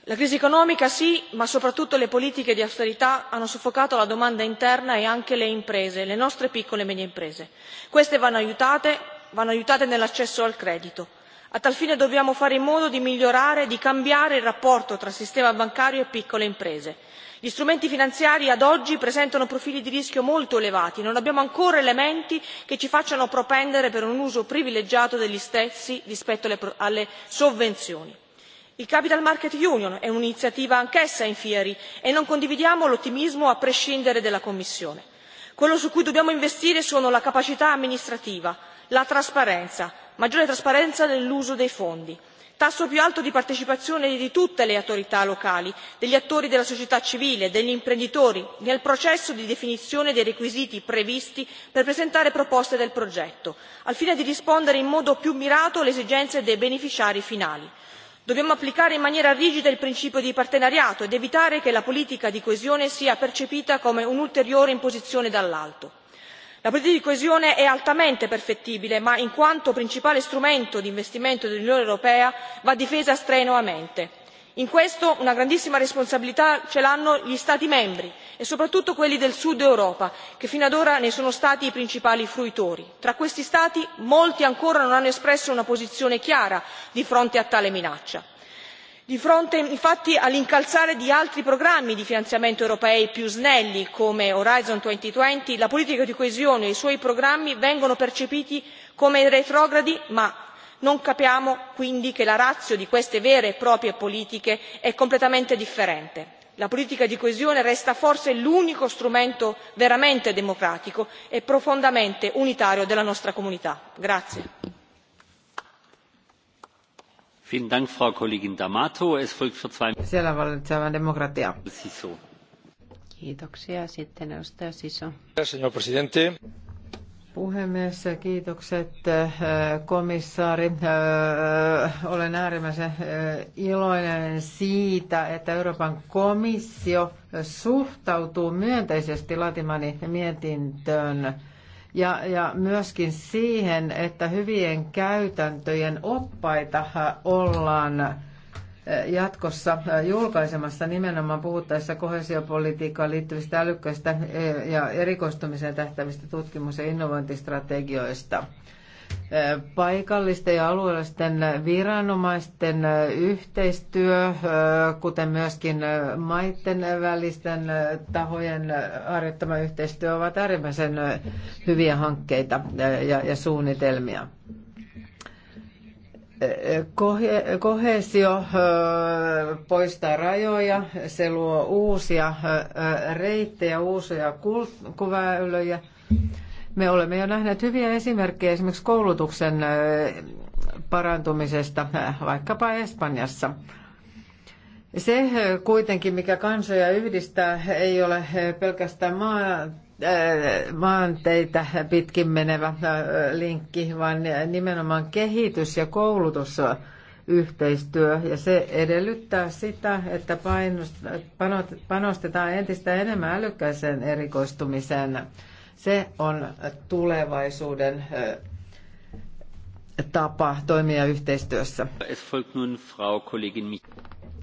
La crisi economica sì, ma soprattutto le politiche di austerità hanno soffocato la domanda interna e anche le imprese, le nostre piccole e medie imprese. Queste vanno aiutate, vanno aiutate nell'accesso al credito. A tal fine dobbiamo fare in modo di migliorare, di cambiare il rapporto tra sistema bancario e piccole imprese gli strumenti finanziari ad oggi presentano profili di rischio molto elevati e non abbiamo ancora elementi che ci facciano propendere per un uso privilegiato degli stessi rispetto alle sovvenzioni. il capital market union è un'iniziativa anch'essa in fieri e non condividiamo l'ottimismo a prescindere della commissione. quello su cui dobbiamo investire sono la capacità amministrativa la trasparenza maggiore trasparenza nell'uso dei fondi tasso più alto di partecipazione di tutte le autorità locali degli attori della società civile degli imprenditori nel processo di definizione dei requisiti previsti per presentare proposte del progetto al fine di rispondere in modo più mirato alle esigenze dei beneficiari finali. dobbiamo applicare in maniera rigida il principio di partenariato ed evitare che la politica di coesione sia percepita come un'ulteriore imposizione dall'alto la politica di coesione è altamente perfettibile ma in quanto principale strumento di investimento dell'unione europea va difesa strenuamente. in questo una grandissima responsabilità ce l'hanno gli stati membri e soprattutto quelli del sud europa che fino ad ora ne sono stati i principali fruitori. tra questi stati molti ancora non hanno espresso una posizione chiara di fronte a tale minaccia di fronte infatti all'incalzare di altri programmi di finanziamento europei più snelli come orizzonte duemilaventi la politica di coesione e i suoi programmi vengono percepiti come retrogradi ma non capiamo quindi che la ratio di queste vere e proprie politiche è completamente differente la politica di coesione resta forse l'unico strumento veramente democratico e profondamente unitario della nostra comunità. Siellä vallitseva demokratia. Kiitoksia. Sitten edustaja Siso. Señor presidente. Puhemies, kiitokset äh, komissaari. Äh, olen äärimmäisen äh, iloinen siitä, että Euroopan komissio suhtautuu myönteisesti latimani mietintöön ja, ja myöskin siihen, että hyvien käytäntöjen oppaita äh, ollaan äh, jatkossa äh, julkaisemassa nimenomaan puhuttaessa kohesiopolitiikkaan liittyvistä älykköistä e, ja erikoistumiseen tähtävistä tutkimus- ja innovointistrategioista paikallisten ja alueellisten viranomaisten yhteistyö, kuten myöskin maiden välisten tahojen harjoittama yhteistyö, ovat äärimmäisen hyviä hankkeita ja, ja suunnitelmia. Kohesio poistaa rajoja, se luo uusia reittejä, uusia kulkuväyliä me olemme jo nähneet hyviä esimerkkejä esimerkiksi koulutuksen parantumisesta äh, vaikkapa Espanjassa. Se kuitenkin, mikä kansoja yhdistää, ei ole pelkästään maa, maanteitä pitkin menevä linkki, vaan nimenomaan kehitys ja koulutus yhteistyö ja se edellyttää sitä, että painostetaan entistä enemmän älykkäiseen erikoistumiseen. Se on tulevaisuuden tapa toimia yhteistyössä.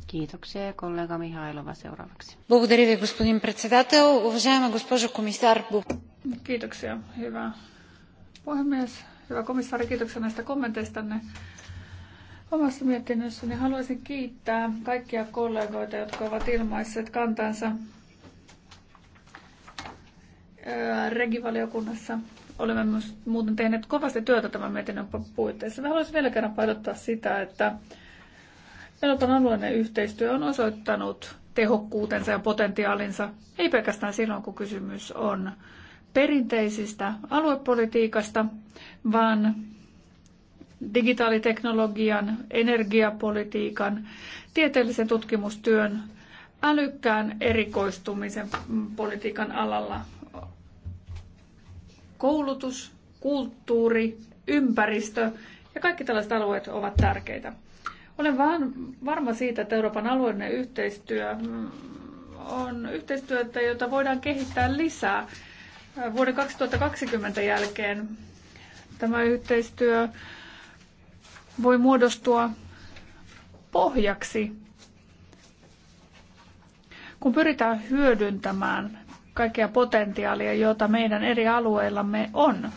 Kiitoksia kollega Mihailova seuraavaksi. Благодаря господин председател. Уважаема госпожо комисар. Kiitoksia, hyvä puhemies. Hyvä komissaari, kiitoksia näistä kommenteistanne. Omassa mietinnössäni haluaisin kiittää kaikkia kollegoita, jotka ovat ilmaisseet kantansa regivaliokunnassa. Olemme myös muuten tehneet kovasti työtä tämän mietinnön puitteissa. Mä haluaisin vielä kerran painottaa sitä, että Euroopan alueellinen yhteistyö on osoittanut tehokkuutensa ja potentiaalinsa, ei pelkästään silloin, kun kysymys on perinteisistä aluepolitiikasta, vaan digitaaliteknologian, energiapolitiikan, tieteellisen tutkimustyön, älykkään erikoistumisen politiikan alalla koulutus, kulttuuri, ympäristö ja kaikki tällaiset alueet ovat tärkeitä. Olen vaan varma siitä, että Euroopan alueellinen yhteistyö mm, on yhteistyötä, jota voidaan kehittää lisää vuoden 2020 jälkeen. Tämä yhteistyö voi muodostua pohjaksi, kun pyritään hyödyntämään kaikkea potentiaalia, jota meidän eri alueillamme on.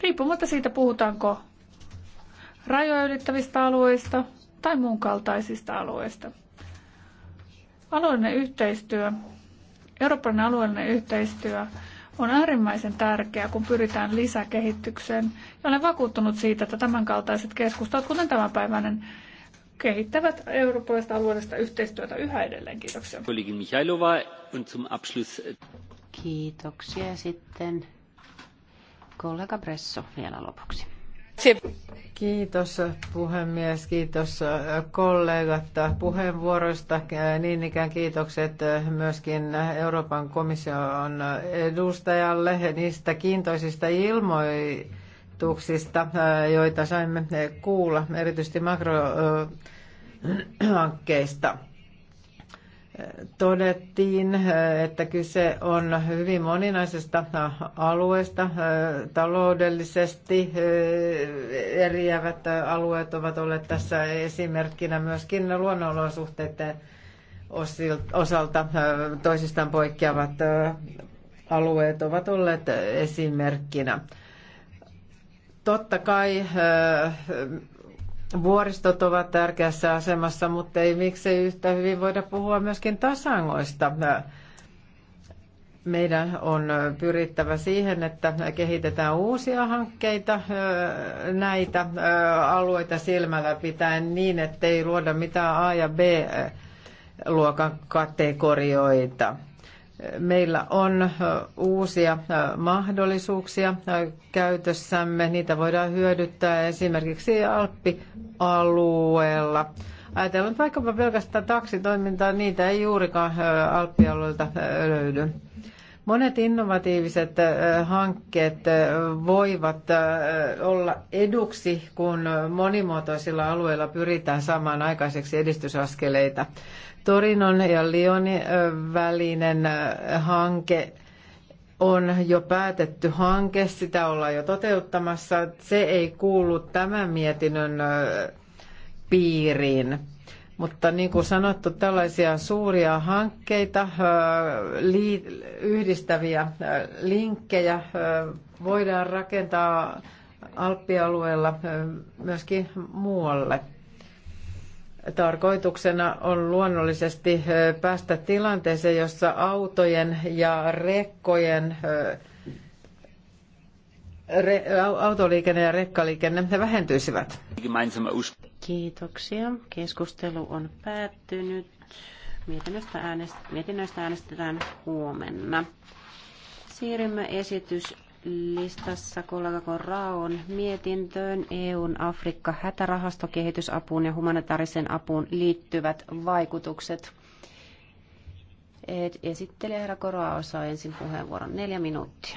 Riippumatta siitä, puhutaanko rajoja ylittävistä alueista tai muun kaltaisista alueista. Alueellinen yhteistyö, Euroopan alueellinen yhteistyö on äärimmäisen tärkeää, kun pyritään lisäkehitykseen. Ja olen vakuuttunut siitä, että tämänkaltaiset keskustelut, kuten tämänpäiväinen, kehittävät eurooppalaista alueellista yhteistyötä yhä edelleen. Kiitoksia. Mihailova, und zum Abschluss... Äh, Kiitoksia sitten kollega Bresso vielä lopuksi. Kiitos puhemies, kiitos äh, kollegat äh, puheenvuoroista. Niin ikään kiitokset myöskin Euroopan komission edustajalle niistä kiintoisista ilmoista ehdotuksista, joita saimme kuulla, erityisesti makrohankkeista. Todettiin, että kyse on hyvin moninaisesta alueesta taloudellisesti. Eriävät alueet ovat olleet tässä esimerkkinä myöskin luonnonolosuhteiden osalta toisistaan poikkeavat alueet ovat olleet esimerkkinä. Totta kai vuoristot ovat tärkeässä asemassa, mutta ei miksei yhtä hyvin voida puhua myöskin tasangoista. Meidän on pyrittävä siihen, että kehitetään uusia hankkeita näitä alueita silmällä pitäen niin, ettei luoda mitään A- ja B-luokan kategorioita – Meillä on uusia mahdollisuuksia käytössämme. Niitä voidaan hyödyttää esimerkiksi Alppialueella. Ajatellaan vaikkapa pelkästään taksitoimintaa, niitä ei juurikaan Alppialueelta löydy. Monet innovatiiviset hankkeet voivat olla eduksi, kun monimuotoisilla alueilla pyritään saamaan aikaiseksi edistysaskeleita. Torinon ja Lyonin välinen hanke on jo päätetty hanke, sitä ollaan jo toteuttamassa. Se ei kuulu tämän mietinnön piiriin. Mutta niin kuin sanottu, tällaisia suuria hankkeita, yhdistäviä linkkejä voidaan rakentaa alppialueella myöskin muualle. Tarkoituksena on luonnollisesti päästä tilanteeseen, jossa autojen ja rekkojen re, autoliikenne ja rekkaliikenne vähentyisivät. Kiitoksia. Keskustelu on päättynyt. Mietinnöstä, äänest- mietinnöstä äänestetään huomenna. Siirrymme esitys listassa kollega Korraon mietintöön EUn Afrikka hätärahasto kehitysapuun ja humanitaariseen apuun liittyvät vaikutukset. Esittelijä herra Korao saa ensin puheenvuoron neljä minuuttia.